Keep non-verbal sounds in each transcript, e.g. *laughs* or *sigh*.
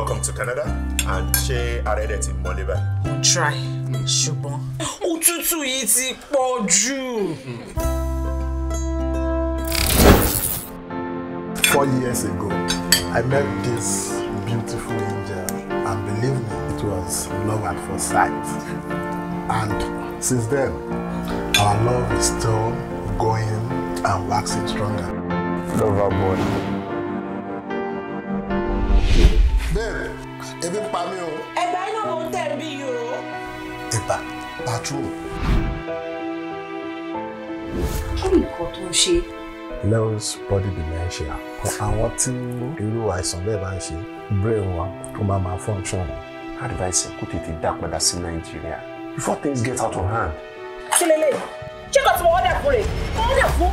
welcome to Canada and ṣé ara ẹ̀dẹ̀ ti mọ́lé mo try ṣùgbọ́n òtútù yìí ti pọ̀ jù. four years ago I met this beautiful angel and believe me it was love at first sight and since then our love is still going and waxing stronger. boy. ebi ń pa mí o. ẹ̀bà iná mo ń tẹ̀ bí yìí o. ẹ̀bà pàtrò. kí ni nǹkan tó ń ṣe? Lewy's body dementia àwọn tí irú àìsàn bẹ́ẹ̀ bá ń ṣe brain wa tó máa máa function. advice kò tètè dá padà sí Nàìjíríà before things get out of hand. kí lélẹ̀ ṣé kò tí mo wọ́dà fún rẹ̀ mo wọ́dà fún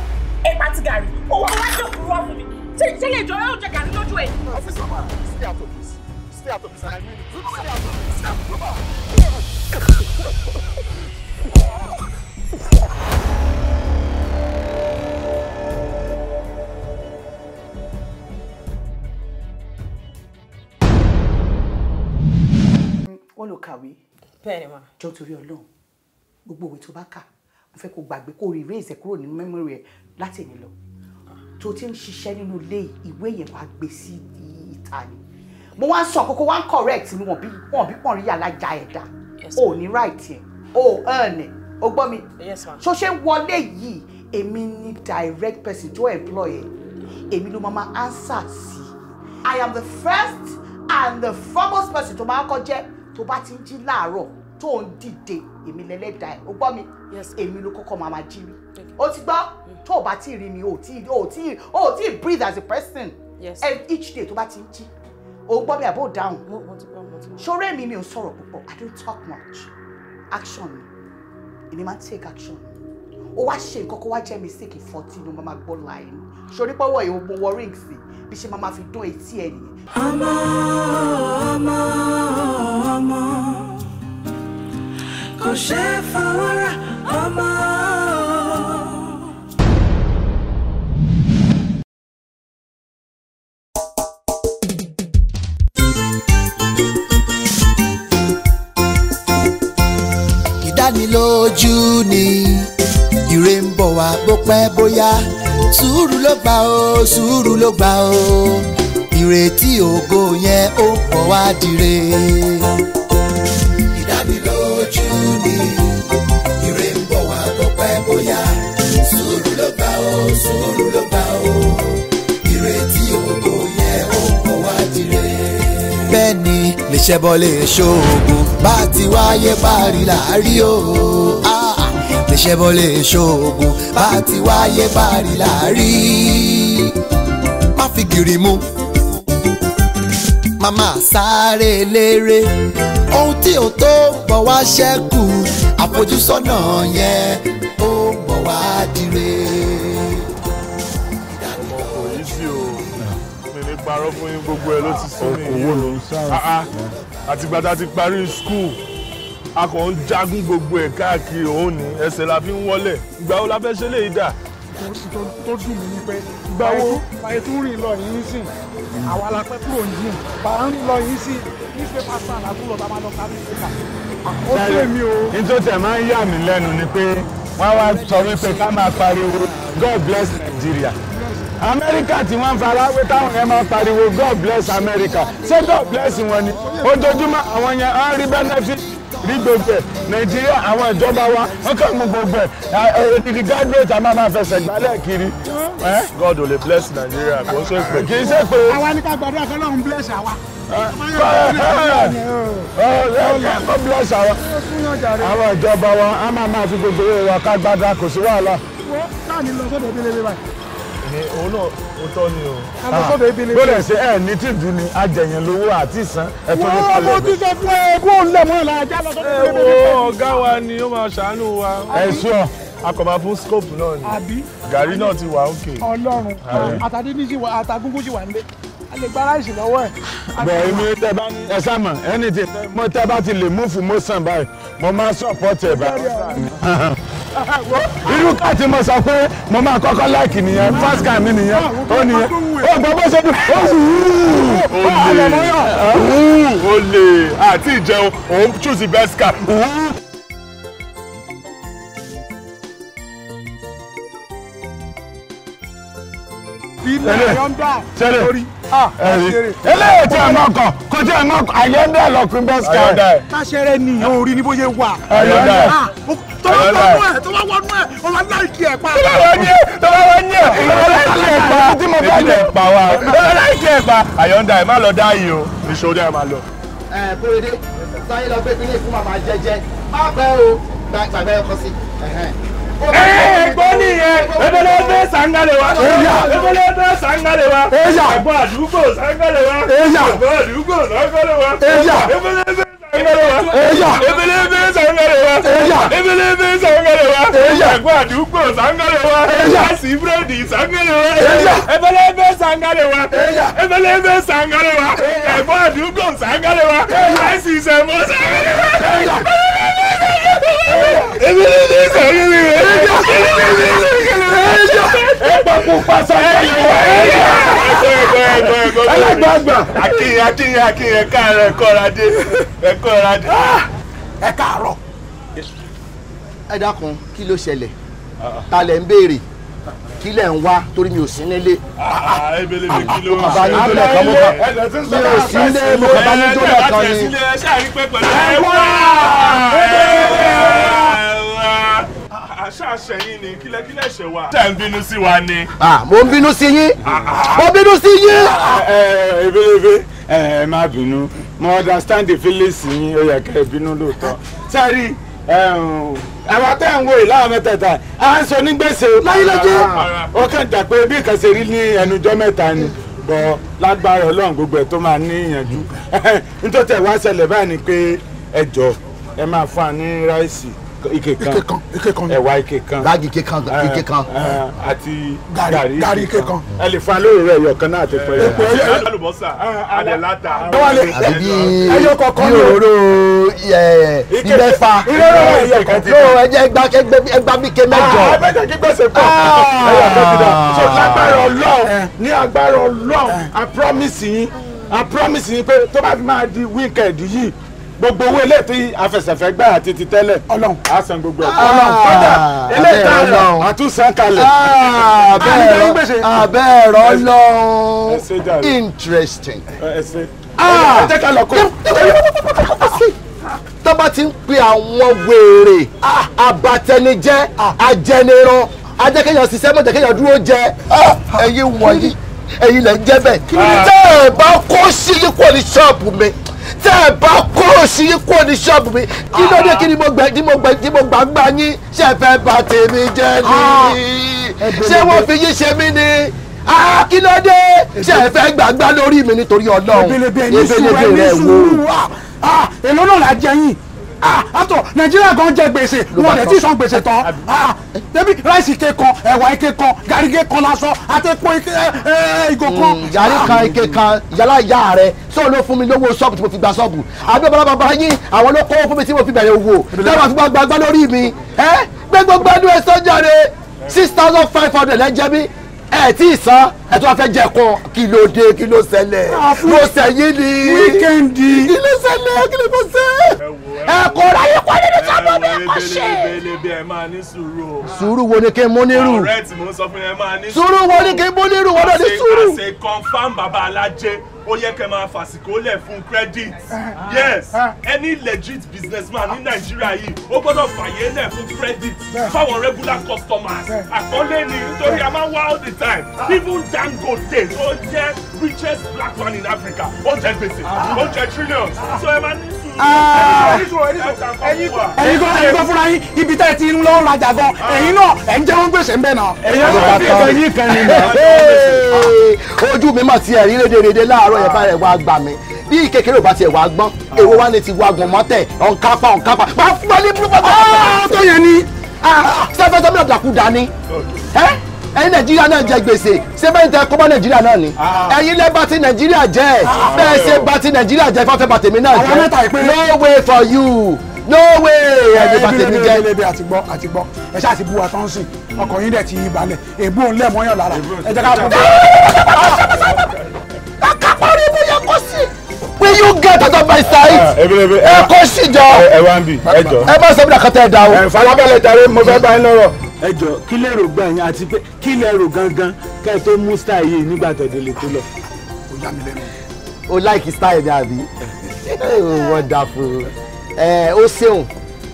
ẹ̀pà àti gàrí òun wá jókòó wá fún mi ṣé ìṣẹ̀lẹ̀ ìjọba yóò jẹ gàrí lójú ẹ̀. ọ̀fíìsì ọ̀pá sí àtọ̀fíìsì stay out of this and I mean it. Stay out of this. wọ́n ló kàwé bẹ́ẹ̀ni ma jọ torí ọlọ́run gbogbo òwe tó bá kà mo fẹ́ kó gbàgbé kó rí eré ìṣẹ́ kúrò ní mẹ́mórì ẹ̀ láti ẹ̀yìn lọ tó ti ń ṣiṣẹ́ nínú ilé ìwé yẹn wàá gbé sí ìta ni mo wá ń sọ kókó wá ń correct mi wọ̀n bí wọ̀n bí pọ̀n rí alájà ẹ̀dá o ní right yẹn o earn ẹ̀ o gbọ́ mi so ṣé wọlé yìí èmi ni direct person tó employ ẹ̀ èmi ló máa answer sí i am the first and the foremost person tó máa kọ́ jẹ́ tó bá ti ń jí láàárọ̀ tó ń dìde èmi lẹ́lẹ́dàá ẹ̀ o gbọ́ mi èmi ló kọ́kọ́ máa máa jí rí o ti gbọ́ mm. tó o bá ti rí mi o ti o ti o ti breathe as a person yes. each day tó bá ti ń jí o gbọ́ bí àbò dáhùn ṣoré mi mi ò sọ̀rọ̀ púpọ̀ i don't talk much action mi èmi máa ń take action o wá ṣe nǹkan kó wá jẹ́ mistake fourteen o máa máa gbọ́ láàyè ni ṣorí pọ́wọ́ yìí mo wọ rings ni bí ṣe máa máa fi dún etí ẹ nìyẹn. ọmọ ọmọ ọmọ kò ṣeé fọwọ́ra ọmọ. mi lójú ni ire ń bọ̀ wá bó pẹ́ bóyá sùúrù ló gbà o sùúrù ló gbà o ìrètí ògo yẹn ó pọ̀ wá dire. ìdánilójú ni. ṣẹbọ lè ṣoògùn bá ti wáyé parí láàrí o ah, lè ṣẹbọ lè ṣoògùn bá ti wáyé parí láàrí má fi gìrì mu màmá sáré eléré ohun tí ò tó bọ̀ wá ṣẹ́kù àfojúsọ́nà yẹn ó bọ̀ wá dire. gbogbo ẹ̀ ló ti sún mi yìí owó àtìgbà tá a ti parí skul a kò ń jagun gbogbo ẹ̀ káàkiri òun ni ẹsẹ̀ la fi ń wọlé ìgbà wo la fẹ́ ṣe léyìí dà. tó dùn mí ni ìgbà wo báyìí tún rìn lọ yìí sìn àwa la pẹ́ kúrò yìí bàá ń lọ yìí sìn ní ṣe pásítà làkúlọ̀ tá a máa lọ kárí síta. ó pè mí o. nítorí tẹ̀ máa ń yà mí lẹ́nu ni pé wọ́n wá sọ wípé ká máa pariwo God bless Nigeria amẹ́ríkà tí wọ́n ń fara wé táwọn yẹn máa pariwo god bless america ṣé god bless wọn ni ojoojúmọ́ àwọn yẹn á rí benefit rí gbogbo ẹ̀ nàìjíríà àwọn ìjọba wa wọ́n kàn mú gbogbo ẹ̀ èdìdì graduate a máa máa fẹsẹ̀ gbálẹ̀ kiri. god ò lè bless nàìjíríà kò ṣe pé. kì í ṣe pé. àwa ní ká gbàdúrà kọ́ lóun bless àwa. kọ́ bless àwa. àwọn ìjọba wa a máa máa fi gbogbo owó ká gbádùn kò wàhálà. wọ́n káàní lọ sọ́dọ̀ bí lè báyìí ní òun náà ó tọ́ ni o. àmọ́sọ́dọ̀ ibi ni. Ah, bóde ṣe ẹ ní tìjú ni ajẹyàn lówó àti ìsan ẹ̀tọ́ ló kọ́ lẹ́nu. wọ́n mo ti sọ fún ẹ kó ń lẹ̀ mọ́ ìlà ajá lọ́sọ́dọ̀ ibi ni. ẹ wo ọ̀gá wa ni ó máa ṣàánú wa. ẹ ṣọ́ akọ̀bá fún scope náà ni. àbí gàrí náà ti wà òkè. ọlọ́run àtàdé ní sí wa àtàgúngún sì wà nílé a lè gbára ìsìn lọ́wọ́ ẹ̀. bọ̀ èmi tẹ́ bá ní ẹ sá mọ̀ ẹni tí bá ti lè mú fún mo báyìí mo máa sọ̀pọ̀ tẹ̀ báyìí. *laughs* irú káàtì mo sọ pé mo máa kọ́kọ́ láìkì nìyẹn fásitì mi nìyẹn ah, ó nìyẹn ó gbọ́ bó ṣe dùn ó sì wúù ó lè ó lè àti ìjẹun òun choose best car. ilé ẹ̀yọ́ ń dà lórí. Ah, eh, eléyìí tí ẹ mọ kàn kó tí ẹ mọ àyẹ̀dẹ̀ lọkùnrin bẹ́ẹ̀ sky. táṣẹ́rẹ́ ni ìyẹn orí ni bó ṣe wà. àyẹ̀dẹ̀ ah, tó bá wọnú ẹ̀ tó bá wọnú ẹ̀ o máa láì kí ẹ̀ pa. tó bá wọnú ẹ̀ tó bá wọnú ẹ̀ o máa láì kí ẹ̀ pa tí mo bá jẹ pa wa o máa láì kí pa. àyọ̀ǹda ẹ̀ má lọ dá yìí o ìṣòro ẹ̀ máa lọ. ẹ bóyede o gbàgbẹ́ ọkọ ẹgbọ́n nìyẹn ebele ebe sangale wa ebele ebe sangale wa ẹgbọ́n àdúgbò sangale wa ẹgbọ́n àdúgbò sangale wa ebele ebe sangale wa ebele ebe sangale wa ebele ebe sangale sangale wa ẹsì búrẹ́dì sangale wa ebele ebe sangale wa ebele ebe sangale wa ẹgbọ́n àdúgbò sangale wa ẹsì èmi ní ní sẹ́yìn mi rẹ̀ ẹjọ́ ẹjọ́ ẹgbàgbọ́ pàṣẹ ẹjọ́ ẹjọ́ ẹjọ́ ẹjọ́ alágbàgbà. akínyìn akínyìn akínyìn ẹ̀ka rẹ̀ ẹ̀kọ́ ọ̀radé ẹ̀kọ́ ọ̀radé. ẹ káàárọ̀. ẹ dákun kí ló ṣẹlẹ̀ ta lẹ̀ ń béèrè kí lẹ̀ ń wá torí mi ò sí nílé. ebele mi kí ló ń ṣe é mi ò sí nílé mo kàn bá ní tó dà kan ni. ẹ wá. ṣẹ̀ yín ni kílẹ̀ kílẹ̀ ṣẹ̀ wa. ṣé ń bínú sí wa ni. mo ń bínú sí yín ah, ah, ah. mo bínú sí yín. ẹ eh, ẹ eh, eh, ebelebe ẹ ẹ má bínú mo understand the feelings yín ó yẹ kẹ́ ẹ bínú lóòótọ́ sẹ́rí àwọn tẹ́ ń wo ìlànà mẹ́tẹ̀ẹ̀ta à ń sọ ní gbèsè láyélájẹ́ ó kàn jà pé bí ìkànsẹ̀ rí ní ẹnujọ́ mẹ́ta ni bọ́ lágbára ọlọ́run gbogbo ẹ̀ tó máa ní ìyànjú *laughs* nítorí ẹ̀ wá ṣẹlẹ̀ báyìí ni pé ẹ jọ ẹ máa fún wa ní ráìsì ike kan ike kan ẹ̀wà ike kan gaagi ike kan ike kan àti gàrí ike kan ẹ lè fa lóore rẹ ẹyọkan náà àti pẹlẹ epo ẹyọ alùbọ́sà adẹ̀láta àbí ẹyọ kọ̀ọ̀kan ní òróró ibẹ̀ fa lóò ẹjẹ ẹgbà bí ike mẹ́jọ. abẹ́jẹ́ ah, kí gbèsè pọ̀ ah. ẹyọ kẹ́kìdá so ah. lágbára ọlọ́ọ̀ eh. ní agbára ọlọ́ọ̀ eh. i promise yín i promise yín pé tó bá fi máa di weekend yìí gbogbo owó ilé tí afẹsẹ̀fẹ́ gbà àti ti tẹ́lẹ̀ ọlọ́run á san gbogbo ẹ̀ ah, ọlọ́run kódà ilé ìtajà àtúnṣe kalẹ̀. Ah, abẹ́ ẹ̀rọ ọlọ́run interesting. tọ́ba ah! ti ń pe àwọn wèrè abatẹnijẹ́ ajẹniran ajẹ́kẹ́yàn ṣiṣẹ́ mọ̀jẹ́kẹ́yàn dúró jẹ ẹ̀yin wọ̀nyí ẹ̀yin lẹ̀ ń jẹ́ bẹ́ẹ̀ tẹ́ ẹ̀ bá kó sílíkọ̀ ní ṣọ́ọ̀bù mi tẹ́ ẹ bá kúrò sí kúrò ní ṣọ́ọ̀bù mi kí ló dé ah. kí ni mo gbẹ tí mo gbẹ tí mo gbà ń gbà yín ṣe fẹ́ bà tèmi jẹ́ ni ah. ṣé wọ́n fi yín ṣe mí ni ah, kí ló dé ṣe fẹ́ gbàgbá lórí mi nítorí ọlọ́run ebelebe rẹ wò. èlò náà la jẹ yín àtọ̀ ah, nàìjíríà gan jẹ gbèsè wọn lè ti san gbèsè tán ah, débi ráìsì ike kan ẹ̀wà ike kan gàrí ike kan lásán àtẹ̀pọ̀ ìgò kan. gàrí mm, kan ah. ike kan yàrá ìyá rẹ sọ ló fún mi lówó ṣọ́ọ̀bù tí mo fi gba ṣọ́ọ̀bù àbí ọ̀bọ̀lá bàbá yín àwọn ló kọ́ fún mi tí mo fi bẹ̀rẹ̀ owó dábàá fi gbàgbà lórí mi ẹ gbẹgbẹgbẹ ẹnu ẹ sọjà rẹ six thousand five hundred ẹ jẹ mi ẹ tí ì san ẹ tó wá fẹ́ jẹ kan kí ló dé kí ló ṣẹlẹ̀ ah, ló ṣẹyìn ni wíkẹ́ndì kí ló ṣẹlẹ̀ kí ló fẹ́ ṣe ẹ kò ráyè kọ́ nínú sọ ọ̀rọ̀ mi kò sùúrù wo ni kí n mú nírù. sùúrù. wo ni kí n mú nírù wọ́n náà ní sùúrù. àṣe confam baba alájẹ ó yẹ kẹ́ máa fàsìkò lẹ̀ fún credit yes any legit businessman ní nàìjíríà yìí ó gbọ́dọ̀ fàyè lẹ̀ fún credit fáwọn regular customers àkọlé ni nítorí a máa wá all the time even dangote ó jẹ́ richest black man in africa ó jẹ gbèsè ó jẹ trillions so ẹ máa ní sùúrù ah. ẹ̀yin kò gbọ́ ẹ gbọ́ fúnra yín ibi tẹ́ ẹ ti ń lọ rajà gan ẹ̀yin náà ẹ̀ ń jẹ́ wọ́n gbèsè ń bẹ̀ náà. ẹ̀yin náà fi ẹ̀kan yín kan nínú. ojú mi mà ti ẹ̀rí rédèrèdè láàárọ̀ yẹn bá wá gbà mí bí kékeré ò bá tiẹ̀ wá gbọ́n èwo wá ní ti wá gùn mọ́tẹ̀ ọ̀nkápá ọ̀nkápá máa fún wa ní blue bottle. nàìjíríà náà jẹ gbèsè ṣé bẹ́ẹ̀ tẹ kọ́ bá nàìjíríà náà ni ah. ẹ̀yin lẹ́bà tí nàìjíríà jẹ́ ah. bẹ́ẹ̀ ṣe ti nàìjíríà jẹ́ fáfẹ́ bàtẹ̀mí náà jẹ́ no way for you no way ẹni bá tèmi jẹ ẹlẹbẹ àtìgbọ àtìgbọ ẹ ṣáà ti bu wa tán sìn ọkọ yín dẹ ti balẹ̀ èbú òun lẹ mọyàn lára ẹ jẹ ká bọ. akápọ̀rọ̀ ibú yẹ kó sí. will you get out of my sight. Ah, ẹ ah. kó sì jọ ẹ wá ń bì ẹ jọ ẹ bá sọ fún mi àkàtà ẹ dá o. ẹ falabẹ́lẹ̀ jàre mo fẹ́ bá yín lọ́rọ̀ ẹ jọ kí lè rò gbà yín àti pé kí lè rò gangan kẹ ẹ tó mú style yìí nígbà tẹ̀dẹ̀lẹ̀ tó lọ. o yà mí lẹ́nu. o like style mi àbí. Eh, eh, eh, wonderful ẹ ó ṣeun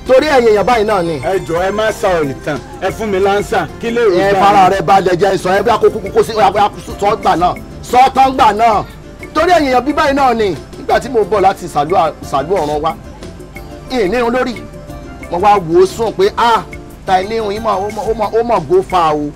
torí ẹ̀yin èèyàn báyìí náà ni. ẹ jọ ẹ má sa ọ̀rì tán ẹ fún mi lánsà kí lè rú dáa. ẹ fara rẹ balẹ̀ jẹ́ sọ ẹ bí akókó kókó sí sọ gbà náà sọ tán gbà náà torí ẹ̀yin èèyàn bí báyìí náà ni nígbà tí mo bọ̀ láti sàlú ọ̀ràn wa ìní irun lórí mo wá wò ó sùn pé ah ta irun yìí ó mọ̀ go fa o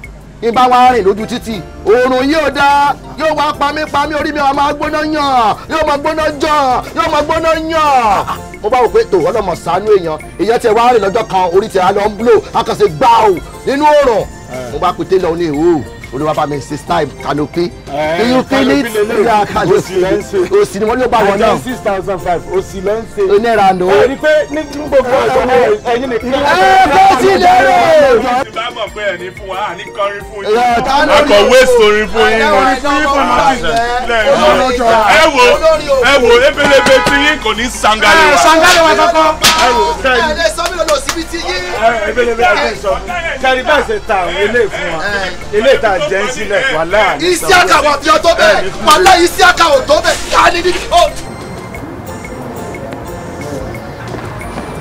ń bá wa rìn lójú títì òòrùn yìí ò dáa yóò wá pamípamí orí mi ò máa gbóná yàn yóò máa gbóná jàn yóò máa gbóná yàn mo bá wò pé tò ọlọmọ ṣàánú èèyàn èèyàn tiẹ̀ wá rìn lọ́jọ́ kan orí tiẹ̀ á lọ ń blò akànṣe gbáò nínú òòrùn mo bá pété lọ ní ìhòòhò olúwa ṣe style kanopi eh, do you feel it ya kanopi òsì ni wọ́n ló bá wọn náà six thousand five òsì ló onira no. ẹ rí pé ní gbogbo ọ̀sán eh, ẹ̀yin nìkan. Eh, ẹ bó lérò. ìbámu pé ẹni fún wa àní kọrin fún yín. akọ̀wé sọrin fún yín ẹ wo ẹ wo ebelebe tí yín kò ní sangare wa. Ah, sangare wa ẹ wo sẹ́yìn. Ah, ẹ lè sọ mí lọ́dọ̀ síbi tí yín. ẹ fẹ́ jẹ́ ń sílẹ̀ wàhálà. Isiaka wà fi ọtọ́ bẹ́ẹ̀ wàhálà Isiaka ò tó bẹ́ẹ̀ ká ní ní.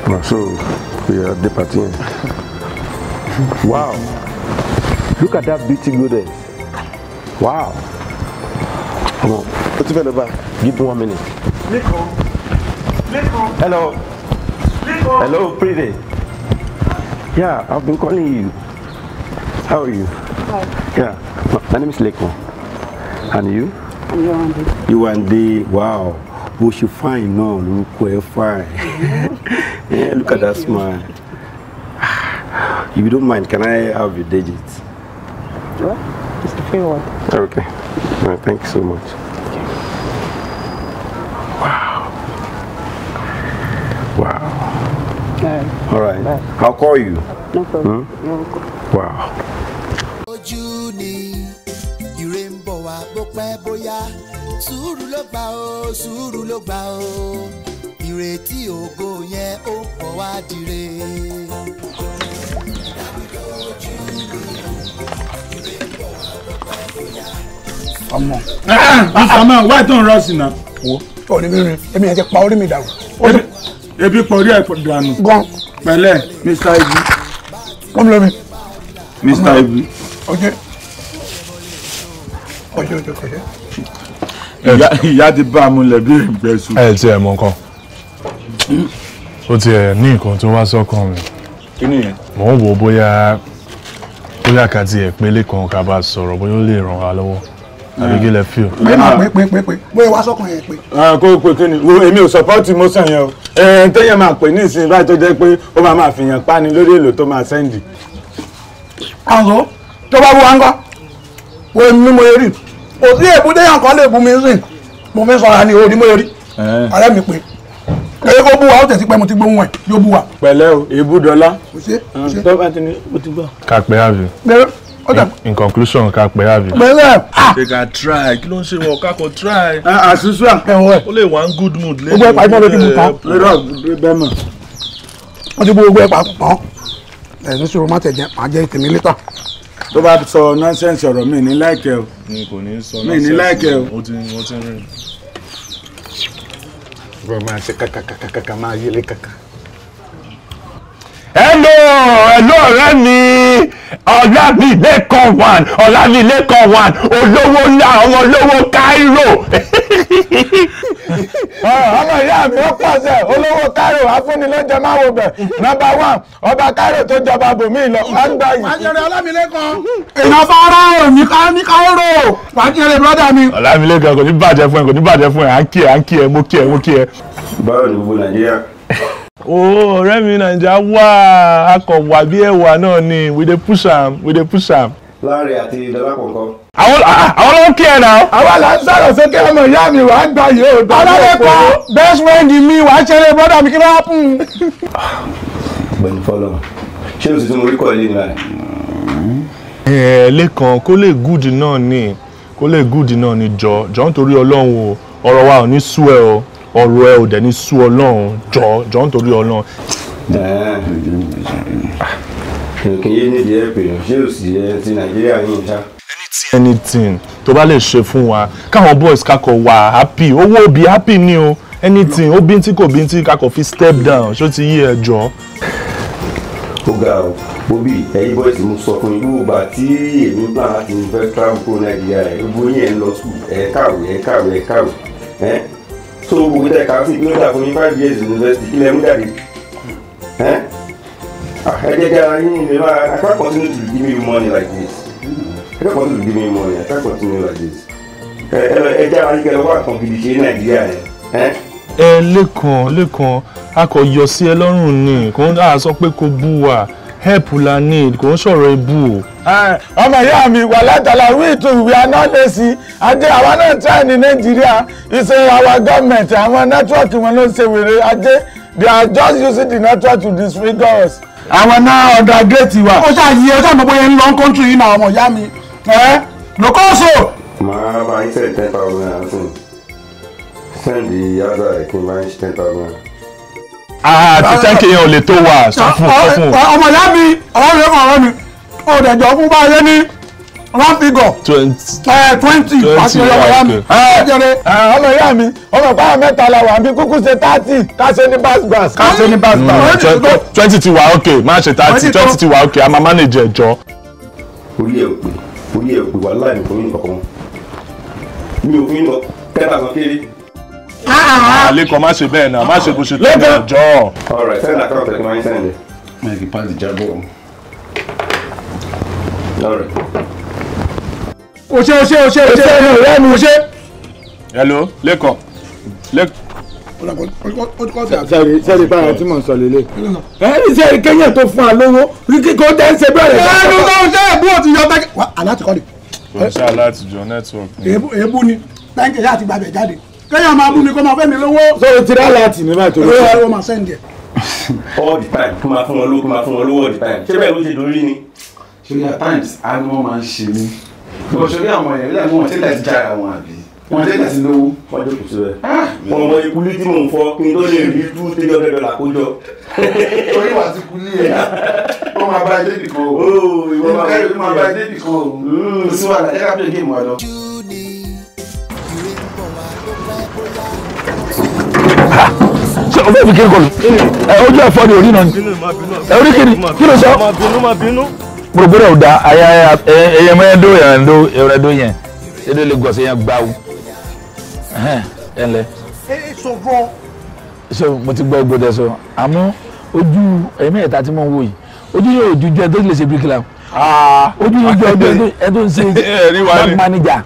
Maso, we are departing. Wow, look at that beauty goddess. Wow. Come on. What's the matter? Give me one minute. Nico. Nico. Hello. Nico. Hello, pretty. Yeah, I've been calling you. How are you? Hi. Yeah. My name is Leko. And you? I'm Yewande. Yewande, wow. Bó ṣe fine now. lórúkọ ẹ fine. *laughs* yeah, look Thank at that you. smile. *sighs* If you don't mind, can I have your digits? What? It's the favorite. Okay. All right. thank you so much. Wow. Wow. All right. All right. I'll call you. No problem. Hmm? are welcome. Wow. pẹ́ bóyá sùúrù ló gbà ó sùúrù ló gbà ó ìrètí ògo yẹn ó pọ̀ wá dire. ọmọ ah, ah, ọmọ wá tó ń rọ sí náà. wo ò ní bírin èmi yẹn ti pa orí mi dàrú. ebi pa orí ẹ dànù. gan. pẹ̀lẹ́ mr ibu. kọ́mi lómi. mr ibu. ọjọ́. Okay ọjọ́ ọjọ́ kọjá. ìyá ti bá a múlẹ̀ bí ìgbẹ́sùn. ẹ ti ẹ̀ mọ nǹkan ó ti ẹ̀ ní nǹkan tó wá sọ́kàn mi. kí ni yẹn. mò ń wò ó bóyá bóyá ká tiẹ̀ pélé kan ká bá sọ̀rọ̀ bóyá ó lè ràn wá lọ́wọ́ àbí kí lẹ ah. fi o. pé máa pé pé pé pé bóyá wá sọ́kàn yẹn pé. Ah, kó pé kí ni wo èmi ò sọpọ́ọ̀tì mọ́sàn yẹn o tẹ́yẹ̀ máa pè ní ìsinyìí báyìí tó jẹ́ pé ó máa máa fìyàn pani lórí èlò tó máa sẹ́ndì. àǹgó tó bá wú wa ń kọ́ wo ni mo yẹ rí kò sí èbúté yàn kan lè bu mi sìn mo fi sọra ni òní mọ́yọ́rí ọ̀rẹ́ mi pé kéré kó bú wa ó tẹ̀sí pé mo ti gbóhùn ẹ̀ yóò bú wa. pẹ̀lẹ́ o èébú dọ́lá. kò àbí. In, conclusion ká pẹ́ àbí. bẹ́ẹ̀ ah. ṣe ká try kí ló ń ṣe wọn ká try. àṣìṣe ẹ̀wọ̀n ẹ̀. ó lè wá ń good mood lẹ́yìn. gbogbo ẹ̀pà ìmọ̀ ló ti mú ta. lọ́dọ̀ bẹ́ẹ̀ mọ̀. wọ́n ti gbogbo ẹ̀pà pọ̀ ẹ̀sùn ṣòro má tẹ̀ jẹ́ màá jẹ́ tèmi lítà tó bá sọ nọ́nsẹ̀nsì ọ̀rọ̀ mi ní láìkẹ́ o mi ní láìkẹ́ o. bọ́ máa ṣe kàkàkàkà máa yẹlé kàkà. hello hello ọ̀rẹ́ mi ọ̀làmìlẹ́kọ̀ọ́ one ọ̀làmìlẹ́kọ̀ọ́ one olówó ńlá àwọn olówó Cairo ọmọ ìyá mi ó pàṣẹ olówó kárò afúnilóúnjẹ máa wo bẹ̀ nọ́mbà one ọba kárò tó jọba bòmí lọ ọgbà yìí. wájẹrẹ ọlámilékan. ìjọba ara ò ní ká ní ká rò wájẹrẹ bọ́dà mi. ọlámilékan kò ní bàjẹ́ fún ẹ kò ní bàjẹ́ fún ẹ à ń kí ẹ à ń kí ẹ mo kí ẹ mo kí ẹ. báwo ni gbogbo nàìjíríà. *laughs* o ọ̀rẹ́ mi nàìjíríà wà á kọ̀ wà bí ẹ̀wà we dey push am we dey push am. Láńrè àti Dọ́lápọ̀ nǹkan. àwọn àwọn ló ń kí ẹ náà. àwa là ń sọ̀rọ̀ sókè ọmọ ìyá mi wàá gbà yìí ó dọ́ ọ̀rẹ́ best friend mi wàá ṣeré brother mi kí ló hápùn. gbẹ̀yìn fọlọ ṣé o sì tún orí kọ́ ilé ni báyìí. ẹ lẹ́kàn kó lè gúdì náà ni kó lè gúdì náà ni jọ jọ nítorí ọlọ́run o ọ̀rọ̀ wa ò ní sú ẹ o ọ̀rọ̀ ẹ ò dẹ̀ ní sú ọlọ́run jọ jọ nítorí ọlọ́run kìí nídìí ẹ pè ọ ṣé òsì ẹ ti nàìjíríà yìí ṣá. anything tó bá lè ṣe fún wa káwọn boys kakọ wà happy owó òbí happy ni o anything ó bíntín kò bíntín kakọ fi step down ṣó ti yí ẹ jọ. ó ga ọ bobi ẹyin boys mo sọ fún yín ìgbà tí èmi gbà láti fẹ́ travel kó nàìjíríà ẹ gbogbo yín ẹ ń lọ sùn ẹ kàwé ẹ kàwé ẹ kàwé ẹ tó gbogbo tẹ káfíń kí ló dà fún yín five years university kí lẹ mú jáde ẹ. I get that. I can't continue to give you money like this. I can't continue to give you money. I can't continue like this. Ẹ jẹ́ àwọn akẹ́kọ̀ọ́ wà kan gidi ṣe ní Nàìjíríà yẹn. Ẹ lẹ́kan lẹ́kan a kò yọ sí ẹ lọ́rùn ni kò ń dà sọ pé kò bú wa help la need kò ń sọ̀rọ̀ ibú o. ọmọ ìyá mi wà látàlá we too we are not lazy àti àwa náà try ní Nàìjíríà ìṣe our government àwọn nẹ́tíwọ̀kì wọn ló ṣe wèrè ajé they are just using the network to disfigure us àwọn náà ọ̀dà géètì wa. ó ṣáàyè ó ṣáà mọ bóyá ń lọ kọ́ńtù yìí náà ọmọ ìyá mi ẹ lókọ́sọ̀. màá bá yín sẹ́ẹ̀ ten thousand naira fún sẹ́ǹdì yàtọ̀ rẹ̀ kí n bá ṣe ten thousand naira. àti ah, tẹ́ǹkì yẹn ò lè tó wa sọ fún un. ọmọ ìyá mi ọ̀rọ̀ mi ọ̀rọ̀ mi ò fún báyẹn ní one figure twenty eh, pàṣẹ eh, eh, ọmọ ya mi ọjọre ọmọ ya mi ọmọ pa mẹ́ta la wà mí kúkú ṣe thirty káṣe ní bass bass. káṣe ní bass bass. twenty ti wà okay má ṣe thirty twenty ti wà okay a máa manage ẹjọ. orí ẹ̀ pé orí ẹ̀ pé wàhálà ìfún yìí kankan mi ò fún yìí lọ ten thousand kéré. Ah, ah, ah. lẹ́kọ̀ọ́ má ṣe bẹ́ẹ̀ náà má ṣe bó ṣe tó ní ọjọ́. ọ̀rẹ́ sẹ́ni àkàrà tẹ̀lé máa ń sẹ́ni. mẹ́ẹ̀kì pàǹtí jábọ̀. ọ̀rẹ́ o ṣe o ṣe o ṣe o ṣe ọ̀rẹ́ mi o ṣe. hello lẹ́kọ̀ọ́ sẹ́ẹ̀rì bára tí mò ń sọ lélẹ̀. ẹ̀rí sẹ́ẹ̀rì kẹ́yìn tó fún wa lówó kíkó tẹ́ ń ṣe bẹ́ẹ̀ rẹ̀. tó ń sẹ́ẹ̀ bú òtún yọ bẹ́ẹ̀. wà á láti kọ́ ni. wọ́n ṣe aláàtijọ́ nẹ́tíwọ̀kì. èébú ni báńkì yá gbàgbẹ́ jáde kẹ́yìn máa bú mi kó máa fẹ́ mi lówó. sọ̀rọ̀ bó ṣe rí àwọn èèyàn nígbà tí wọ́n ti láti jára wọn àbí wọ́n ti láti lówó. wọ́n jókòó síbẹ̀ ah! wọ́n mọ ìkúlé tí mò ń fọ́ kí n tó lè rí tú tẹ́lẹ̀ ọ̀dọ̀ dọ̀là kó jọ. torí wàá ti kú ní ẹ̀ wọ́n máa bá débì kan o oh, wọ́n máa bá débì kan o mm. kò sí wàhálà ẹ̀ka pé géèmù wa lọ. ṣe o fẹ́ fi kiri kọlu ojú ẹ̀fọ́ ni orí náà ni orí kiri kí ló sọ propone ọ̀dà ẹ̀yẹmọ ẹ̀dọ́ ẹ̀rẹ̀dọ́ ẹ̀rẹ̀dọ́ yẹn ẹ̀dọ́ Lagos yẹn gbáwó ẹ̀lẹ́. ẹ sọ̀rọ̀. so mo ti gbọ́ gbọ́dọ̀ sọ àmọ́ ojú ẹ̀mí ẹ̀ta tí mo ń wò yìí ojú yóò ojú jọ ẹ̀dọ́ lè ṣe bíríkìlà ah. ojú yóò jọ ẹ̀dọ́ ń ṣe mánijà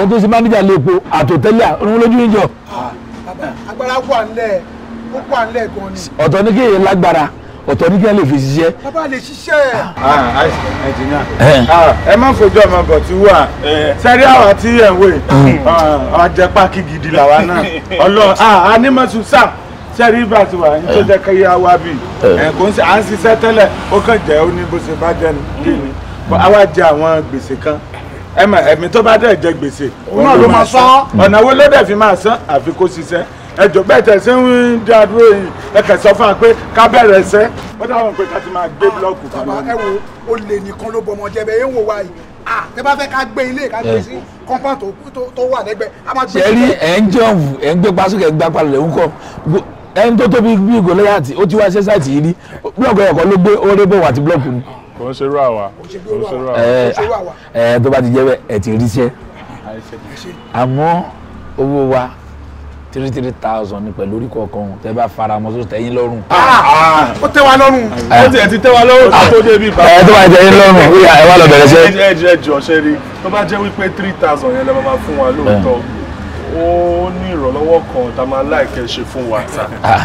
ẹ̀dọ́ ń ṣe mánijà *laughs* lẹ́pọ̀ àtòtẹ́lẹ̀ ọ̀run lójú yín jọ. Ah, agbára wà ń lẹ̀ ó wà ń lẹ̀ gan ni. ọ̀tọ̀ ní kéèyàn lágbára ọ̀tọ̀ ní kíá lè fi ṣiṣẹ́. bàbá lè ṣiṣẹ́. Ah, ah, eh. ah, ẹ má fojú ọmọ bọ̀ tí wà eh. sẹ́rí àwa tí ẹ̀ wé hmm. àjẹpákí gidi làwa náà ọlọ́run ànímọ̀tún sáà sẹ́rí bá ti wà ní tó eh. jẹ́ kí yá wá bí kò ń ṣe à ń ṣiṣẹ́ tẹ́lẹ̀ ó kàn jẹ́ ó ní bó ṣe bá jẹ́ kí ni àwa jẹ àwọn gbèsè kan ẹ̀mí tó bá dẹ̀ jẹ gbèsè òun náà ló máa san ọ̀nà wo ló dẹ̀ fi máa san àfi kó ṣiṣẹ́ ẹjọ bẹ́ẹ̀ tẹsí ń dí àdúró yìí ẹ kẹsàn fún wa pé ká bẹ̀rẹ̀ ẹsẹ ó dáwọn pé ká ti máa gbé búlọọkù fún wa. ẹ wo o lè nìkan ló bọmọ jẹbẹ yẹn wò wá yìí tẹ bá fẹ́ ká gbé ilé ká gbé sí kọ́ńpọ́ǹtì tó wà lẹ́gbẹ́ a máa gbé. sẹ́rí ẹ̀ ń jọ̀wù ẹ̀ ń gbé pásókè ń gbá palẹ̀ ń kọ́ ẹni tó tóbi bí gòlẹ́yàtì ó ti wá ṣe sáìtì yìí rí búlọ̀kù ẹ̀kọ́ ló gbé orébò àti búlọ̀kù ni. kò ń ṣerú àwa kò ń ṣerú àwa. ẹ ẹ tó bá ti jẹ́ bẹ́ẹ̀ ẹ̀ ti ríṣẹ́ àmọ́ owó wa three three thousand ni pẹ̀lú orí kọ̀ọ̀kan tẹ bá fara mọ́ tó tẹ́yìn lọ́rùn. Ah! Ah! ó tẹ́ wa lọ́rùn ah! ó tiẹ̀ ti tẹ́ wa lọ́rùn tó tó débi ìbá. ẹ tó bá tẹ́yìn lọ́rùn ẹ wá lọ bẹ̀rẹ̀ sẹ́. ẹ jọ ṣe rí tó bá jẹ́ wípé three thousand yẹn lè máa fún wa lóòótọ́ ó ní ìrànlọ́wọ́ kan tá a máa láìkẹ́ ṣe fún wa.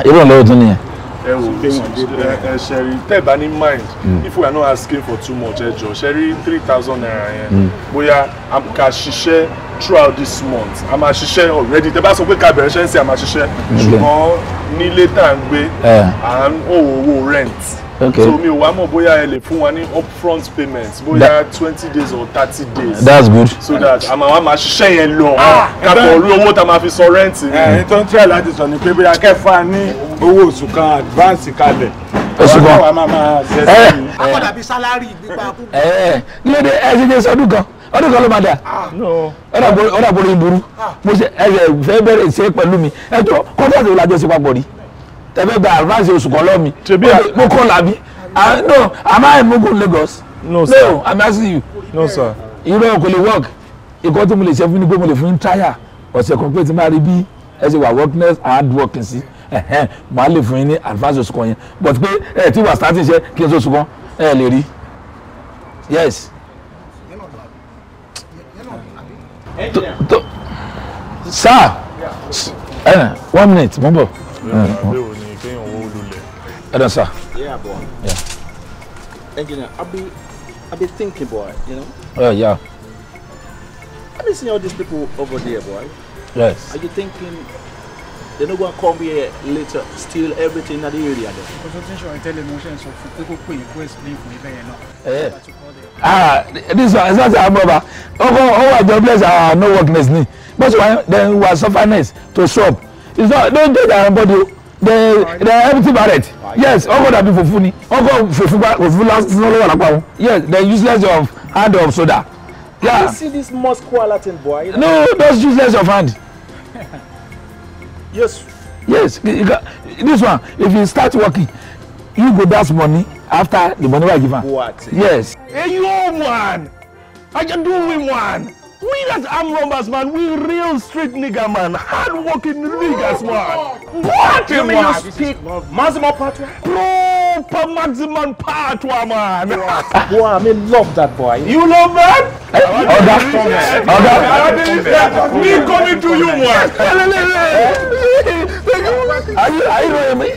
ìrànlọ́wọ́ tún nìyẹn ẹ wò ẹ ṣe rí bá ní mind hmm. if we are not asking for too much ẹ jọ ṣe three thousand naira yẹn hmm. bóyá a kà ṣiṣẹ́ throughout this month a máa ṣiṣẹ́ already tẹ́ bá sọ pé ká bẹ̀rẹ̀ ṣẹ́ ń sìn a máa ṣiṣẹ́ hmm. ṣùgbọ́n nílé tá à ń gbé eh. à ń owó owó rent okay. so mi ò wá mọ̀ bóyá ẹ lè fún wa ní upfront payment bóyá twenty days or thirty days. that's good. so that àmọ́ wa máa ṣiṣẹ́ yẹn lọ ah, ah, kakọ̀ orí owó tá a máa fi san rent. ẹni tó ń tẹ̀ láti sọ ni pé bóyá kẹfà ní owó oṣù kan advance kalẹ̀ oṣù kan wa máa máa ṣe sí eh. i. akọ̀dà bíi sálárì gbígbà kúkú. ẹ ẹ ilé de ẹ ṣe ṣe sọdún kan ọdún kan ló máa dà ọdún àbúrò yín burú ah. mo ṣe ẹ fẹ́ bẹ̀rẹ̀ ṣe pẹ̀lú mi ẹ tó kọ́ńtà tó lájọ sí papọ̀ rí tẹ́fẹ́ gba advance oṣù kan lọ́mi mo kọ́ làbí no am I mugun Lagos no sir no I'm asking you no sir irọ́ kò lè work ìkọ́ tí mo lè ṣe fún ni pé mo lè fún yín trial ọ̀sẹ̀ kan pé tí máa rí bí ẹ ṣe wà workness and hard working sí màá lè fún yín ní advance oṣù kan yẹn but pé ẹ ti wà starting ṣe kí n ṣe oṣù kan ẹ lè rí yes. sir eh, one minute mo ń bọ̀. Eh, Adam, sir. Yeah, boy. Yeah. Engineer, I'll be, I'll be thinking, boy, you know? Oh, uh, yeah. I've been seeing all these people over there, boy. Yes. Are you thinking they're not going to come here later, steal everything in the area Because then? Consultation and telemotion, so for people who you explain for even now. Eh. Ah, this one is not our brother. Over oh, oh, oh, our jobless are no workness. But then we are suffering to shop. It's not, don't do that body the the empty barret ah, yes ọkọ dàbí fòfú ni ọkọ fòfú fòfú lọ́wọ́ wà lápá wọn yes the useless of hand of soda. Yeah. you see this mosque koala thing boy. no those useless of hand. *laughs* yes. yes this one if you start working you go dash money after the money wey i give am. what. yes. eyi o one i can do win one. We that arm robbers, man, we real street nigga, man. Hard-working niggas, man. What? You mean you speak maximum patois? Proper maximum patois, man. Boy, I mean, love that boy. You love that? Oh, that's strong, Oh, that's Me coming to you, man. Are you, are you hearing me?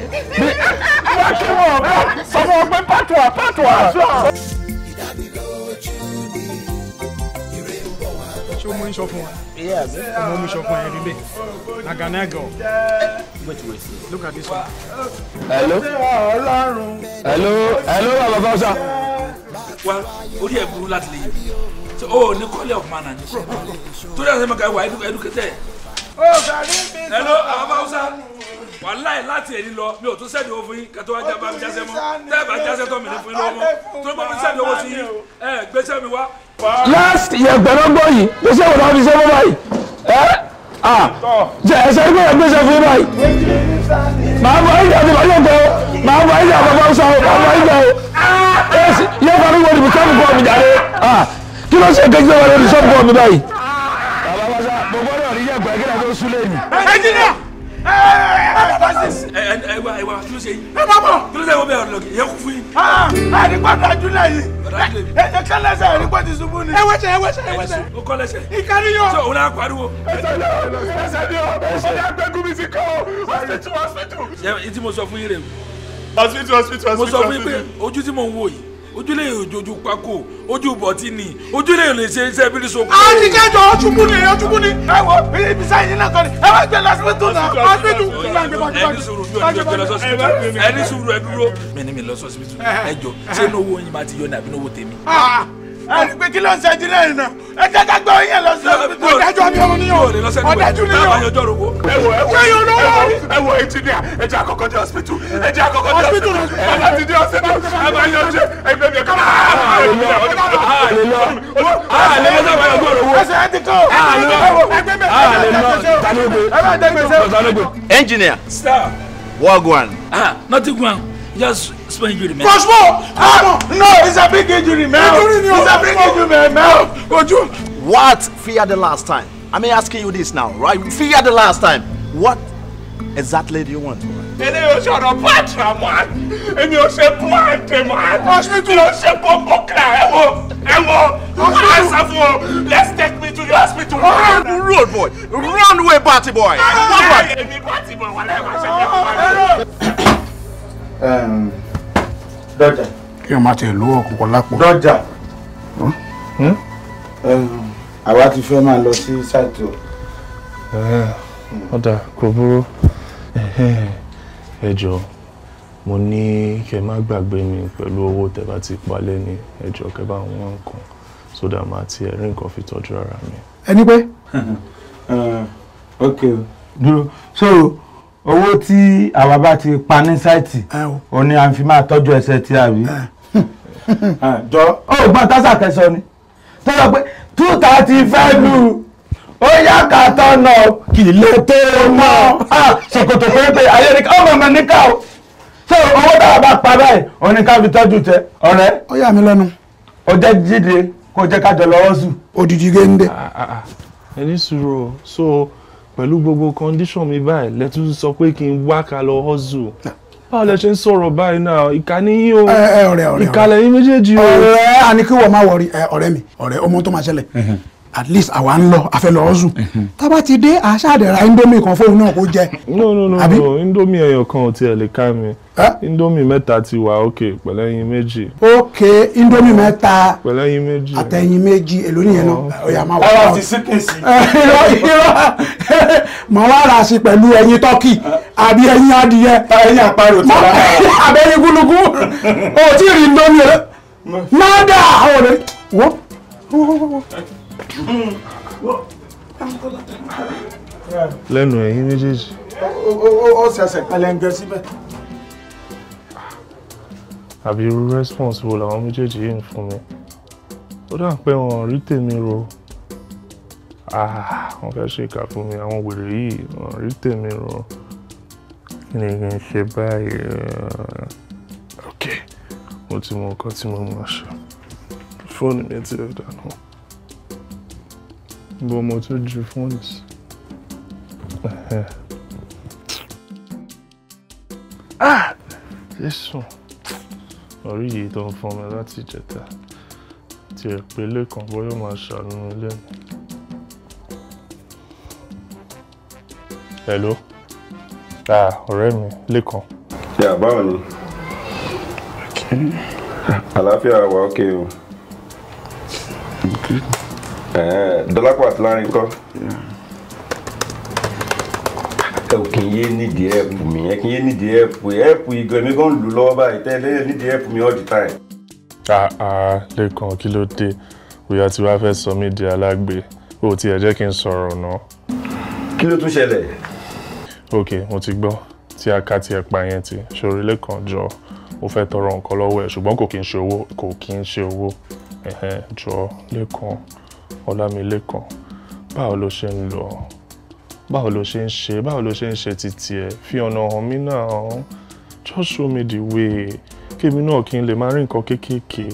Back him up. Someone, patois, patois. o mú iṣọ fún wa. ọmọ mú iṣọ fún ẹ rí bẹ́ẹ̀ na Ghana girl. look at this one. hello hello hello bàbá fáwọsà. wa orí ẹ burú láti lè yẹ o ní kọ́lé of man and pro torí àti ẹ̀ma ká wà educated. o oh, hello bàbá fáwọsà wàláì láti ẹni lọ mi ò tún sẹ́ni owó fún yín kẹ́tọ́ wá jábá mi jáṣẹ́ mọ́ tẹ́ẹ̀bà jáṣẹ́ tọ́ mi ní fún yín lọ́wọ́ mọ́ tó gbọ́ mi sẹ́ni owó sí yín ẹ gbéṣẹ́ mi wá. last year gbẹ̀rọ̀gbọ̀ yìí gbèsè wò lọ́ọ́ fi ṣe fún báyìí ẹ jẹ ẹsẹ ìgbẹ́ rẹ̀ gbèsè fún báyìí. màá bọ ìjà ti bàjẹ́ tó màá bọ ìjà bàbá ọ̀sán o màá bọ ìjà o yẹ fani wo ni mo sọ́ọ̀bù mi jáde kí ló ṣe kejì lọ́wọ́ ni mo sọ́ọ̀bù mi báyìí. bàbá wa sá mo gbọ́dọ̀ rí yẹ̀gbẹ́ kí ẹ wá ẹ wá kí ló ṣe yìí. ẹ bá bọ̀. kí ló ṣe wo bẹ́ẹ̀ ọ̀rọ̀ lọ́kì yẹ kú fún yín. ẹ ní gbọ́dọ̀ ajúlẹ̀ yìí. ẹ ẹ kán lẹ́sẹ̀ ẹ ní gbọ́dọ̀ ṣubú ni. ẹ wẹ́sẹ̀ ẹ wẹ́sẹ̀ ẹ wẹ́sẹ̀. o kọ́ lẹ́sẹ̀. ìkárí yọ. sọ òun náà pariwo. ẹsẹ̀ ni o ẹsẹ̀ ni o ọ̀dà gbẹ́gùnmi ti kọ́ hospital hospital. ṣé ti mo sọ fún yín rè o. hospital hospital hospital. mo sọ fún yín pé ojú tí mò ń wò yìí ojúlé òjòjú pákó ojú bọ̀tí ni ojúlé ò ṣe iṣẹ́ bírí soko. a ti jẹjọ ojúbú ni ojúbú ni ẹ wo ibi sáyẹn náà kọ́ni ẹ bá gbé lọ́sọ̀tò náà a ti dùn. ẹni sùúrù bí ọdún gbé lọ́sọ̀tò ẹni sùúrù ẹ dúró. mi ni mi lọ sọ́sibítù ẹ ṣé ní owó yín bá ti yọ ní àbí ní owó tèmi. Ah! àti pé kí ló ń ṣẹ́jú lẹ́yìn náà ẹ jẹ́ ká gbọ́ yín lọ sí ọ̀dájú ni òun ni o ọ̀dájú ni o. ṣé yóò lọ wọ. ẹ wo engineer ẹ jẹ́ àkọ́kọ́ dé hospital ẹ jẹ́ àkọ́kọ́ dé hospital ẹ bá ti dé hospital ẹ bá yọ ọjọ́ ẹ ah, ah, ah, bẹ mi kọ́ra. àlè lọ àlè lọ sábà yọjú ọ̀rọ̀ wo. ẹsẹ̀ ẹ ti kọ́ àlè lọ àlè lọ tanigbe tanigbe. engineer. sir. wagwan. ah nothing wrong just. Sprain injury, man. Franchement! Ah, no, it's a big injury, man. Injury, It's a big injury, man. man. Could you? What fear the last time? I'm asking you this now, right? Fear the last time. What exactly do you want? Ele yo se ọ̀rọ̀ pàtà man, èmi ò ṣe pàǹtẹ̀ man, mi ò ṣe pọ́pọ́ kà let's take me to the hospital. Ah, road boy, run away party boy. Ẹ̀ẹ́dẹ̀ẹ́dẹ̀ ah, mi party dọ́jà. kí o má tiẹ̀ lówó ọ̀kọ̀ọ̀kan lápò. dọ́jà. àwa ti fẹ́ máa lọ sí ṣáàtì o. Eh, ọ̀dà kò burú ẹ jọ̀ọ́ mo ní kẹ́ má gbàgbé mi pẹ̀lú owó tẹ́ bá ti palẹ̀ ní ẹ jọ̀ọ́ kẹ́ bá wọn nǹkan sódà máa ti ẹ̀rí nǹkan fi tọ́jú ara mi. ẹni pé. *laughs* Eh, ok dúró so. owó tí àwa ti pa ní sáìtì ò fi ma tọ́jú ẹsẹ tí a rí *laughs* jọ ó gbọ́n tásà ni tó pé two thirty fẹ́ lù ó yá ká tọ́nà kìlẹ̀ tó mọ́ ah, ṣòkòtò pérépé ayé ọmọ mi ní owó bá pa tọ́jú tẹ ah, ah, o so. pẹ̀lú gbogbo condition mi báyìí lẹ́tún sọ pé kí n wá ká lọ hustle ah. báwo lẹ ṣe ń sọ̀rọ̀ báyìí náà ìka níyìn o eh, eh, ìka lẹ́yìn méjèèjì o. ọ̀rẹ́ àníkíwọ̀ máa wọrí eh, ọ̀rẹ́ mi ọ̀rẹ́ ọmọ tó máa ṣẹlẹ̀ at least àwa ń lọ afẹ́ lọ ọ̀sùn mhm. tábà ti dé àṣàdẹ̀ra indomie kan fóun náà kó jẹ. no no no Abi? no indomie ẹyọ kan ò tiẹ̀ lè ká mi indomie mẹ́ta ti wà ok pẹ̀lú ẹyin méjì. ok indomie mẹ́ta pẹ̀lú ẹyin méjì àtẹyin méjì èló nìyẹn náà ọ̀yà máa wà. ọ̀rọ̀ ti síkè sí. *laughs* *laughs* màá wá ra sí pẹ̀lú ẹyin tọ́kì àbí ẹyin adìyẹ. ẹyin àparò ti rà á. *laughs* àbẹ̀yin gúlugú o tí ì rí indomie rẹ. nádà àwọn ọ̀rẹ́ lẹ́nu ẹ̀yin méjèèjì. ó ṣẹ̀ṣẹ̀ pẹlẹngẹ síbẹ̀. àbí irú response wo làwọn méjèèjì yìí ń fún mi ó dà pé wọn rí tèmi ro ah, wọn fẹ́ ṣe ìkà fún mi àwọn wèrè yìí wọn rí tèmi ro kí ni kí n ṣe báyìí ok mo ti mọ nǹkan tí mo máa ṣe fóònù mi ti ẹ̀ dànù bó mo tún ju fóònù sí. Ah! jésù orí yìí tó ń fọn mi láti ìjẹta tí ẹ pé lẹ́kàn bóyá máa ṣàánú ilé mi. hello ah ọ̀rẹ́ mi lẹ́kàn. yà báwo ni àlàáfíà wà ókè o. Okay, dọ́lápọ̀ àtìlárin kọ́ ẹ ò kì í yé nídìí ẹ̀pù mi ẹ kì í yé nídìí ẹ̀pù ẹ̀pù igan mi gan lù lọ́wọ́ báyìí tẹ́lẹ̀ nídìí ẹ̀pù mi all the time. àà lẹ́kàn kí ló dé òyà tí wàá fẹ́ sọ mí di alágbe ó tiẹ̀ jẹ́ kí n sọ̀rọ̀ ná. kí ló tún ṣẹlẹ̀. ok mo ti gbọ́ tí a ká ti ẹ̀pà yẹn ti ṣorí lẹ́kàn jọ ó fẹ́ tọrọ nǹkan lọ́wọ́ ẹ̀ ṣùgbọ́n kò kí ń ṣe owó kò kí ń ṣe owó jọ lẹ́kàn Ọlámilékan báwo lo ṣe ń lọ báwo lo ṣe ń ṣe báwo lo ṣe ń ṣe títí ẹ fi ọ̀nà hàn mí náà just show me the way kémi náà kí n lè máa rí nǹkan kéékèèké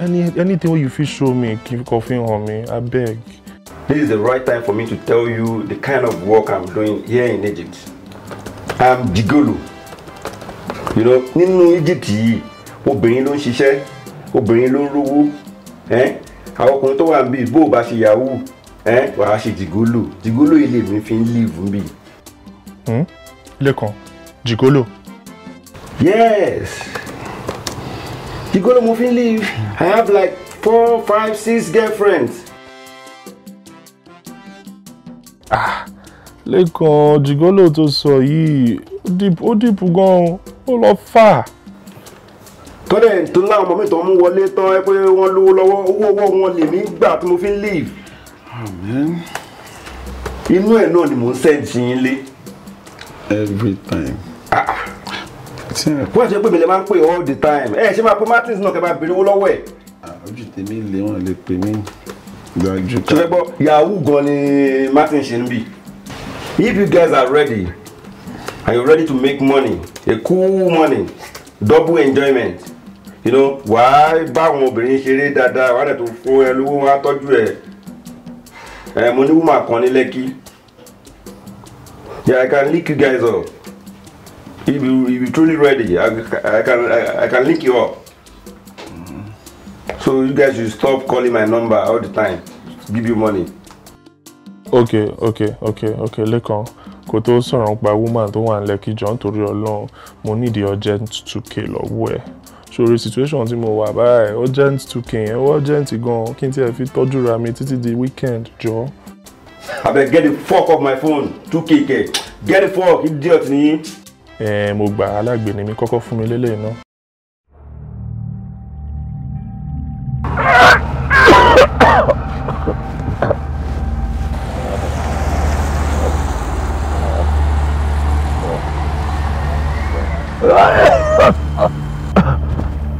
Anything anything you fit show me kí n kàn fi hàn mí abeg. This is the right time for me to tell you the kind of work I'm doing here in Egypt. I'm gigolo. You know, nínú Egypt yìí, obìnrin ló ń ṣiṣẹ́, obìnrin ló ń rówó, eh? àwọn ọkùnrin tó wà ń bí bó o bá ṣe yahoo ẹ wàá ṣe jìgólò jìgólò ilé mi fi ń leave ń bì. Hmm? lẹ́kàn jìgólò. yes jìgólò mo fi ń leave i have like four five six girlfriends. ah lẹ́kàn jìgólò tó sọ yìí ó dìpọ̀ gan-an ó lọ fà á kọ́dẹ̀ tó láwọn ọmọ mi tán mú wọlé tán ẹ pé wọ́n lówó lọ́wọ́ owó ọwọ́ wọn lè mí gbà tí mo fi ń leave. inú ẹ̀ náà ni mò ń sẹ́ǹtì yín lé. every time. wọ́n ah, ah. ṣe pé mi lè máa ń pè all the time ẹ ṣe máa pé Martins náà kẹ́ bá bèrè owó lọ́wọ́ ẹ̀. Ah, ojú tèmi lè wọ́n lè pè mí dájú ká. ṣẹlẹ gbọ́ yahoo gan ni Martin ṣe ń bì if you guys are ready and you ready to make money a cool money double enjoyment you know wà á bá àwọn obìnrin ṣeré dáadáa wà á dẹ̀ tó fún ẹ lówó wọn á tọ́jú ẹ ẹ mo ní wúmà kan ní lẹ́kí yeah I can link you guys up if you if you truly ready I, can I, can link you up so you guys should stop calling my number all the time give you money. ok ok ok ok lẹ́kàn kó tó sọ̀rọ̀ nípa woman tó wà ní lẹ́kí jọ nítorí ọlọ́run mo nídìí urgent 2k lọ́wọ́ ẹ̀ sórí situation tí mo wà báyìí urgent two k yẹn urgent gan kí n tiẹ̀ fi tọ́jú ra mi títí di weekend jọ. abeg get the fork off my phone two k get the fork idiot ni. ẹ mo gbà alágbe ni mi kọ́kọ́ fún mi lélẹ̀ iná. Ah! *laughs*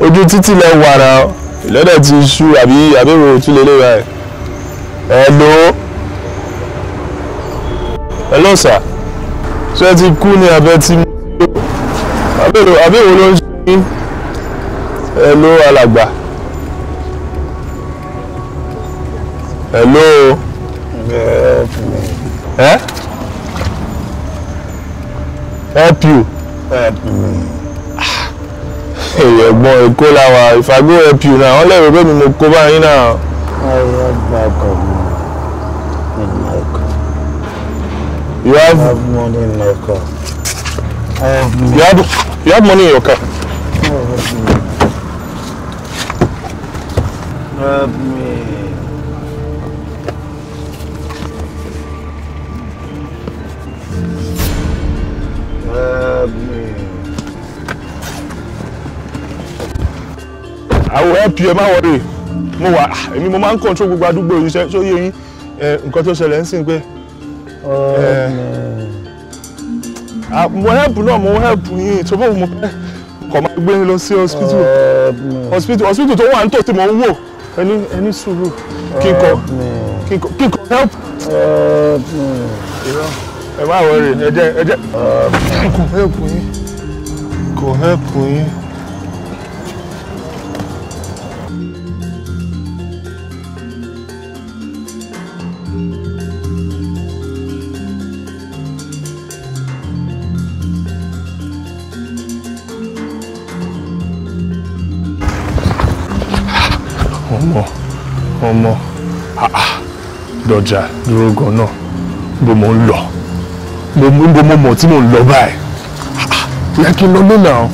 ojú títí lẹ wàrà ìlọ́dẹ̀ ti ṣú àbí àbẹ̀wò tún lè léra ẹ̀ hello hello sir ṣé ẹ ti kú ní abẹ́ tí mo ti lò àbẹ̀wò ló ń ṣe yín hello alàgbà hello ẹ help you. ọmọ èkó làwà if I go help you now ọlẹ́ ìròpé mi mo kó báyìí náà. ayé back of money you have, money in my car. You have, you have money in your car. I me. I will help you ẹ má wọlé mo wà ah, èmi mo máa ń control gbogbo àdúgbò yìí ṣe ṣó yé yín nǹkan tó ṣẹlẹ̀ ń sìn pé oh, ah, mo help náà mo help yín tó bọ́ mo fẹ́ kọ̀ máa gbé yín lọ sí hospital oh, hospital hospital tó wà nítòsí mo ń wò ẹni ẹni sùúrù kíkọ oh, kíkọ help ẹ má wọlé ẹ jẹ ẹ jẹ kò help yín kò help yín. ọmọ dọjà ah, ah, dúró gan náà bó mo ń lọ bó mo mọ̀ tí mo ń lọ báyìí ah, yẹ kí n lọ lónà o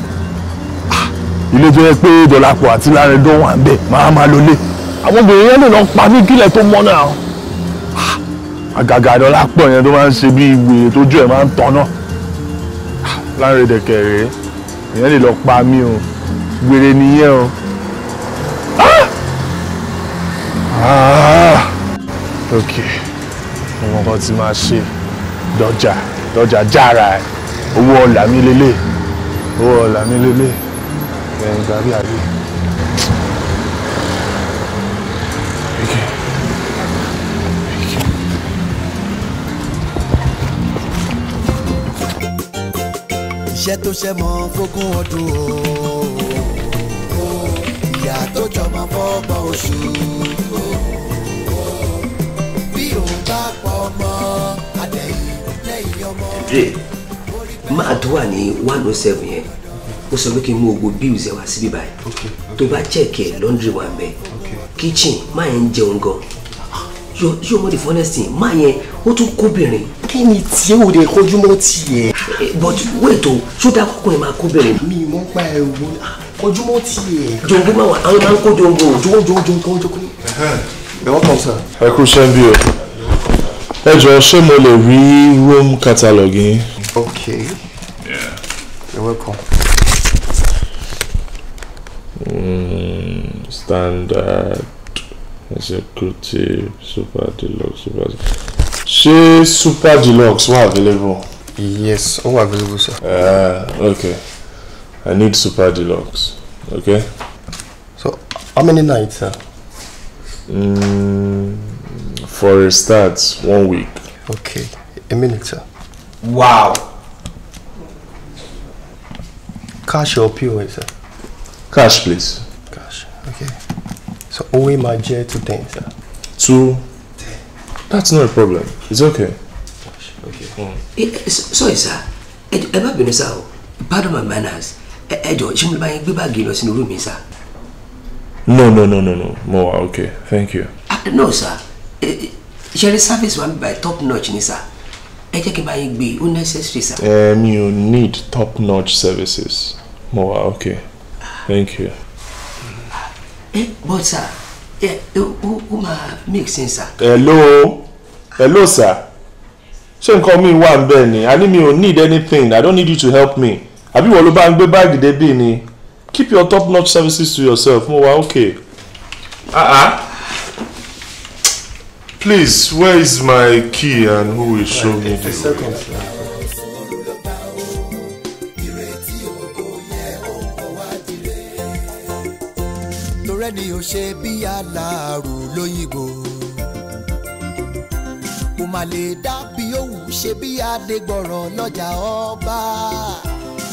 ilé tó yẹ pé dọ̀làpọ̀ àti láre dán wà ń bẹ̀ máa máa lọlé àwọn obìnrin yẹn lè lọ pa mí kílẹ̀ tó mọ́ náà àgàgà dọ̀làpọ̀ yẹn tó máa ń ṣe bí ìwèrè tójú ẹ̀ máa ń tọ́nà láre dẹ̀kẹ̀ rèé ìyẹn lè lọ pa mí o wèrè nìyẹn o. Ah! ok ọmọ kan ti máa ṣe dọjà dọjà jára ẹ owó ọ̀là mi lélẹ̀ owó ọ̀là mi lélẹ̀ ẹ̀yìn gàrí àlè. iṣẹ́ tó ṣẹ́ mọ́ fógún ọdún o lọ́mọ fọ́gbọ́n oṣù. bí òun bá pa ọmọ adẹ́yìn lẹ́yìn ọmọ. dre máa tó wà ní one oh seven yẹn ó sọ pé kí n mú gbogbo bills ẹ síbí báyìí tó bá check ẹ wà ńbẹ̀ kitchen máa yẹn ń jẹun gan yóò mọ the funnest thing máa yẹn ó tún kóbìnrin. kí ni tí o lè kojú mọ́ tiẹ̀. Eh, but wait o ṣó dáa kọkùnrin máa kóbìnrin. mi ì mọ́ pa ẹ̀ wọ́n ojúmọ́ ti ẹ̀ jòǹgbò máa wà àwọn máa ń kó jòǹgbò jòǹgbò jòǹgbò jòǹgbò. ẹ wọ́n kàn sá. ẹ kú sẹ́ bí o ẹ jọ ṣé mo lè rí room catalog yín. okay yeah. you're welcome. Mm, standard executive super deluxe super ṣé super deluxe wà available. yes ó wà available sir. Uh, okay. I need super deluxe. Okay. So how many nights, sir? Mm, for a start, one week. Okay, a minute, sir. Wow. Cash or POS, sir? Cash, please. Cash. Okay. So only my J to ten, sir. Two. Ten. That's not a problem. It's okay. Cash. okay. Mm. sorry, sir. I've been, sá o. Pardon my manners. ẹ ṣé mo lè bá yín gbé báàgì lọ sínú rúmi sá. no no no no no mo wà ok thank you. Uh, no sir ṣẹ́rí service wa by top notch ni sir ẹ jẹ́ kí n bá yín gbé ó necessary sir. Um, you need top notch services mo wà ok thank you. ẹ eh, but sir ẹ ó máa make sense sir. hello hello sir ṣé nǹkan mi wà ń bẹ̀ ni i need mean, you need anything i don't need you to help me àbí ìwọ ló bá ń gbé báàgì débì ni keep your top notch services to yourself mo wa okay. Uh -uh. Please, where is my key and who will show me the way? Lorẹ́ni ò ṣe bí aláàrù lóyìnbó. Mo máa lè dá bí òwú ṣe bí adégbọ̀rọ̀ lọ́jà ọba.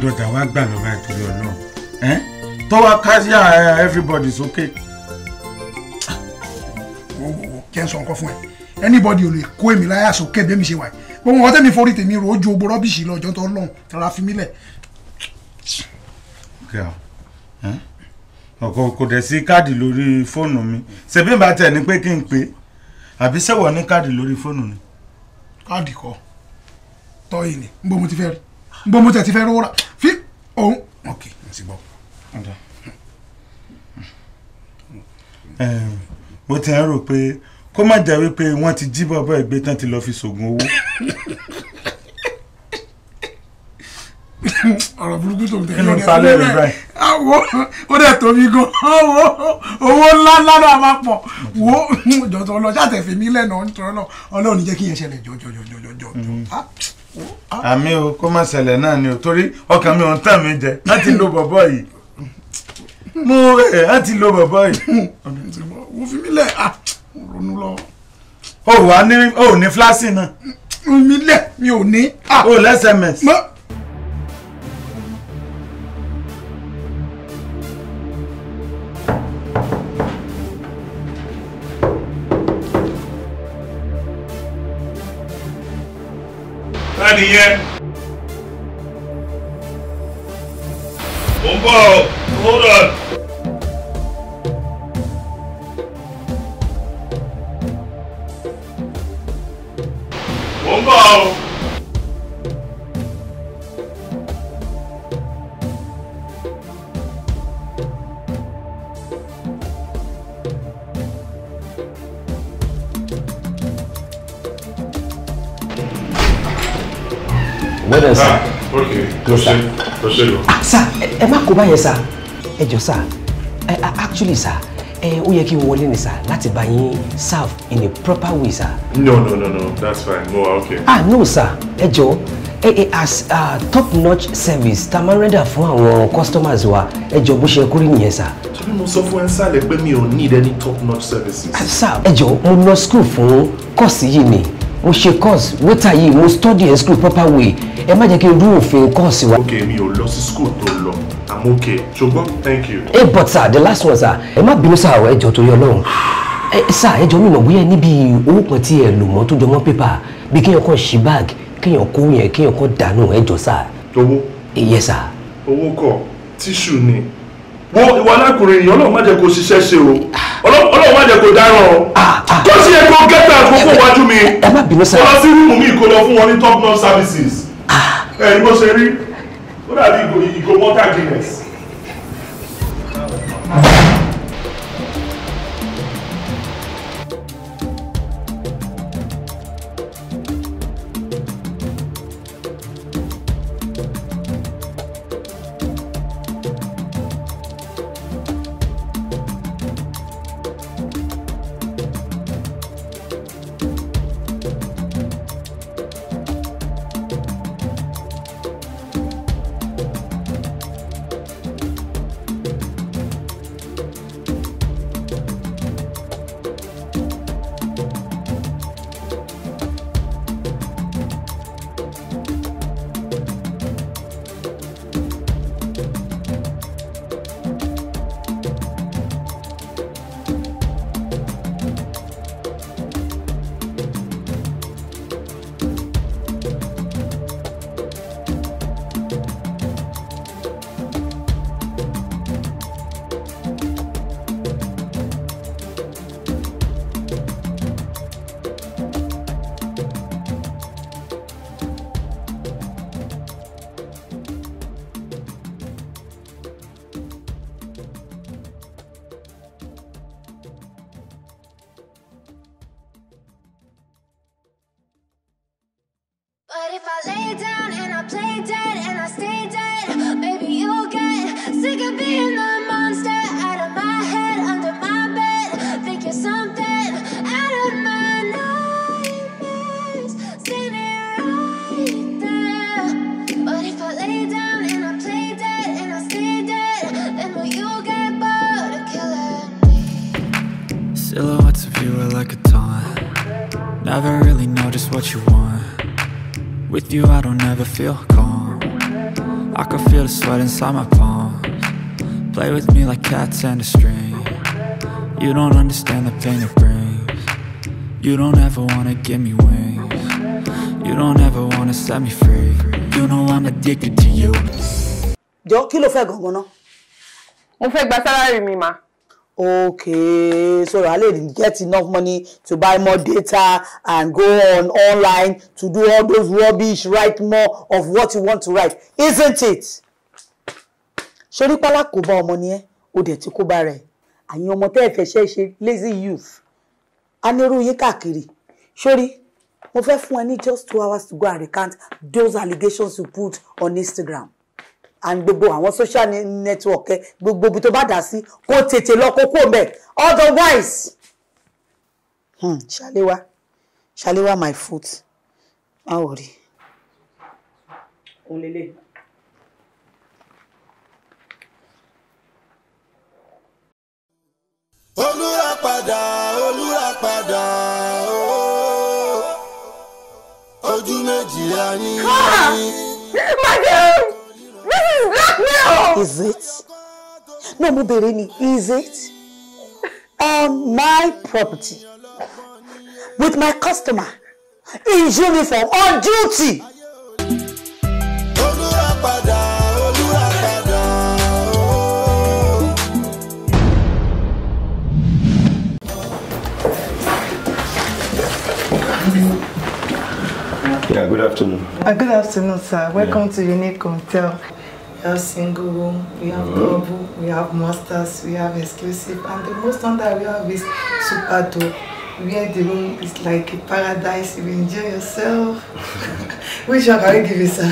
golden daughter gbà lọ́ba ìtòrí ọlọ́run ẹ́ tọ́wọ́ káṣíà everybody sókè. kí n sọ nǹkan fún ẹ anybody ò lè kó èmi láyà sókè bẹ́ẹ̀ mi ṣe wà ẹ́ gbogbo wọn tẹ́mi forí tèmi rò ó ju ogbó rọ́bìṣì lọ ọjọ́ tó lọ́hùn tara fi mí lẹ̀. ọkọ kò dẹ̀ sí káàdì lórí fóònù mi ṣèbí bá tẹ̀ ní pé kí n pè àbí ṣẹ̀wọ̀ ní káàdì lórí fóònù ni. káàdì kọ tọ́yìn ni nbọ mo ti fẹ́ rí bó mo tẹ̀ ti fẹ́ rówó rà fi òun ok n sì gbọ́. mo ti ń rò pé kó má jẹ́ wípé wọ́n ti jí bọ́bọ́ ẹ̀gbẹ́ tán ti lọ́ọ́ fi ṣògùn owó. ọ̀rọ̀ burúkú tó ń tẹ̀lé ọ̀rẹ́ ìpalẹ̀ rẹ̀ báyìí. àwọ̀ ó dẹ̀ tóbi gan owó owó ńlá ńlá náà máa pọ̀ wo jọ̀tọ̀ ọlọ́jà tẹ̀fẹ̀ mi lẹ́nu ọ̀nà ọlọ́run ní jẹ́ kí yẹn ṣẹlẹ̀ jọ̀jọ̀jọ̀jọ̀jọ̀ mm. ah, àmì o kó má ṣẹlẹ̀ náà ni o torí ọkàn mi ò ń tàn mí jẹ láti lo bọ̀bọ̀ yìí mo rẹ̀ láti lo bọ̀bọ̀ yìí. wọ́n fi mí lẹ̀ ah ronú lọ. o ò ní flashing náà. mi lẹ̀ mi ò ní. Ah, o lẹ́sẹ̀ mẹ́sì. kan nìyẹn. mo ń bọ̀ hold on. mo ń bọ̀ o. bẹ̀rẹ̀ sá. Ah, ok lọ ṣe lọ ṣe lọ. sá ẹ má kó báyẹn sá ẹ actually sir, ẹ ó yẹ kí n wọlé ni serve in a proper way sir. no no no no that's fine mo ah, okay. ah no sir. ẹ jọ ẹ ẹ as uh, top notch service tá a máa ń rẹ́dà fún customers wa ẹ jọ bó ṣe kúrò nìyẹn sá. ṣé mo sọ fún need any top notch services. Sir, ẹ jọ mo lọ school fún kọ́ọ̀sì yìí ni mo ṣe course waiter yìí mo study in school proper way ẹ má jẹ́ kí n rú òfin course wa. ok mi ò lọ sí school tó lọ i'm ok ṣùgbọ́n thank you. ẹ hey, but sir the last one sir ẹ má bínú sir àwọn ẹjọ́ tó yọ lọ́hùn sir ẹjọ́ mi mọ̀ bóyá níbi owó kan tí ẹ lò mọ́ tó jọmọ́ pépà bí kéèyàn kàn ṣí bag kéèyàn kó yẹn kéèyàn kàn dànù ẹjọ́ sir. owó. yes sir. owó kọ tíṣù ni wọ́n ìwà alákùnrin ìyọ́nà má jẹ́ kó ṣiṣẹ́ ṣe o ọlọ́run má jẹ́ kó dáràn o tó ṣe é kó gẹ́tà àkókò wájú mi kó lọ sí rúùmù mi kó lọ fún wọn ní top notch services ah. ẹ̀ ní bó ṣe rí ó dàbí ìgò mọ́tà guinness. bullets and a string You don't understand the pain it brings You don't ever wanna give me wings You don't ever wanna set me free You know I'm addicted to you Jọ kí ló fẹ́ gangan náà? Mo fẹ́ gba sálárì mi mà. Okay, so I will get enough money to buy more data and go on online to do all those rubbish, write more of what you want to write, isn't it? Ṣorí pálákò bá ọmọ ni ẹ́ ó dẹ̀ ti kó bá rẹ̀ àyìn ọmọ tẹ́ ẹ fẹ́ ṣe lazy youth a ní irú yín káàkiri sórí mo fẹ́ fún ẹ ní just two hours to go and recount those allegations you put on Instagram and gbogbo àwọn social network ẹ gbogbo ibi tó bá dà sí kó tètè lọ kó kó mbẹ otherwise hmm, ṣàléwá ṣàléwá my foot má wò rí. òun lélẹ̀. olùràpadà olùràpadà ooo ojú méjì la ní. Ah! Is it? No, mo is it? On my property, with my customer, in uniform, on duty. Yeah, good afternoon. Uh, good afternoon, sir. Welcome yeah. to Unique Hotel. We have single, we have mm-hmm. double, we have masters, we have exclusive, and the most one that we have is super dope. Where the room is like a paradise, you enjoy yourself. *laughs* Which one can I give you, sir?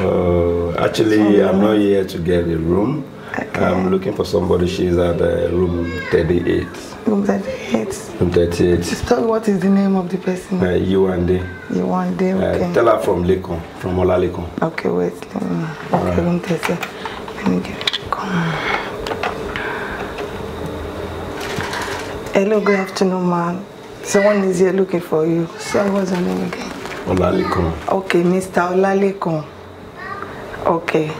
Uh, actually, I'm not here to get a room. Okay. I'm looking for somebody. She's at uh, room 38. Room 38. Room 38. Just tell what is the name of the person. Uh, and Yuande, uh, okay. Uh, tell her from Lekon, from Olalekon. Okay, wait. Let me, okay, All right. room 38. Let me get it. Come on. Hello, good afternoon, ma'am. Someone is here looking for you. So, what's your name again? Olalekon. Okay, Mr. Olalekon. Okay.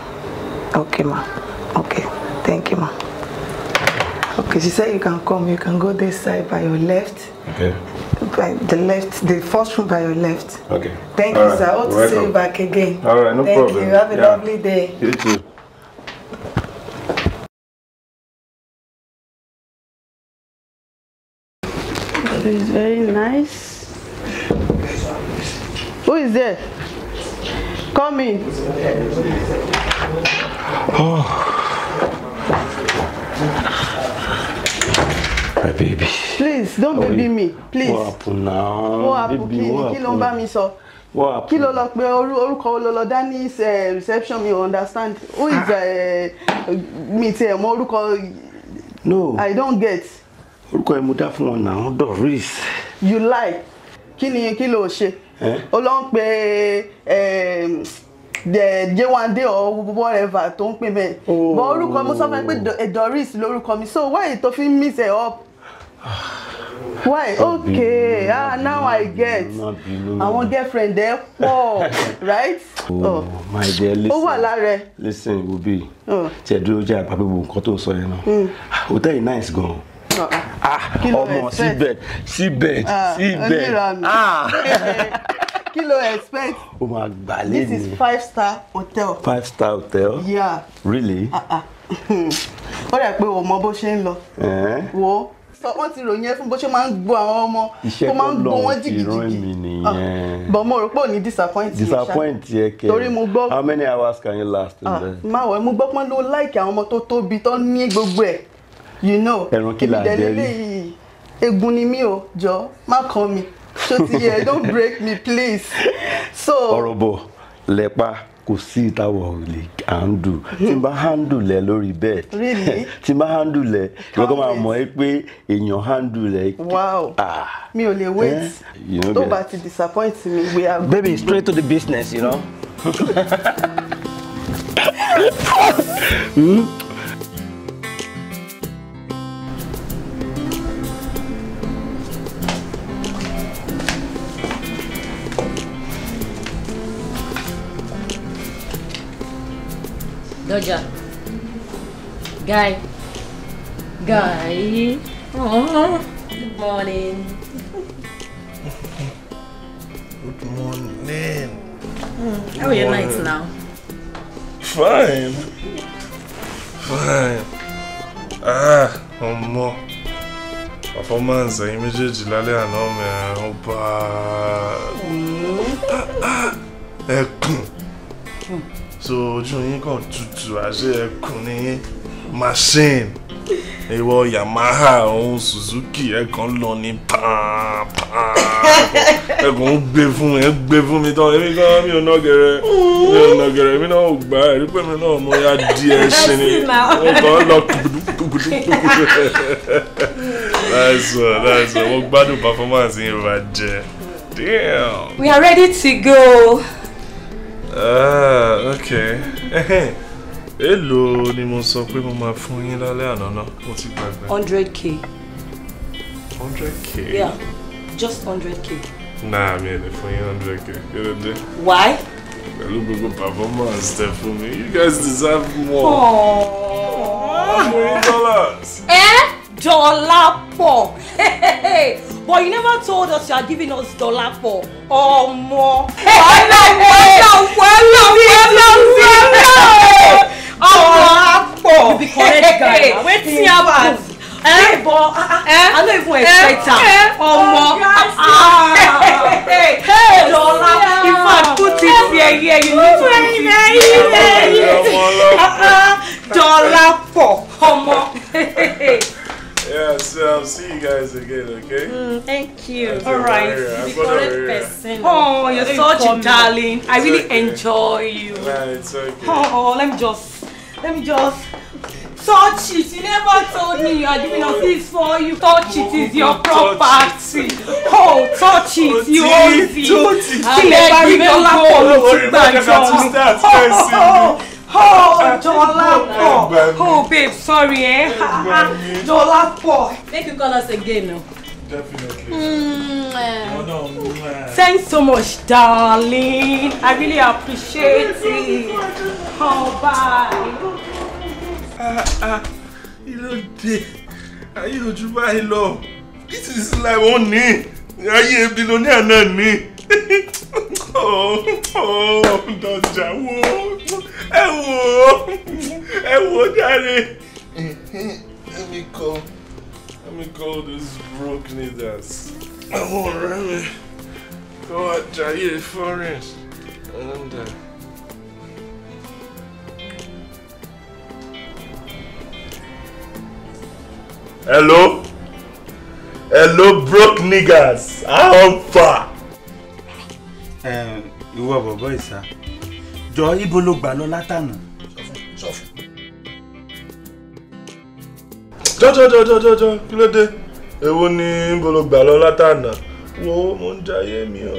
Okay, ma'am. Okay, thank you, ma'am. Okay, she said you can come. You can go this side by your left. Okay. By the left, the first room by your left. Okay. Thank All you, right. sir. hope to see you back again. All right, no thank problem. Thank you. Have a yeah. lovely day. You too. It's very nice. Who is there? Come in. Oh. My baby. Please, don't baby me, please. What happened now? What happened? Baby, what happened? Kí ló What happened? Kí ló lọ pé orúkọ ló lọ dání eh, reception You understand. Who is ah. eh, mi tiẹ̀ all call. No. I don't get. all call him. dá fún wọn náà, Doris. You lie. Kí ni kí ló ṣe? Eh? Ó lọ ń pe. The one day or whatever tó ń pè bẹ́ẹ̀ oh. but orúkọ mo sọ fún mi pé Doris lórúkọ mi so why tó fi mix ẹ up why okay ah now I get àwọn girlfriend ẹ pọ̀ *laughs* right. Oh, oh my dear listen ó wà lára listen Obi tí oh. ẹ dúró jẹ́ àgbà gbogbo tó sọ yẹn náà hòtẹ́ẹ̀lì hmm. nice gan-an Ah, ah ọmọ síbẹ̀ síbẹ̀ ah, síbẹ̀ ah. *laughs* kí ló expect. o ma gbà lé mi. this is five star hotel. five star hotel. yeah. really. *laughs* ó rẹ̀ pé o mọ bó ṣe ń lọ. Eh? wo sọ wọn ti ròyìn ẹ fún bó ṣe máa ń gbọ́ àwọn ọmọ kó máa ń gbọ́ wọn jìgìjìgì but mo rò pé ò ní disappoint yẹn disappoint torí mo gbọ́ how many hours can you last in there. máa wọ̀ ẹ́ mo gbọ́ pé wọ́n ló láìkì àwọn ọmọ tó tóbi tó ní gbogbo ẹ̀ you know ẹran kí là ń jẹ rí egun ni mí o jọ má kàn mí ṣó ti yẹ don't break me please so. ọ̀rọ̀ bọ̀ lẹ́pa kò sí ìtawọ̀ òlè àǹdù tí n bá hàǹdù lẹ̀ lórí bẹ́ẹ̀ *laughs* tí n bá hàǹdù lẹ̀ ìwọ kọ́ máa mọ̀ ẹ́ pé èèyàn hàǹdù lẹ̀. wow mi ò lè eh? wait tó bá ti disappoint mi we are good. baby straight to the business you know. *laughs* mm? Olha. Guy. Guy. Oh, good morning. Good morning. Mm. How are your nights now? Fine. Fine. Ah, ọmọ. Performance ẹ̀yin méjèèjì lálẹ́ àná mi ọba. Mm-hmm. Ah, ah. Ẹkùn. tó ojú yín kàn tutù àṣẹ ẹkùn ní machine ìwọ Yamaha òun Suzuki ẹkàn lọ ní pàápàá ẹkùn gbé fún mi gbé fún mi tán èmi kan mi ò ná gẹrẹ mi ò ná gẹrẹ èmi náà ò gbà ẹ̀rí pé mi náà mo ya díẹ̀ ṣe ni mo kàn lọ kùkùdùkùkùdù that's all that's mo gbádùn performance yẹn bàjẹ́ damn. we are ready to go. Ah, ok. Hello, ni mo sọ pé mo máa fún yín lálẹ́ àná náà. Mo ti gbàgbé. 100k. 100k? Yeah, just 100k. Nah, mi ò lè fún yín 100k. Kí ló dé? Why? Pẹ̀lú gbogbo performance tẹ fún You guys deserve more. Aww. One dollars. Eh? Dollar Dolapo. But you never told us you are giving us dollar Dolapo. Ọmọ. Wàhálà wàhálà wàhálà wàhálà wàhálà. Dolapo. You be correct guy. Wetin happen? Eh? But ah, ah, eh? I no even eh? expect am. Ọmọ. Dolapo. In fact, put it oh, here here. You need to oh, put it here. *laughs* Uh-uh. Dolapo. Ọmọ. *laughs* Yeah, so I'll see you guys again, okay? Mm, thank you. All right. Oh, you're such a darling. It's I really okay. enjoy you. Nah, it's okay. Oh, let me just, let me just touch it. You never told me you are giving us this for you. Touch it is your *laughs* property. Oh, touch it. You own it. Touch it. Touch me Touch it. Oh, Jolapo! Oh, babe, sorry, eh? Jolapo! Make you call us again, no? Definitely. Mm. Oh, no, no. Thanks so much, darling. I really appreciate it. Oh, bye. Ah, ah, you know, dear. Are you Dubai, love? This is like one knee. Are you a billionaire, not me? *laughs* Oh, oh! Don't dọjà wo ẹ wo ẹ wo jáde. let me call let me call these broke leaders. àwọn ọ̀rẹ́ mi kọ́ àjàyè foreign and. Uh, Hello? Hello, broke niggas. How far? ìwọ bọ̀bọ̀ ìsà jọ ibo ló gbà lọ látànà. jọjọjọjọjọ kí ló dé èwo ni ibo ló gbà lọ látànà wo mo ń jayé mi o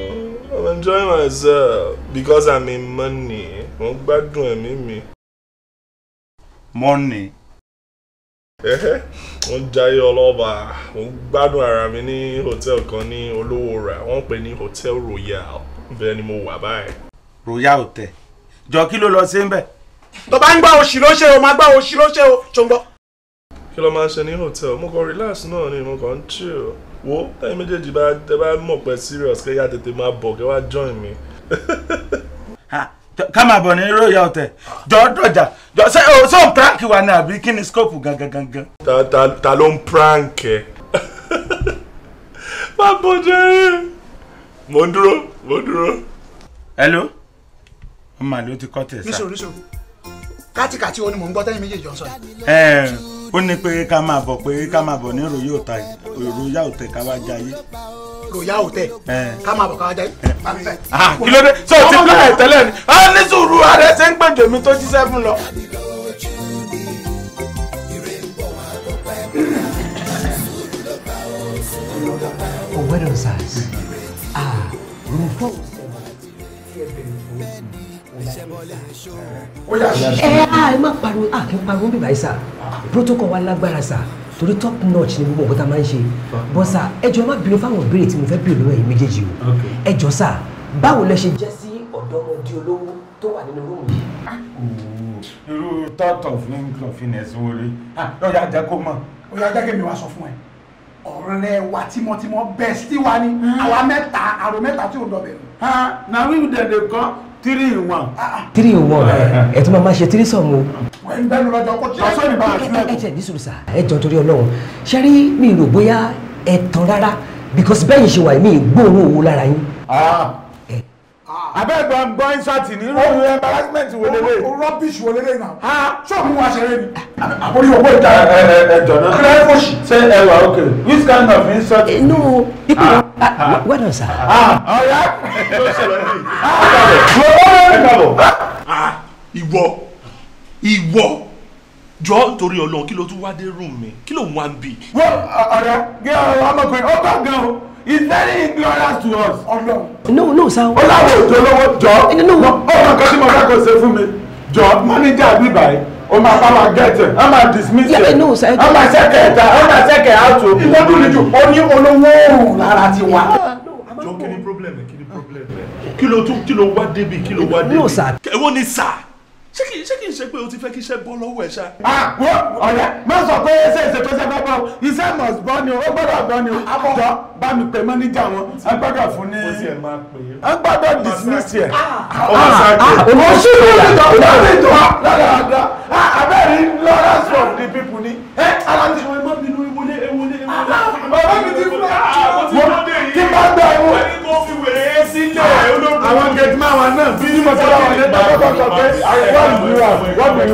i'm enjoying myself because i'm in money mo ń gbádùn ẹ̀mí mi. money mo ń jayé ọlọ́ba mo ń gbádùn ara mi ní hòtẹ́ẹ̀lì kan ní olówó rẹ̀ wọ́n pè ní hotel royal bẹ́ẹ̀ ni mo wà báyìí. royal hotel jọ kí ló lọ sí nbẹ. tó bá ń gbà òṣì ló ṣe o máa gbà òṣì ló ṣe o ṣòǹgbọ. kí ló máa ń ṣe ní hotel mo kàn relax náà ni mo kàn ń chill wo táyì méjèèjì bá tẹ bá mọ̀ pé serious kẹ́yà tètè máa bọ̀ kẹ́ wá join mi. *laughs* ká máa bọ̀ ní royal hotel jọ dọ̀jà jọ ṣé o ṣé o prank wa ni àbí kí ni scope gangan gangan. ta ta ta ló ń prank ẹ. *laughs* má bọ̀ jẹ́ mo ń dúró mo ń dúró. hello ọmọ àlè ó ti kọ́ tẹ̀sán. níṣó níṣó kátikàti wo ni mò ń gbọ́ tẹ́yìn méjèèjì ọ̀sán. ẹ ó ní pé ká máa bọ̀ pé ká máa bọ̀ ní ròyà òtẹ ròyà òtẹ ká wá jayé. ròyà òtẹ ká máa bọ̀ ká wá jayé. kí ló dé sọ ti pílẹ̀ tẹ́lẹ̀ ni a ní sùúrù ààrẹ ṣe ń pèjọ mi tó jíṣẹ́ fún lọ. What are those eyes? ẹ á ẹ má pariwo à ah, kí n pariwo bíbá yìí sà protocol wa lágbára sà torí top notch ni gbogbo nǹkan tá a máa ń ṣe bọ́ sà ẹ má bínú fáwọn ìbéèrè tí mo fẹ́ bèrè lọ́wọ́ yìí méjèèjì o ẹ jọ̀ọ́ sà báwo lẹ ṣe jẹ́ sí ọ̀dọ́mọdé olówó tó wà nínú rúùmù yìí. irú thought of inclusiveness wo rí ó yà jẹ́ kó mọ̀ ó yà jẹ́ kí mi wá sọ fún ẹ ọ̀rẹ́ wa tímọ́tímọ́ bẹ́ẹ̀sì wa ni àwa mẹ́ta àrò mẹ́ta tí ò ń dọ̀bẹ̀ nù. Ah, na wíwú dẹ̀dẹ̀ kan tírí ìwọ̀n. tírí ìwọ̀n ẹ̀ tó máa ma ṣe tírí sọ̀mù o. wẹ́n bẹ́ẹ̀ ló lọ́jọ́ kó tí wọ́n sọ̀rọ̀ ìbára sílẹ̀. ẹ jẹ́ nísòrò sà ẹ jọ torí ọlọ́run ṣe rí mi rò bóyá ẹ tán rárá because bẹ́ẹ̀ ṣe wà mí gbóòórùn owó lára yín. Ah abẹ́gbọ́ ń gbọ́ insert ní lórí embarrassment wo lélẹ̀. o oh, oh, rubbish wo lélẹ̀ náà. ha ṣọ́ọ̀bù wa ṣeré ni. àbórí owó ìta ẹ̀jọ̀ náà. kí ló ń fòṣì. ṣé ẹ wà ok which kind of insult. inú ipò wẹ́n ọ̀sà. ọ̀ya ló ṣẹlẹ̀ ah. ní. lọ́wọ́ ẹ̀ kàbọ̀. Ah. Ah, ìwọ ìwọ jọ torí Ọlọ́run kí ló tún wá dé rúùmù mi kí ló ń wá ń bì. wọ́n ọ̀rẹ́ gé ọmọkùnrin ó bá gan o is very inglorious to us. no no sir. ó láwọn òjò lọ́wọ́ jọ. no no. ó máa kọ́ sí mo fẹ́ kó ṣe fún mi jọ mọ́níjà bíbá yìí o ma bá wa gẹ̀tẹ̀ a ma dismiss ẹ̀ a ma sẹ́kẹ̀ ẹ̀ta a ma sẹ́kẹ̀ àtò ó dúró ju ó ní olówó òòrùn lára ti wà. jọ kí ni problem kí ni problem kí ló tún kí ló wá débi kí ló wá débi èwo ni sáà ṣé kì í ṣé kì í ṣe pé o ti fẹ́ kí iṣẹ́ bọ́ lọ́wọ́ ẹ̀ ṣá. àwọn ọ̀rẹ́ má sọ pé ṣe ṣe tó ṣe fẹ́ bọ́ iṣẹ́ must bọ́ ni o ó gbọ́dọ̀ bọ́ ni o jọ bá mi pè mọ́níjà wọn ẹ gbọ́dọ̀ fún ní ẹ gbọ́dọ̀ dismiss yẹ. ọmọ sí ló lè jọ ló lè jọ dáadáa abẹ́rẹ́ lawrence from the people ni ẹ ara ti wọ́n mọ́ bínú ìwọlé ìwọlé ìwọlé. ọ̀rẹ́ mi ti fún ẹ kí n bá gbẹ àwọn gẹ̀ẹ́tìmá wa náà bí ní mọ̀tò àwọn ẹ̀dá kọ́kọ́ sọ pé wọ́n mi wà wọ́n mi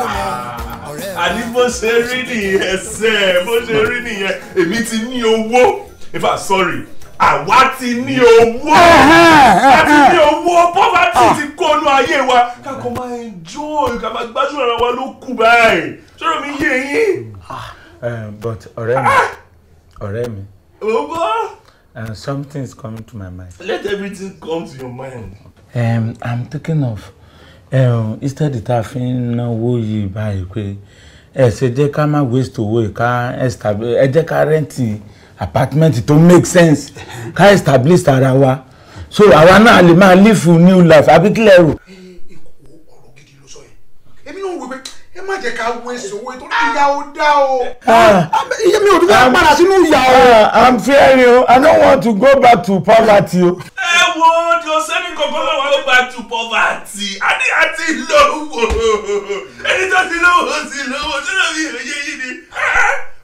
wà. àní bó ṣe rí nìyẹn ṣe bó ṣe rí nìyẹn èmi ti ní owó if i'm sorry àwa ti ní owó àti ní owó poverty ah. ti kọlu ayé wa kákan máa enjoy ká máa gbádùn ara wa ló kù báyìí ṣọ́rọ̀ mi yé yín. Ah. Eh, but ọ̀rẹ́ mi. Ah ọ̀rẹ́ mi. Ogo. And something is coming to my mind. Let everything come to your mind. Um, I'm thinking of um, instead of a fi ń náwó yìí báyìí pé ẹ ṣe jẹ́ ká má waste owó yìí ká ẹ jẹ́ ká rẹ́ǹtì apartment tó make sense ká establish ara wa so àwa náà lè máa live new life àbí kílẹ̀ rò. má jẹ́ ká wo èso owó ètò ìyá ò dá o. iye ah. ah, ah, eh, mi ò dúró padà sínú ìyá o. i'm fearing i no want to go back to poverty o. ẹ wo di ọsẹ́ni kankan lọ́wọ́ go back to poverty àní àti lówó ẹni tó ti lówó ti lówó tó lọ́ọ́ fi èyí yìí ni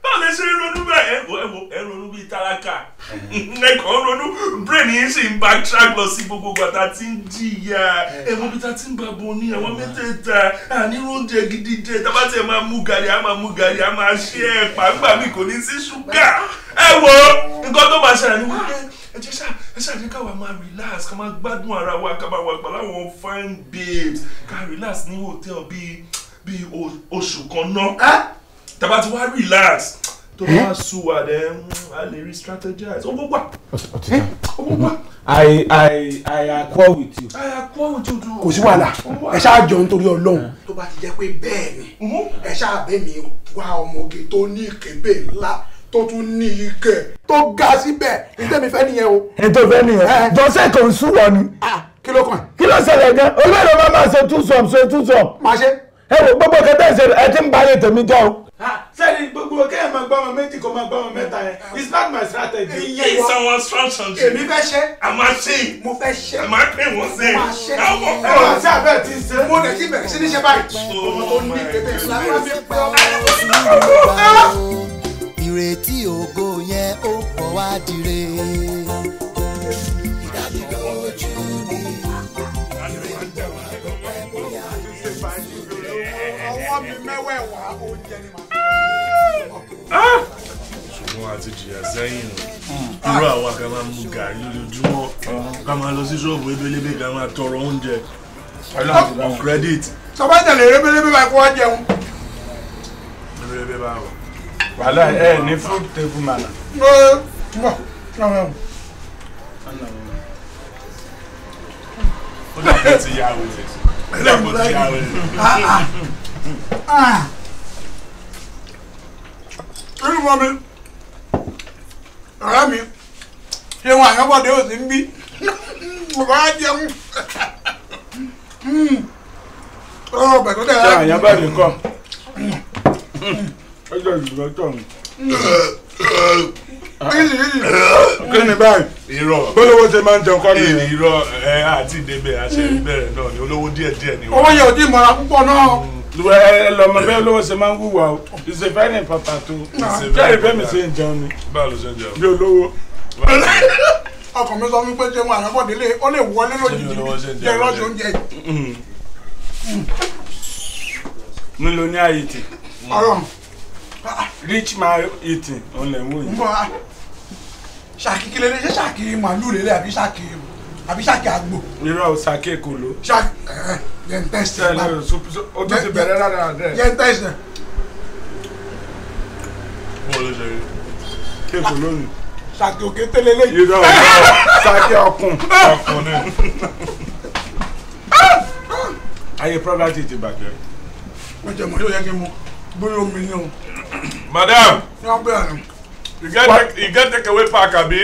báwo lè ṣe ronú bẹ́ẹ̀ ẹ wo ẹ wo ẹ ronú bíi tálákà ẹkọ ronú brain yìí sì ń backtrack lọ sí gbogbo gbàtà tí ń jìyà ẹ wo bí ta ti ń babọ ní àwọn mẹ́tẹ̀ẹ̀ta àní oúnjẹ gidi jẹ tá bá tiẹ̀ máa mú gàrí á máa mú gàrí á máa ṣe ẹ̀ pàǹgbà mi kò ní sí ṣúgà ẹ wo nǹkan tó máa ṣàlàyé wọn ẹ jẹ́ ṣá ẹ ṣá jẹ́ káwa máa relax ká máa gbádùn ara wa ká máa wà pẹ̀lú àwọn fine babes ká relax ní hòtẹ́ẹ̀lì bíi bíi oṣù kan náà tàbá ti wá relax tó bá eh? sùn wà mm, a lè re strategize owó wà eh? owó wà. I I I accord with you. I accord with you too. Kò sí wàhálà, ẹ ṣáà jọ nítorí Ọlọ́run. Ah. Tó bá ti jẹ́ pé bẹ́ẹ̀ ni, mm-hmm. ẹ ṣáà bẹ́ mi wá ọmọge tó ní ìkébè ńlá tó tún ní ike tó ga síbẹ̀ ìtẹ́mi fẹ́ nìyẹn o. ètò ìfẹ́ nìyẹn eh? jọ́sẹ̀ kò ń súwọ́ ni. Ah, kí ló kàn. kí ló ṣẹlẹ̀ gan olóòrò máa ma ṣe two sum ṣe two sum. máa ṣe ẹ wò gbogbo kẹtẹ ṣe ẹ ti ń ba ayé tèmi jẹ́ o. sẹ́ni gbogbo kéèyàn máa gbọ́ ọmọ méjì kó máa gbọ́ ọmọ mẹ́ta yẹn it's not my strategy. iye ìsanwó instruction ti. èmi fẹ́ ṣe. a máa ṣe. mo fẹ́ ṣe. a máa pè wọ́n ṣe. a máa ṣe. ẹ wọ́n ṣe abẹ́ ti ṣe. mo lè ti bẹ̀rẹ̀ sí ní ṣe báyìí. ọmọ tó ní bébè oh ìrètí ògo yẹn ó pọ̀ wá dire. lọ́wọ́ ẹ̀ wá oúnjẹ ni màá. Ah! ṣùgbọ́n àti jìyà sẹ́yìn o hmm. irú àwa ká máa mu gàrí lójoojúmọ́ ká máa lọ sí ṣọ́ọ̀bù ebelebe ká máa tọrọ oúnjẹ on credit. sọba ìtẹ̀lẹ̀ ebelebe báyìí kó wá jẹun. ebelebe báwo. wàhálà ẹ ní fruit table manner. ẹ wọ ọ̀rọ̀ ó dàbí ti yá wẹ̀lẹ̀ ó dàbí ti yá wẹ̀lẹ̀. Ah, ah. Ah. irú mọ́ mi ọ̀rẹ́ mi ṣé wọn àyànbọ̀dé ò sí ń bí hmm. ọ̀rọ̀ á jẹun ọ̀rọ̀ bẹ̀ tó dẹ̀ láti. ṣé àyànbọ̀dé kọ́ ọjọ́ ìdúró tọ̀ mí. kí ni báyìí irọ́ bólówó ṣe máa ń jẹun kọ́ nìyẹn. irọ́ àti ìdébẹ̀ àṣẹ ìbẹ̀rẹ̀ náà ni olówó díẹ̀díẹ̀ ni. owó yẹ òdì ìmọ̀ràn púpọ̀ náà. Hmm lọmọ bẹ́ẹ̀ lọ́wọ́ ṣe máa ń wúwa o ìṣèfẹ́ ní pàtàkì o kẹ́rì bẹ́ẹ̀ mi ṣe ń jẹun ni bí olówó ọkàn mi sọ wípé jẹun àyànfọ̀dé lè ó lè wọlé lójijì jẹ lọ́jọ́ oúnjẹ yìí. Mm-hmm. nílò ní àyètì rich man eating òun lè ń wò yìí. ṣàkí kí lè ṣe ṣàkí màálù lélẹ̀ àbí ṣàkí àbí ṣáàkì àgbò. irọ́ o ṣáàkì èkó ló. ṣáàkì yẹn tẹ̀sí ẹ̀ máa o tún ti bẹ̀rẹ̀ rárá rẹ̀. yẹn tẹ̀sí. bó o lè ṣe rí kéèkó lónìí. ṣáàkì òkè tẹ́lẹ̀ lẹ́yìn. irọ́ o ṣáàkì ọkùn. ọkùn ni. ayé product ti bàjẹ́. ó jẹ mọ́ yóò yẹ kí n mú bóyá omi ni o. madam. ní wọ́n gbé àná. you get take you get take away pack abi.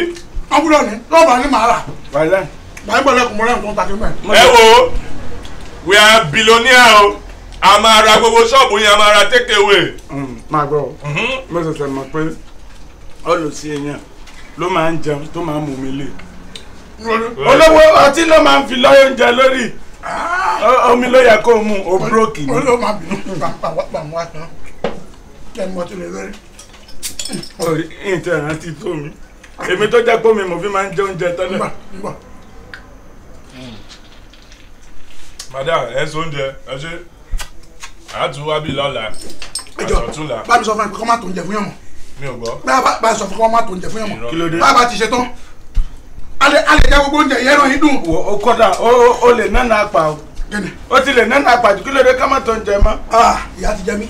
wọ́n gbúdọ̀ ní lọ́ọ̀bù ni màá rà. wàlẹ́ ẹ wo we are billionaire o a máa ra gbogbo ṣọ́ọ̀bù yẹn a máa ra take away. Mm, máa gbọ́ mm-hmm. mo ṣẹ̀ṣẹ̀ mọ̀ pé ọlọ́sí èèyàn ló máa ń jẹun tó máa ń mú mi lè. olówó ọtí ló máa ń fi lọ́yọ̀ oúnjẹ lórí ah! omi ló yẹ kó mu o búrókì ni. olówó máa bínú pàmò àtàn kẹ́mi ọtí lè lórí. orí ìtẹ̀ rántí tó mi èmi tó jẹ́ pé mi mo fi máa ń jẹ oúnjẹ tẹ́lẹ̀. madam ẹ sọ oúnjẹ ẹ ṣe àtún wá bí lọ́la àtọ̀tún la. bá mi sọ fún ẹ pé kọ́ má tó oúnjẹ fún yàn mọ́. mi ò gbọ́. bá a sọ fún kọ́ má tó oúnjẹ fún yàn mọ́. kí ló dé. bá a bá ti ṣe tán alẹ alẹ jẹ gbogbo oúnjẹ yẹn ràn yín dùn. wò ó kọ́dà ó lè nánà apà o. ó ti lè nánà apà kí ló dé ká má tó ń jẹ mọ́. Ah, ìyá ti jẹ mí